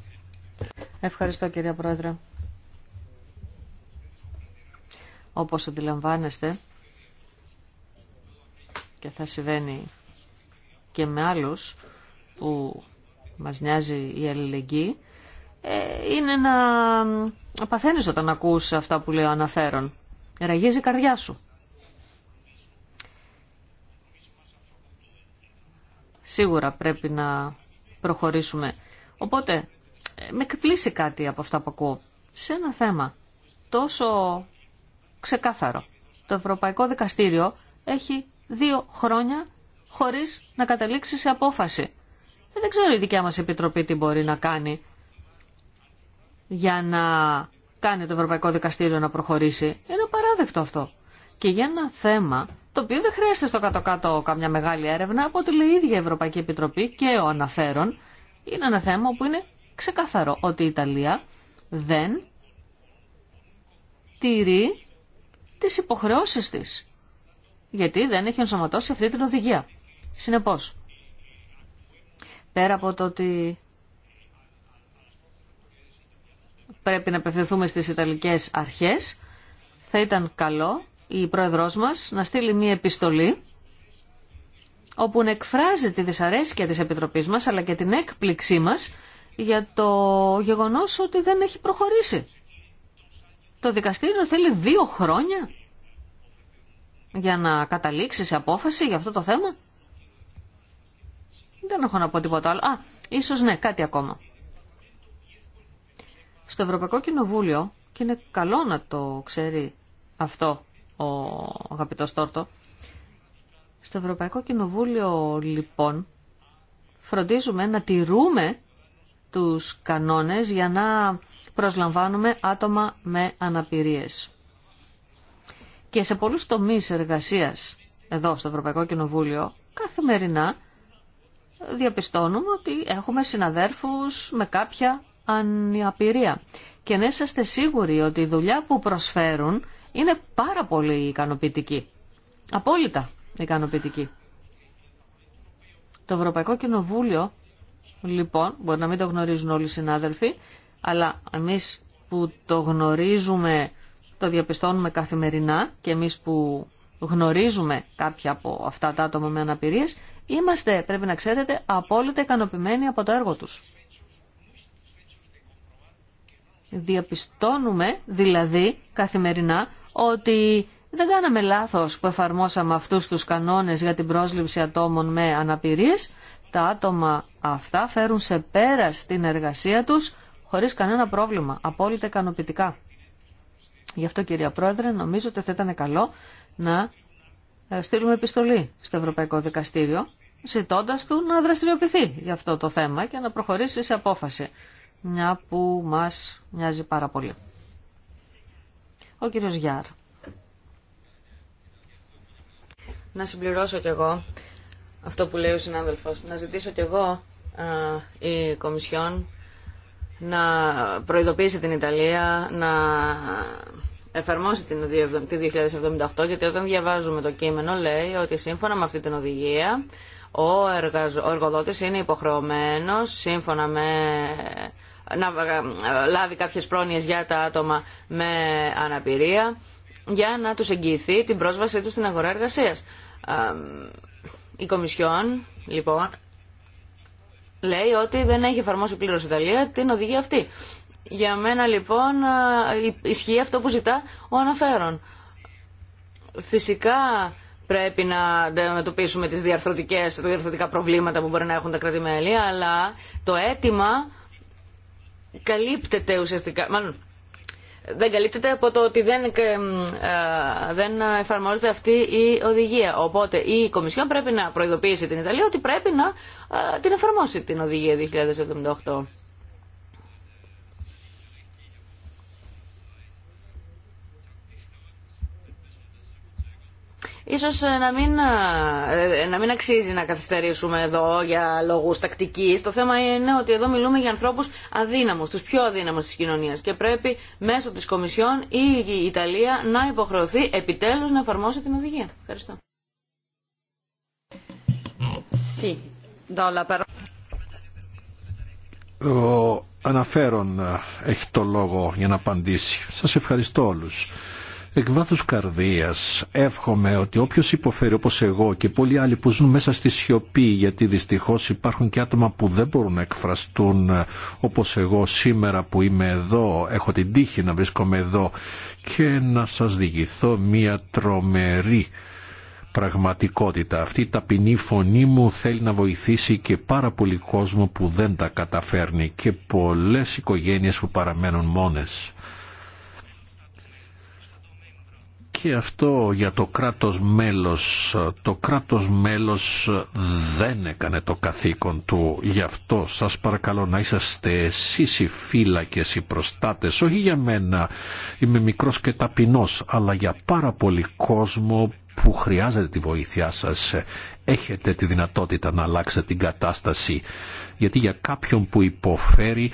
Ευχαριστώ κύριε Πρόεδρε. Όπως αντιλαμβάνεστε και θα συμβαίνει και με άλλους που μας νοιάζει η αλληλεγγύη, ε, είναι να, να όταν ακούς αυτά που λέω αναφέρον. Ραγίζει η καρδιά σου. Σίγουρα πρέπει να προχωρήσουμε. Οπότε, ε, με εκπλήσει κάτι από αυτά που ακούω. Σε ένα θέμα τόσο ξεκάθαρο. Το Ευρωπαϊκό Δικαστήριο έχει δύο χρόνια χωρίς να καταλήξει σε απόφαση. Ε, δεν ξέρω η δικιά μας Επιτροπή τι μπορεί να κάνει για να κάνει το Ευρωπαϊκό Δικαστήριο να προχωρήσει. Είναι παράδεκτο αυτό. Και για ένα θέμα το οποίο δεν χρειάζεται στο κάτω-κάτω καμιά μεγάλη έρευνα από την ίδια Ευρωπαϊκή Επιτροπή και ο αναφέρον. Είναι ένα θέμα που είναι ξεκάθαρο ότι η Ιταλία δεν τηρεί τις υποχρεώσεις της. Γιατί δεν έχει ενσωματώσει αυτή την οδηγία. Συνεπώς, πέρα από το ότι πρέπει να απευθυνθούμε στις Ιταλικές αρχές, θα ήταν καλό η πρόεδρός μας να στείλει μία επιστολή όπου να εκφράζει τη δυσαρέσκεια της Επιτροπής μας αλλά και την έκπληξή μας για το γεγονός ότι δεν έχει προχωρήσει. Το δικαστήριο θέλει δύο χρόνια για να καταλήξει σε απόφαση για αυτό το θέμα. Δεν έχω να πω τίποτα άλλο. Α, ίσως ναι, κάτι ακόμα. Στο Ευρωπαϊκό Κοινοβούλιο, και είναι καλό να το ξέρει αυτό ο αγαπητός Τόρτο, στο Ευρωπαϊκό Κοινοβούλιο λοιπόν φροντίζουμε να τηρούμε τους κανόνες για να προσλαμβάνουμε άτομα με αναπηρίες. Και σε πολλούς τομείς εργασίας εδώ στο Ευρωπαϊκό Κοινοβούλιο καθημερινά διαπιστώνουμε ότι έχουμε συναδέρφους με κάποια αναπηρία. Και να είσαστε σίγουροι ότι η δουλειά που προσφέρουν είναι πάρα πολύ ικανοποιητική. Απόλυτα ικανοποιητική. Το Ευρωπαϊκό Κοινοβούλιο, λοιπόν, μπορεί να μην το γνωρίζουν όλοι οι συνάδελφοι, αλλά εμείς που το γνωρίζουμε, το διαπιστώνουμε καθημερινά και εμείς που γνωρίζουμε κάποια από αυτά τα άτομα με αναπηρίες, είμαστε, πρέπει να ξέρετε, απόλυτα ικανοποιημένοι από το έργο τους. Διαπιστώνουμε δηλαδή καθημερινά ότι δεν κάναμε λάθος που εφαρμόσαμε αυτούς τους κανόνες για την πρόσληψη ατόμων με αναπηρίες. Τα άτομα αυτά φέρουν σε πέρα στην εργασία τους χωρίς κανένα πρόβλημα, απόλυτα ικανοποιητικά. Γι' αυτό κυρία Πρόεδρε νομίζω ότι θα ήταν καλό να ε, στείλουμε επιστολή στο Ευρωπαϊκό Δικαστήριο ζητώντα του να δραστηριοποιηθεί για αυτό το θέμα και να προχωρήσει σε απόφαση, μια που μας μοιάζει πάρα πολύ. Ο κύριος Γιάρ. Να συμπληρώσω κι εγώ αυτό που λέει ο συνάδελφος. Να ζητήσω κι εγώ η Κομισιόν να προειδοποιήσει την Ιταλία να εφαρμόσει την τη 2078 γιατί όταν διαβάζουμε το κείμενο λέει ότι σύμφωνα με αυτή την οδηγία ο, εργαζ... ο εργοδότης είναι υποχρεωμένος σύμφωνα με να ε, λάβει κάποιες πρόνοιες για τα άτομα με αναπηρία για να τους εγγυηθεί την πρόσβασή τους στην αγορά εργασίας. Η Κομισιόν, λοιπόν, λέει ότι δεν έχει εφαρμόσει πλήρω η Ιταλία την οδηγία αυτή. Για μένα λοιπόν ισχύει αυτό που ζητά ο αναφέρον. Φυσικά πρέπει να αντιμετωπίσουμε τις διαρθρωτικές, τα διαρθρωτικά προβλήματα που μπορεί να έχουν τα κρατημέλη, αλλά το αίτημα καλύπτεται ουσιαστικά, δεν καλύπτεται από το ότι δεν, ε, δεν εφαρμόζεται αυτή η οδηγία. Οπότε η Κομισιόν πρέπει να προειδοποιήσει την Ιταλία ότι πρέπει να ε, την εφαρμόσει την οδηγία 2078. Ίσως ε, να μην, ε, ε, να μην αξίζει να καθυστερήσουμε εδώ για λόγους τακτικής. Το θέμα είναι ότι εδώ μιλούμε για ανθρώπους αδύναμους, τους πιο αδύναμους της κοινωνίας και πρέπει μέσω της Κομισιόν ή η Ιταλία να υποχρεωθεί επιτέλους να εφαρμόσει την οδηγία. Ευχαριστώ. Ο αναφέρον έχει το λόγο για να απαντήσει. Σας ευχαριστώ όλους. Εκ βάθους καρδίας εύχομαι ότι όποιος υποφέρει όπως εγώ και πολλοί άλλοι που ζουν μέσα στη σιωπή γιατί δυστυχώς υπάρχουν και άτομα που δεν μπορούν να εκφραστούν ε, όπως εγώ σήμερα που είμαι εδώ, έχω την τύχη να βρίσκομαι εδώ και να σας διηγηθώ μια τρομερή πραγματικότητα. Αυτή η ταπεινή φωνή μου θέλει να βοηθήσει και πάρα πολύ κόσμο που δεν τα καταφέρνει και πολλές οικογένειες που παραμένουν μόνες και αυτό για το κράτος μέλος. Το κράτος μέλος δεν έκανε το καθήκον του. Γι' αυτό σας παρακαλώ να είσαστε εσείς οι φύλακες, οι προστάτες. Όχι για μένα, είμαι μικρός και ταπεινός, αλλά για πάρα πολύ κόσμο που χρειάζεται τη βοήθειά σας. Έχετε τη δυνατότητα να αλλάξετε την κατάσταση. Γιατί για κάποιον που υποφέρει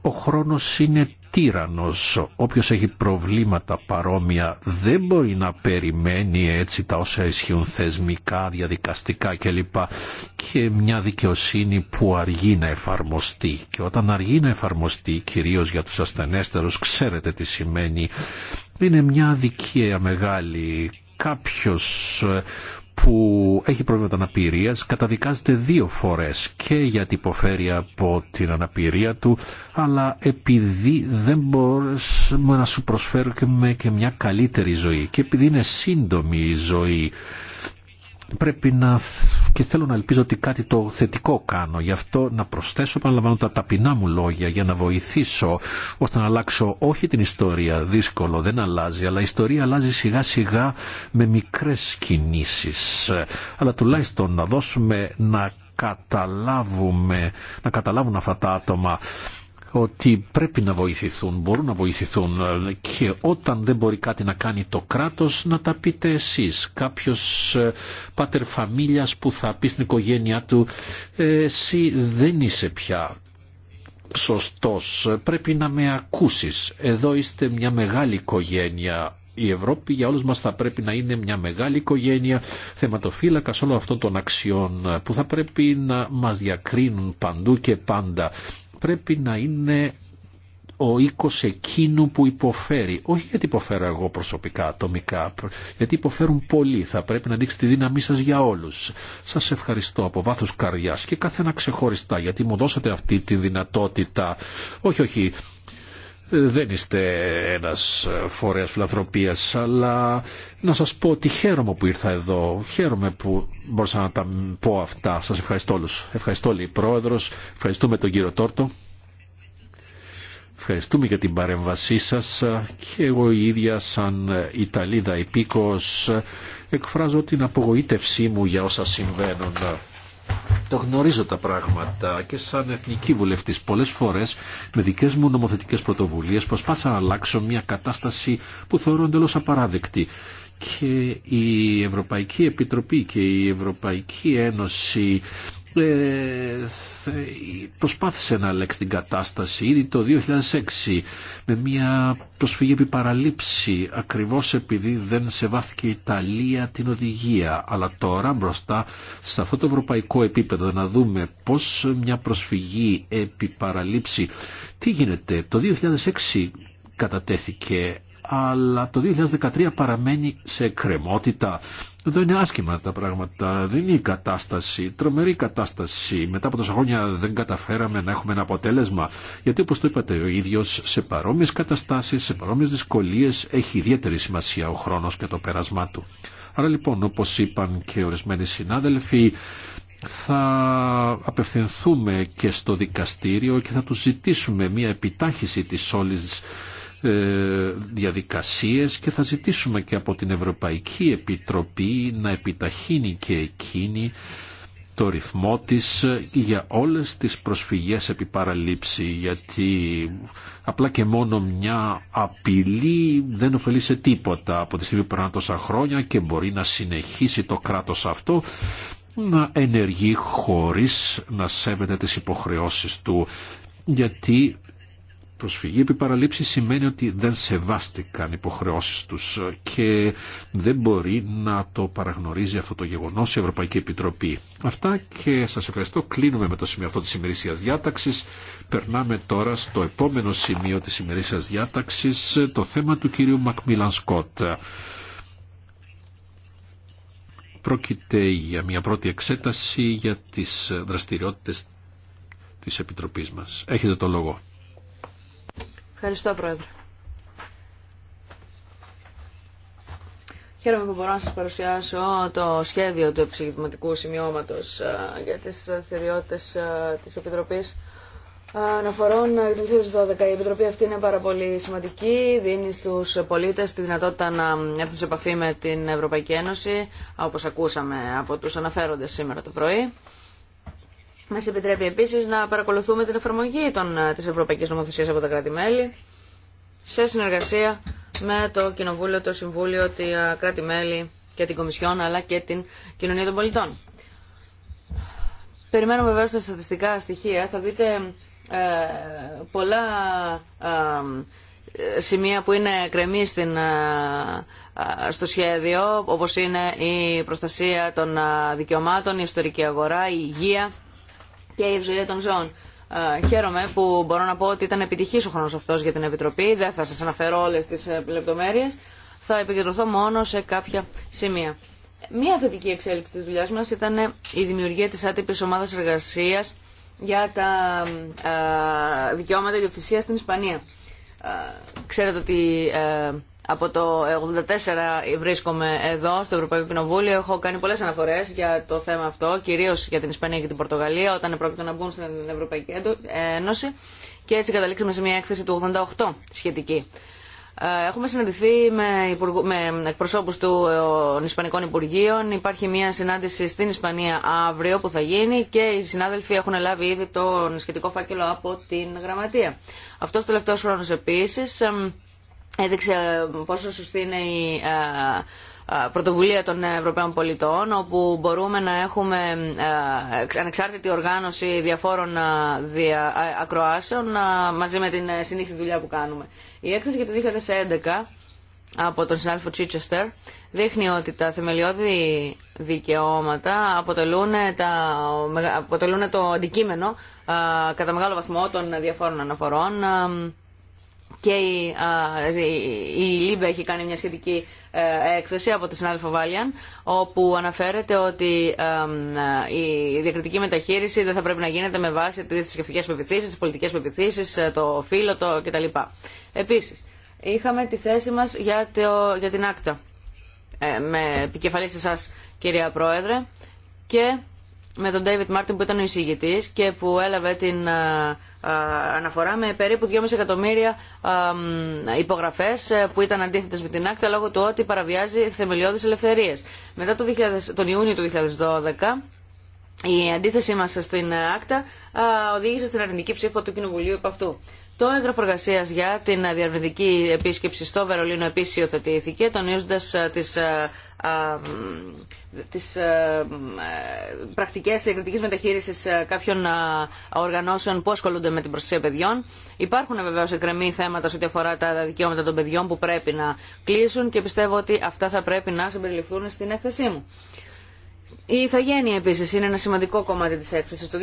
ο χρόνος είναι τύρανος. Όποιος έχει προβλήματα παρόμοια δεν μπορεί να περιμένει έτσι τα όσα ισχύουν θεσμικά, διαδικαστικά κλπ. Και μια δικαιοσύνη που αργεί να εφαρμοστεί. Και όταν αργεί να εφαρμοστεί, κυρίως για τους ασθενέστερους, ξέρετε τι σημαίνει. Είναι μια αδικία μεγάλη. Κάποιος ε, που έχει προβλήματα αναπηρίας καταδικάζεται δύο φορές και γιατί υποφέρει από την αναπηρία του αλλά επειδή δεν μπορούμε να σου προσφέρουμε και μια καλύτερη ζωή και επειδή είναι σύντομη η ζωή πρέπει να και θέλω να ελπίζω ότι κάτι το θετικό κάνω. Γι' αυτό να προσθέσω, επαναλαμβάνω τα ταπεινά μου λόγια για να βοηθήσω ώστε να αλλάξω όχι την ιστορία, δύσκολο, δεν αλλάζει, αλλά η ιστορία αλλάζει σιγά σιγά με μικρές κινήσεις. Αλλά τουλάχιστον να δώσουμε να καταλάβουμε, να καταλάβουν αυτά τα άτομα ότι πρέπει να βοηθηθούν, μπορούν να βοηθηθούν και όταν δεν μπορεί κάτι να κάνει το κράτος να τα πείτε εσείς. Κάποιος ε, πάτερ φαμίλιας που θα πει στην οικογένειά του «Ε, εσύ δεν είσαι πια σωστός, πρέπει να με ακούσεις. Εδώ είστε μια μεγάλη οικογένεια, η Ευρώπη για όλους μας θα πρέπει να είναι μια μεγάλη οικογένεια θεματοφύλακας όλων αυτών των αξιών που θα πρέπει να μας διακρίνουν παντού και πάντα πρέπει να είναι ο οίκος εκείνου που υποφέρει. Όχι γιατί υποφέρω εγώ προσωπικά, ατομικά, γιατί υποφέρουν πολλοί. Θα πρέπει να δείξει τη δύναμή σας για όλους. Σας ευχαριστώ από βάθους καρδιάς και καθένα ένα ξεχωριστά, γιατί μου δώσατε αυτή τη δυνατότητα. Όχι, όχι, δεν είστε ένας φορέας φιλανθρωπίας, αλλά να σας πω ότι χαίρομαι που ήρθα εδώ. Χαίρομαι που μπορούσα να τα πω αυτά. Σας ευχαριστώ όλους. Ευχαριστώ όλοι πρόεδρος. Ευχαριστούμε τον κύριο Τόρτο. Ευχαριστούμε για την παρέμβασή σας και εγώ η ίδια σαν Ιταλίδα υπήκος εκφράζω την απογοήτευσή μου για όσα συμβαίνουν. Το γνωρίζω τα πράγματα και σαν εθνική βουλευτής πολλές φορές με δικές μου νομοθετικές πρωτοβουλίες προσπάθησα να αλλάξω μια κατάσταση που θεωρώ εντελώ απαράδεκτη και η Ευρωπαϊκή Επιτροπή και η Ευρωπαϊκή Ένωση ε, προσπάθησε να αλλάξει την κατάσταση ήδη το 2006 με μια προσφυγή επί παραλήψη ακριβώς επειδή δεν σεβάθηκε η Ιταλία την οδηγία αλλά τώρα μπροστά σε αυτό το ευρωπαϊκό επίπεδο να δούμε πως μια προσφυγή επί παραλήψη τι γίνεται το 2006 κατατέθηκε αλλά το 2013 παραμένει σε κρεμότητα δεν είναι άσχημα τα πράγματα, δεν είναι η κατάσταση, τρομερή κατάσταση. Μετά από τόσα χρόνια δεν καταφέραμε να έχουμε ένα αποτέλεσμα. Γιατί όπως το είπατε ο ίδιος, σε παρόμοιες καταστάσεις, σε παρόμοιες δυσκολίες έχει ιδιαίτερη σημασία ο χρόνος και το πέρασμά του. Άρα λοιπόν όπως είπαν και ορισμένοι συνάδελφοι, θα απευθυνθούμε και στο δικαστήριο και θα του ζητήσουμε μια επιτάχυση της όλης ε, διαδικασίες και θα ζητήσουμε και από την Ευρωπαϊκή Επιτροπή να επιταχύνει και εκείνη το ρυθμό της για όλες τις προσφυγές επί παραλήψη, γιατί απλά και μόνο μια απειλή δεν ωφελεί σε τίποτα από τη στιγμή που περνάνε τόσα χρόνια και μπορεί να συνεχίσει το κράτος αυτό να ενεργεί χωρίς να σέβεται τις υποχρεώσεις του γιατί προσφυγή επί παραλήψη σημαίνει ότι δεν σεβάστηκαν υποχρεώσεις τους και δεν μπορεί να το παραγνωρίζει αυτό το γεγονός η Ευρωπαϊκή Επιτροπή. Αυτά και σας ευχαριστώ. Κλείνουμε με το σημείο αυτό της ημερήσιας διάταξης. Περνάμε τώρα στο επόμενο σημείο της ημερήσιας διάταξης, το θέμα του κυρίου Μακμίλαν Σκότ. Πρόκειται για μια πρώτη εξέταση για τις δραστηριότητες της Επιτροπής μας. Έχετε το λόγο. Ευχαριστώ, Πρόεδρε. Χαίρομαι που μπορώ να σας παρουσιάσω το σχέδιο του εξηγηματικού σημειώματος ε, για τις δραστηριότητες ε, της Επιτροπής ε, Αναφορών 2012. Η Επιτροπή αυτή είναι πάρα πολύ σημαντική. Δίνει στους πολίτες τη δυνατότητα να έρθουν σε επαφή με την Ευρωπαϊκή Ένωση, όπως ακούσαμε από τους αναφέροντες σήμερα το πρωί. Μα επιτρέπει επίση να παρακολουθούμε την εφαρμογή των, ε, της Ευρωπαϊκής Νομοθεσίας από τα κράτη-μέλη σε συνεργασία με το Κοινοβούλιο, το Συμβούλιο, τη κράτη-μέλη και την Κομισιόν αλλά και την Κοινωνία των Πολιτών. Περιμένουμε βέβαια στα στατιστικά στοιχεία. Θα δείτε ε, πολλά ε, σημεία που είναι κρεμή στην, ε, στο σχέδιο, όπως είναι η προστασία των δικαιωμάτων, η ιστορική αγορά, η υγεία και η ευζοία των ζώων. Ε, χαίρομαι που μπορώ να πω ότι ήταν επιτυχής ο χρόνο αυτό για την Επιτροπή. Δεν θα σα αναφέρω όλε τι ε, λεπτομέρειες. Θα επικεντρωθώ μόνο σε κάποια σημεία. Μία θετική εξέλιξη τη δουλειά μα ήταν ε, η δημιουργία τη άτυπη ομάδα εργασία για τα ε, δικαιώματα ιδιοκτησία στην Ισπανία. Ξέρετε ότι από το 1984 βρίσκομαι εδώ στο Ευρωπαϊκό Κοινοβούλιο. Έχω κάνει πολλέ αναφορέ για το θέμα αυτό, κυρίω για την Ισπανία και την Πορτογαλία, όταν πρόκειται να μπουν στην Ευρωπαϊκή Ένωση. Και έτσι καταλήξαμε σε μια έκθεση του 1988 σχετική. Ε, έχουμε συναντηθεί με, υπουργο... με εκπροσώπους των Ισπανικών Υπουργείων. Υπάρχει μια συνάντηση στην Ισπανία αύριο που θα γίνει και οι συνάδελφοι έχουν λάβει ήδη τον σχετικό φάκελο από την Γραμματεία. Αυτό ο τελευταίος χρόνο επίσης έδειξε ε, πόσο σωστή είναι η ε, ε, πρωτοβουλία των Ευρωπαίων πολιτών όπου μπορούμε να έχουμε ανεξάρτητη οργάνωση διαφόρων ακροάσεων μαζί με την συνήθη δουλειά που κάνουμε. Η έκθεση για το 2011 από τον συνάδελφο Τσίτσεστερ δείχνει ότι τα θεμελιώδη δικαιώματα αποτελούν, τα, αποτελούν το αντικείμενο κατά μεγάλο βαθμό των διαφόρων αναφορών και η, η, Λίμπε έχει κάνει μια σχετική ε, έκθεση από τη συνάδελφο Βάλιαν όπου αναφέρεται ότι ε, ε, η διακριτική μεταχείριση δεν θα πρέπει να γίνεται με βάση τις θρησκευτικές πεπιθήσεις, τις πολιτικές πεπιθήσεις, το φύλλο το κτλ. Επίσης, είχαμε τη θέση μας για, το, για την άκτα με σε εσάς κυρία Πρόεδρε και με τον David Martin που ήταν ο εισηγητής και που έλαβε την ε, ε, αναφορά με περίπου 2,5 εκατομμύρια ε, υπογραφές που ήταν αντίθετες με την άκτα λόγω του ότι παραβιάζει θεμελιώδεις ελευθερίες. Μετά το 2000, τον Ιούνιο του 2012 η αντίθεσή μας στην άκτα οδήγησε στην αρνητική ψήφο του Κοινοβουλίου επ' αυτού. Το έγγραφο εργασία για την διαρνητική επίσκεψη στο Βερολίνο επίση υιοθετήθηκε, τονίζοντα τι τις ε, ε, πρακτικές διακριτικής μεταχείρισης ε, κάποιων οργανώσεων που ασχολούνται με την προστασία παιδιών. Υπάρχουν βεβαίω εκκρεμή θέματα σε ό,τι αφορά τα δικαιώματα των παιδιών που πρέπει να κλείσουν και πιστεύω ότι αυτά θα πρέπει να συμπεριληφθούν στην έκθεσή μου. Η ηθαγένεια επίση είναι ένα σημαντικό κομμάτι τη έκθεση. Το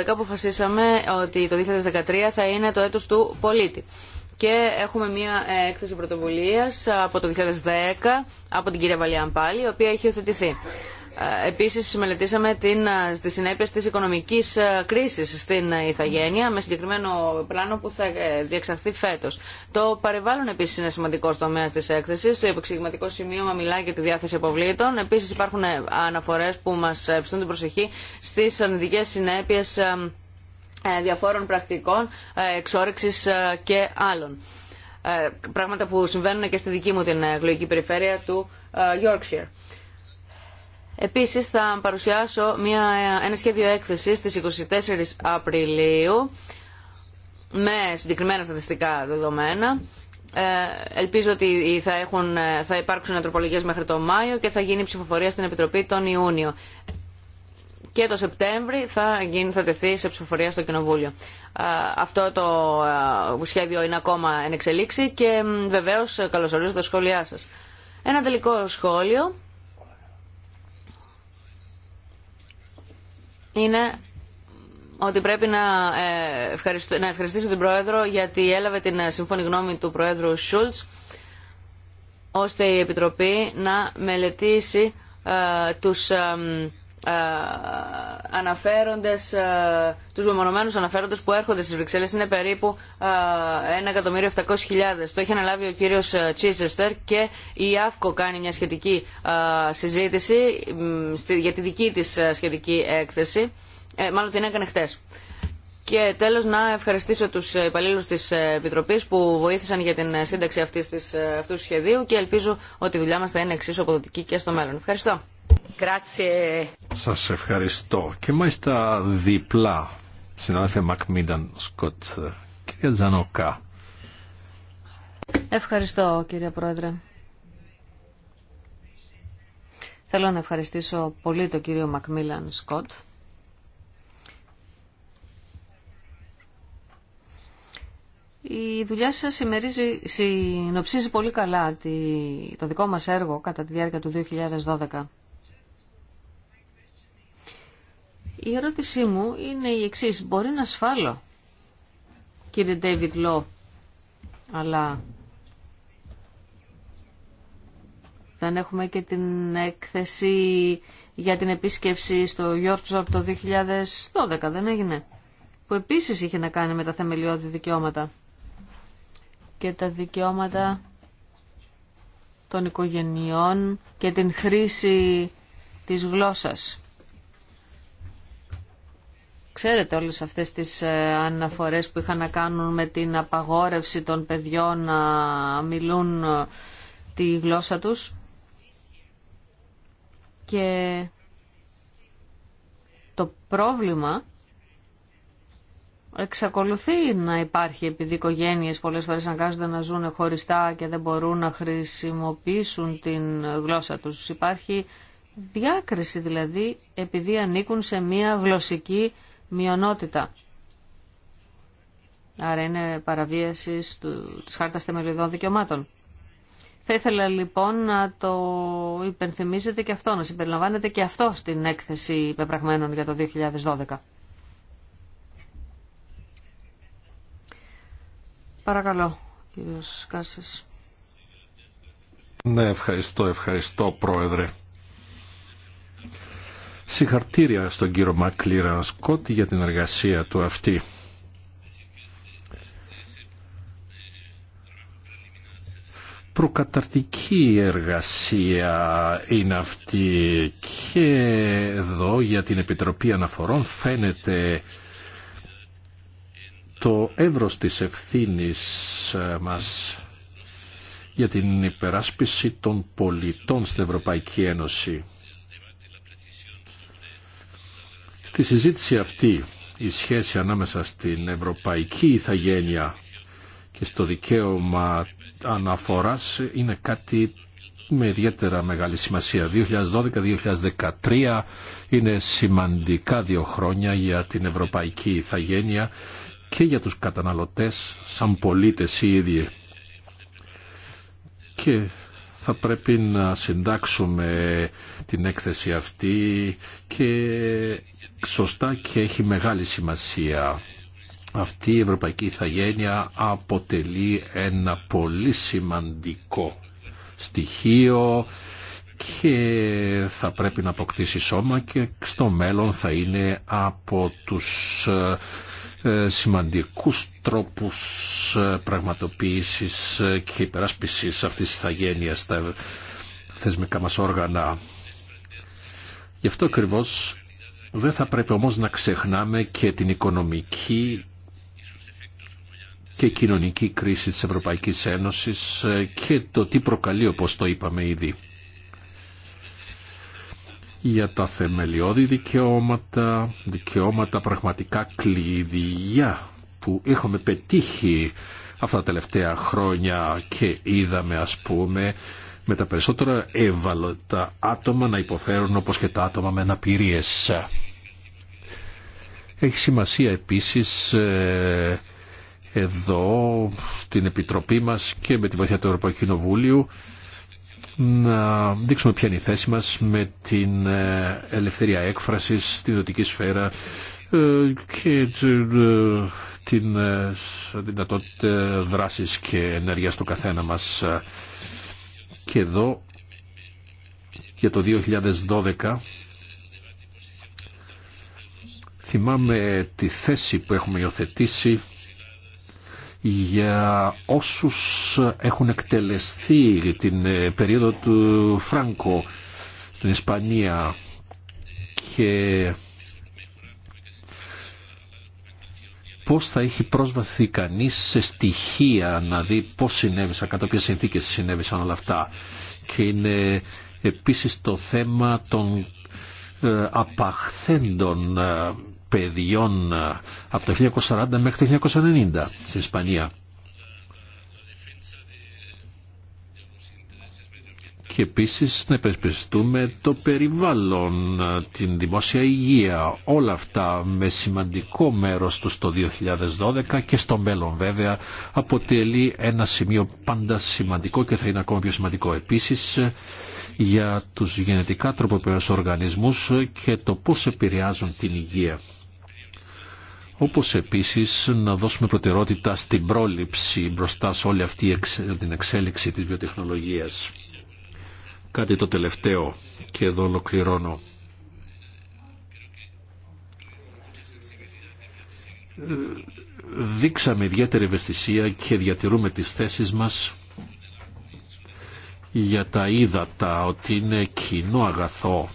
2012 αποφασίσαμε ότι το 2013 θα είναι το έτο του πολίτη και έχουμε μία ε, έκθεση πρωτοβουλία από το 2010 από την κυρία Βαλιάν πάλι, η οποία έχει οθετηθεί. Ε, επίσης, μελετήσαμε την, ε, τις συνέπειες της οικονομικής κρίσης στην Ιθαγένεια με συγκεκριμένο πλάνο που θα διεξαχθεί φέτος. Το παρεβάλλον επίσης είναι σημαντικό τομέα της έκθεσης. Το σημείο μα μιλάει για τη διάθεση αποβλήτων. Επίσης υπάρχουν αναφορές που μας ευστούν την προσοχή στις αρνητικές συνέπειες ε, διαφόρων πρακτικών ε, εξόρυξης ε, και άλλων. Πράγματα που συμβαίνουν και στη δική μου την εκλογική περιφέρεια του Yorkshire. Επίσης θα παρουσιάσω μια, ένα σχέδιο έκθεσης στις 24 Απριλίου με συγκεκριμένα στατιστικά δεδομένα. ελπίζω ότι θα, έχουν, θα υπάρξουν ανθρωπολογίες μέχρι τον Μάιο και θα γίνει ψηφοφορία στην Επιτροπή τον Ιούνιο και το Σεπτέμβρη θα, γίνει, θα τεθεί σε ψηφοφορία στο Κοινοβούλιο. Αυτό το σχέδιο είναι ακόμα εν εξελίξη και βεβαίω καλωσορίζω τα σχόλιά σα. Ένα τελικό σχόλιο είναι ότι πρέπει να, ε, ευχαριστήσω την Πρόεδρο γιατί έλαβε την ε, σύμφωνη γνώμη του Πρόεδρου Σούλτς ώστε η Επιτροπή να μελετήσει ε, τους ε, αναφέροντες, ε, τους μεμονωμένους αναφέροντες που έρχονται στις Βρυξέλλες είναι περίπου 1.700.000. Ε, Το έχει αναλάβει ο κύριος Τσίσεστερ και η ΑΦΚΟ κάνει μια σχετική συζήτηση για τη δική της σχετική έκθεση. Μάλλον την έκανε χτες. Και τέλος να ευχαριστήσω τους υπαλλήλους της Επιτροπής που βοήθησαν για την σύνταξη αυτής της, αυτού του σχεδίου και ελπίζω ότι η δουλειά μας θα είναι εξίσου αποδοτική και στο μέλλον. Ευχαριστώ. Σας ευχαριστώ και μάλιστα διπλά συνάδελφε Μακμίνταν Σκοτ κυρία Τζανοκά Ευχαριστώ κύριε Πρόεδρε Θέλω να ευχαριστήσω πολύ τον κύριο Μακμίλαν Σκοτ Η δουλειά σας συνοψίζει πολύ καλά το δικό μας έργο κατά τη διάρκεια του 2012 Η ερώτησή μου είναι η εξής. Μπορεί να ασφάλω, κύριε Ντέιβιτ Λό, αλλά δεν έχουμε και την έκθεση για την επίσκεψη στο Γιόρτζορ το 2012, δεν έγινε, που επίσης είχε να κάνει με τα θεμελιώδη δικαιώματα και τα δικαιώματα των οικογενειών και την χρήση της γλώσσας. Ξέρετε όλες αυτές τις ε, αναφορές που είχαν να κάνουν με την απαγόρευση των παιδιών να μιλούν ε, τη γλώσσα τους. Και το πρόβλημα εξακολουθεί να υπάρχει επειδή οι οικογένειες πολλές φορές αναγκάζονται να ζουν χωριστά και δεν μπορούν να χρησιμοποιήσουν την γλώσσα τους. Υπάρχει διάκριση δηλαδή επειδή ανήκουν σε μία γλωσσική μειονότητα. Άρα είναι παραβίαση της Χάρτας Θεμελιωδών Δικαιωμάτων. Θα ήθελα λοιπόν να το υπενθυμίσετε και αυτό, να συμπεριλαμβάνετε και αυτό στην έκθεση υπεπραγμένων για το 2012. Παρακαλώ, κύριος Κάσης. Ναι, ευχαριστώ, ευχαριστώ πρόεδρε. Συγχαρτήρια στον κύριο Μακλήραν Σκότ για την εργασία του αυτή. προκαταρτική εργασία είναι αυτή και εδώ για την Επιτροπή Αναφορών φαίνεται το εύρος της ευθύνης ε, μας για την υπεράσπιση των πολιτών στην Ευρωπαϊκή Ένωση. Στη συζήτηση αυτή η σχέση ανάμεσα στην ευρωπαϊκή ηθαγένεια και στο δικαίωμα αναφοράς είναι κάτι με ιδιαίτερα μεγάλη σημασία. 2012-2013 είναι σημαντικά δύο χρόνια για την ευρωπαϊκή ηθαγένεια και για τους καταναλωτές σαν πολίτες οι ίδιοι. Και θα πρέπει να συντάξουμε την έκθεση αυτή και σωστά και έχει μεγάλη σημασία. Αυτή η ευρωπαϊκή ηθαγένεια αποτελεί ένα πολύ σημαντικό στοιχείο και θα πρέπει να αποκτήσει σώμα και στο μέλλον θα είναι από τους ε, σημαντικούς τρόπους ε, πραγματοποίησης και υπεράσπισης αυτής της ιθαγένειας στα θεσμικά μας όργανα. Γι' αυτό ακριβώς δεν θα πρέπει όμως να ξεχνάμε και την οικονομική και κοινωνική κρίση της Ευρωπαϊκής Ένωσης και το τι προκαλεί, όπως το είπαμε ήδη. Για τα θεμελιώδη δικαιώματα, δικαιώματα πραγματικά κλειδιά που έχουμε πετύχει αυτά τα τελευταία χρόνια και είδαμε ας πούμε με τα περισσότερα ευάλωτα άτομα να υποφέρουν όπως και τα άτομα με αναπηρίες. Έχει σημασία επίσης ε, εδώ στην Επιτροπή μας και με τη βοήθεια του Ευρωπαϊκού Κοινοβούλιου να δείξουμε ποια είναι η θέση μας με την ε, ελευθερία έκφρασης ε, την δοτική σφαίρα και την δυνατότητα δράσης και ενέργειας του καθένα μας. Και εδώ για το 2012 θυμάμαι τη θέση που έχουμε υιοθετήσει για όσους έχουν εκτελεστεί την ε, περίοδο του Φράνκο στην Ισπανία και πώς θα έχει πρόσβαση κανείς σε στοιχεία να δει πώς συνέβησαν, κατά ποιες συνθήκες συνέβησαν όλα αυτά. Και είναι επίσης το θέμα των ε, απαχθέντων ε, παιδιών ε, από το 1940 μέχρι το 1990 στην Ισπανία. και επίσης να υπερσπιστούμε το περιβάλλον, την δημόσια υγεία, όλα αυτά με σημαντικό μέρος του στο 2012 και στο μέλλον βέβαια αποτελεί ένα σημείο πάντα σημαντικό και θα είναι ακόμα πιο σημαντικό επίσης για τους γενετικά τροποποιημένους οργανισμούς και το πώς επηρεάζουν την υγεία όπως επίσης να δώσουμε προτεραιότητα στην πρόληψη μπροστά σε όλη αυτή την εξέλιξη της βιοτεχνολογίας. Κάτι το τελευταίο και εδώ ολοκληρώνω. Δείξαμε ιδιαίτερη ευαισθησία και διατηρούμε τις θέσεις μας για τα ύδατα, ότι είναι κοινό αγαθό.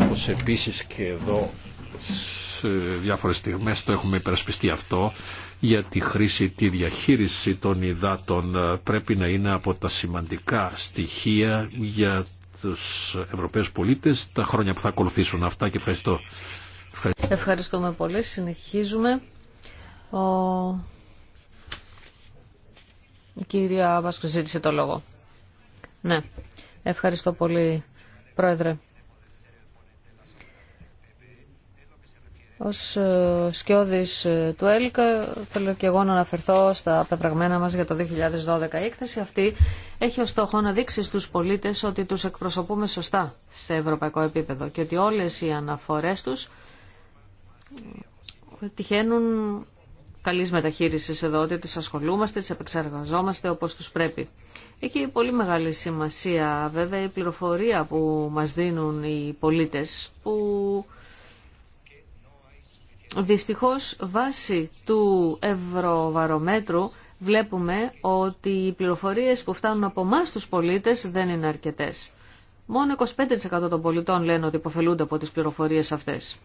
Όπως επίσης και εδώ σε διάφορες στιγμές το έχουμε υπερασπιστεί αυτό για τη χρήση, τη διαχείριση των υδάτων ε, πρέπει να είναι από τα σημαντικά στοιχεία για τους Ευρωπαίους πολίτες τα χρόνια που θα ακολουθήσουν αυτά και ευχαριστώ. Ευχαριστούμε πολύ. Συνεχίζουμε. Ο... Η κυρία Βάσκο ζήτησε το λόγο. Ναι. Ευχαριστώ πολύ, Πρόεδρε. Ως ε, σκιώδης ε, του ΕΛΚ ε, θέλω και εγώ να αναφερθώ στα πεπραγμένα μας για το 2012. Η έκθεση αυτή έχει ως στόχο να δείξει στους πολίτες ότι τους εκπροσωπούμε σωστά σε ευρωπαϊκό επίπεδο και ότι όλες οι αναφορές τους τυχαίνουν καλή μεταχείρισης εδώ, ότι τις ασχολούμαστε, τις επεξεργαζόμαστε όπως τους πρέπει. Έχει πολύ μεγάλη σημασία βέβαια η πληροφορία που μας δίνουν οι πολίτες που Δυστυχώς βάσει του ευρωβαρομέτρου βλέπουμε ότι οι πληροφορίες που φτάνουν από εμά τους πολίτες δεν είναι αρκετές. Μόνο 25% των πολιτών λένε ότι υποφελούνται από τις πληροφορίες αυτές.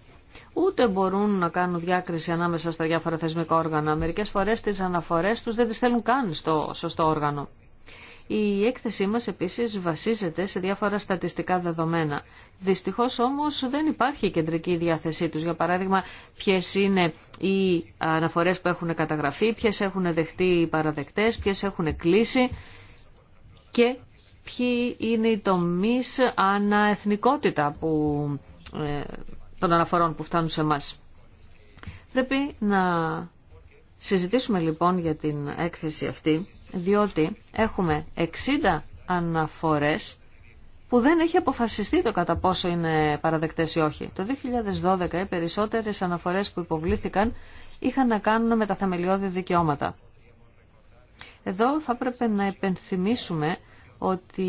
Ούτε μπορούν να κάνουν διάκριση ανάμεσα στα διάφορα θεσμικά όργανα. Μερικές φορές τις αναφορές τους δεν τις θέλουν καν στο σωστό όργανο. Η έκθεσή μας επίσης βασίζεται σε διάφορα στατιστικά δεδομένα. Δυστυχώς όμως δεν υπάρχει κεντρική διάθεσή τους. Για παράδειγμα, ποιες είναι οι αναφορές που έχουν καταγραφεί, ποιες έχουν δεχτεί οι παραδεκτές, ποιες έχουν κλείσει και ποιοι είναι οι τομείς αναεθνικότητα που, ε, των αναφορών που φτάνουν σε εμά. Πρέπει να Συζητήσουμε λοιπόν για την έκθεση αυτή, διότι έχουμε 60 αναφορές που δεν έχει αποφασιστεί το κατά πόσο είναι παραδεκτές ή όχι. Το 2012 οι περισσότερες αναφορές που υποβλήθηκαν είχαν να κάνουν με τα θεμελιώδη δικαιώματα. Εδώ θα πρέπει να επενθυμίσουμε ότι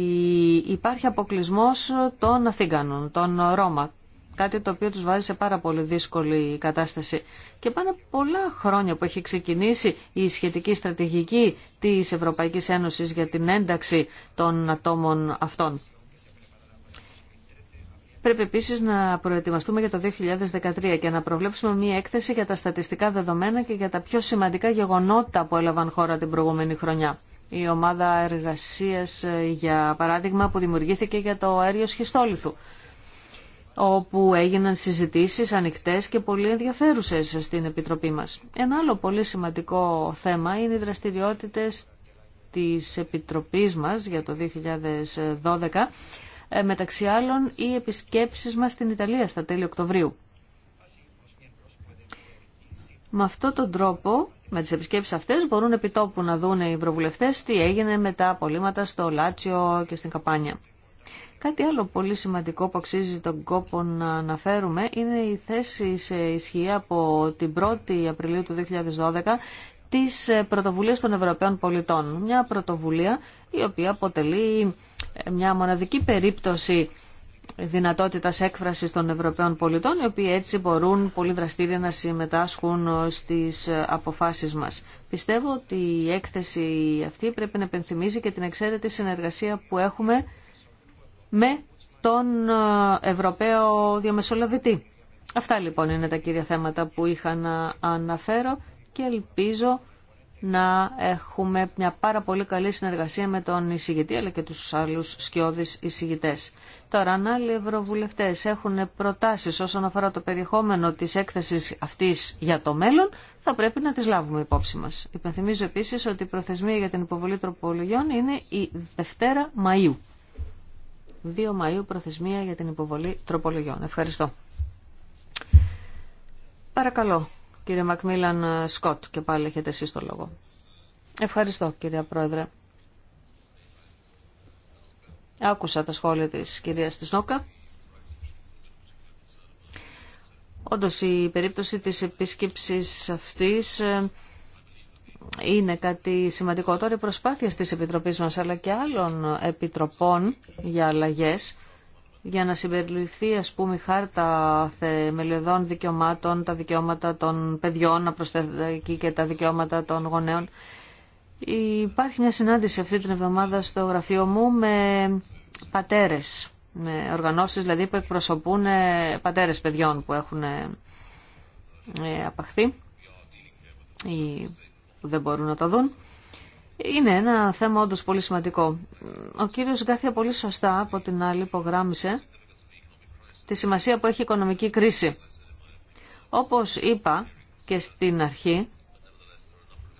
υπάρχει αποκλεισμός των Αθήγανων, των Ρώμα, κάτι το οποίο τους βάζει σε πάρα πολύ δύσκολη κατάσταση. Και πάνω πολλά χρόνια που έχει ξεκινήσει η σχετική στρατηγική της Ευρωπαϊκής Ένωσης για την ένταξη των ατόμων αυτών. Πρέπει επίσης να προετοιμαστούμε για το 2013 και να προβλέψουμε μία έκθεση για τα στατιστικά δεδομένα και για τα πιο σημαντικά γεγονότα που έλαβαν χώρα την προηγούμενη χρονιά. Η ομάδα εργασίας, ε, για παράδειγμα, που δημιουργήθηκε για το αέριο σχιστόλιθου όπου έγιναν συζητήσεις ανοιχτές και πολύ ενδιαφέρουσες στην Επιτροπή μας. Ένα άλλο πολύ σημαντικό θέμα είναι οι δραστηριότητες της Επιτροπής μας για το 2012, ε, μεταξύ άλλων οι επισκέψεις μας στην Ιταλία στα τέλη Οκτωβρίου. Με αυτόν τον τρόπο, με τις επισκέψεις αυτές, μπορούν επιτόπου να δουν οι προβουλευτές τι έγινε με τα απολύματα στο Λάτσιο και στην Καπάνια. Κάτι άλλο πολύ σημαντικό που αξίζει τον κόπο να αναφέρουμε είναι η θέση σε ισχύ από την 1η Απριλίου του 2012 της πρωτοβουλίας των Ευρωπαίων πολιτών. Μια πρωτοβουλία η οποία αποτελεί μια μοναδική περίπτωση δυνατότητας έκφρασης των Ευρωπαίων πολιτών, οι οποίοι έτσι μπορούν πολύ δραστήρια να συμμετάσχουν στις αποφάσεις μας. Πιστεύω ότι η έκθεση αυτή πρέπει να επενθυμίζει και την εξαίρετη συνεργασία που έχουμε με τον ε, Ευρωπαίο Διαμεσολαβητή. Αυτά λοιπόν είναι τα κύρια θέματα που είχα να αναφέρω και ελπίζω να έχουμε μια πάρα πολύ καλή συνεργασία με τον εισηγητή αλλά και τους άλλους σκιώδεις εισηγητέ. Τώρα, αν άλλοι ευρωβουλευτές έχουν προτάσεις όσον αφορά το περιεχόμενο της έκθεσης αυτής για το μέλλον, θα πρέπει να τις λάβουμε υπόψη μας. Υπενθυμίζω επίσης ότι η προθεσμία για την υποβολή τροπολογιών είναι η Δευτέρα Μαΐου. 2 Μαΐου προθεσμία για την υποβολή τροπολογιών. Ευχαριστώ. Παρακαλώ, κύριε Μακμίλαν ε, Σκοτ, και πάλι έχετε εσείς το λόγο. Ευχαριστώ, κύριε Πρόεδρε. Άκουσα τα σχόλια της κυρίας νόκα. Όντως, η περίπτωση της επίσκεψης αυτής ε, είναι κάτι σημαντικό. Τώρα οι προσπάθειες της Επιτροπής μας αλλά και άλλων επιτροπών για αλλαγές για να συμπεριληφθεί ας πούμε η χάρτα θεμελιωδών δικαιωμάτων, τα δικαιώματα των παιδιών, να προσθέτει και τα δικαιώματα των γονέων. Υπάρχει μια συνάντηση αυτή την εβδομάδα στο γραφείο μου με πατέρες, με οργανώσεις δηλαδή που εκπροσωπούν ε, πατέρες παιδιών που έχουν ε, απαχθεί που δεν μπορούν να τα δουν. Είναι ένα θέμα όντως πολύ σημαντικό. Ο κύριος Γκάθια πολύ σωστά από την άλλη υπογράμμισε τη σημασία που έχει η οικονομική κρίση. Όπως είπα και στην αρχή,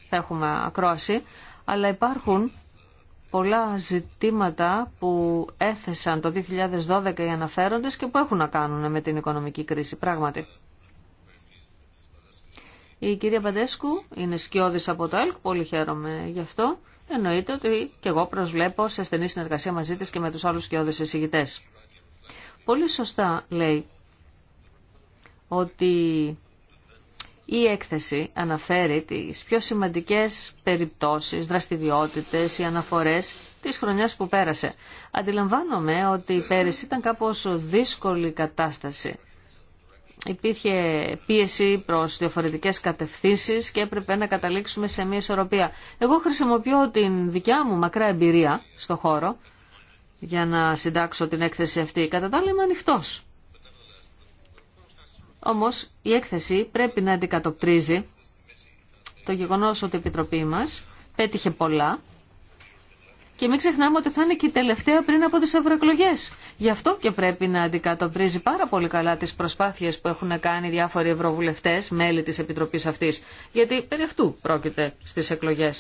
θα έχουμε ακρόαση, αλλά υπάρχουν πολλά ζητήματα που έθεσαν το 2012 οι αναφέροντες και που έχουν να κάνουν με την οικονομική κρίση, πράγματι. Η κυρία Παντέσκου είναι σκιώδης από το ΕΛΚ, πολύ χαίρομαι γι' αυτό. Εννοείται ότι και εγώ προσβλέπω σε στενή συνεργασία μαζί της και με τους άλλους σκιώδης εισηγητές. Πολύ σωστά λέει ότι η έκθεση αναφέρει τις πιο σημαντικές περιπτώσεις, δραστηριότητες ή αναφορές της χρονιάς που πέρασε. Αντιλαμβάνομαι ότι πέρυσι ήταν κάπως δύσκολη κατάσταση υπήρχε πίεση προς διαφορετικές κατευθύνσεις και έπρεπε να καταλήξουμε σε μια ισορροπία. Εγώ χρησιμοποιώ την δικιά μου μακρά εμπειρία στο χώρο για να συντάξω την έκθεση αυτή. Κατά τα άλλα είμαι ανοιχτό. Όμως η έκθεση πρέπει να αντικατοπτρίζει το γεγονός ότι η Επιτροπή μας πέτυχε πολλά και μην ξεχνάμε ότι θα είναι και η τελευταία πριν από τι ευρωεκλογέ. Γι' αυτό και πρέπει να αντικατοπτρίζει πάρα πολύ καλά τι προσπάθειε που έχουν κάνει διάφοροι ευρωβουλευτέ μέλη τη επιτροπή αυτή. Γιατί περί αυτού πρόκειται στι εκλογέ.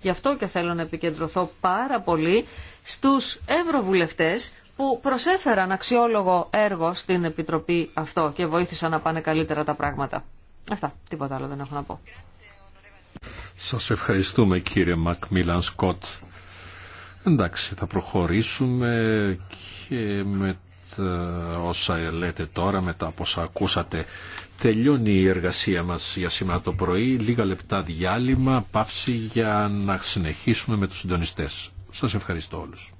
Γι' αυτό και θέλω να επικεντρωθώ πάρα πολύ στου ευρωβουλευτέ που προσέφεραν αξιόλογο έργο στην Επιτροπή αυτό και βοήθησαν να πάνε καλύτερα τα πράγματα. Αυτά, τίποτα άλλο δεν έχω να πω. Σα ευχαριστούμε κύριε Μακμίλαν Σκοτ. Εντάξει, θα προχωρήσουμε και με όσα λέτε τώρα, μετά από όσα ακούσατε. Τελειώνει η εργασία μας για σήμερα το πρωί. Λίγα λεπτά διάλειμμα, παύση για να συνεχίσουμε με τους συντονιστές. Σας ευχαριστώ όλους.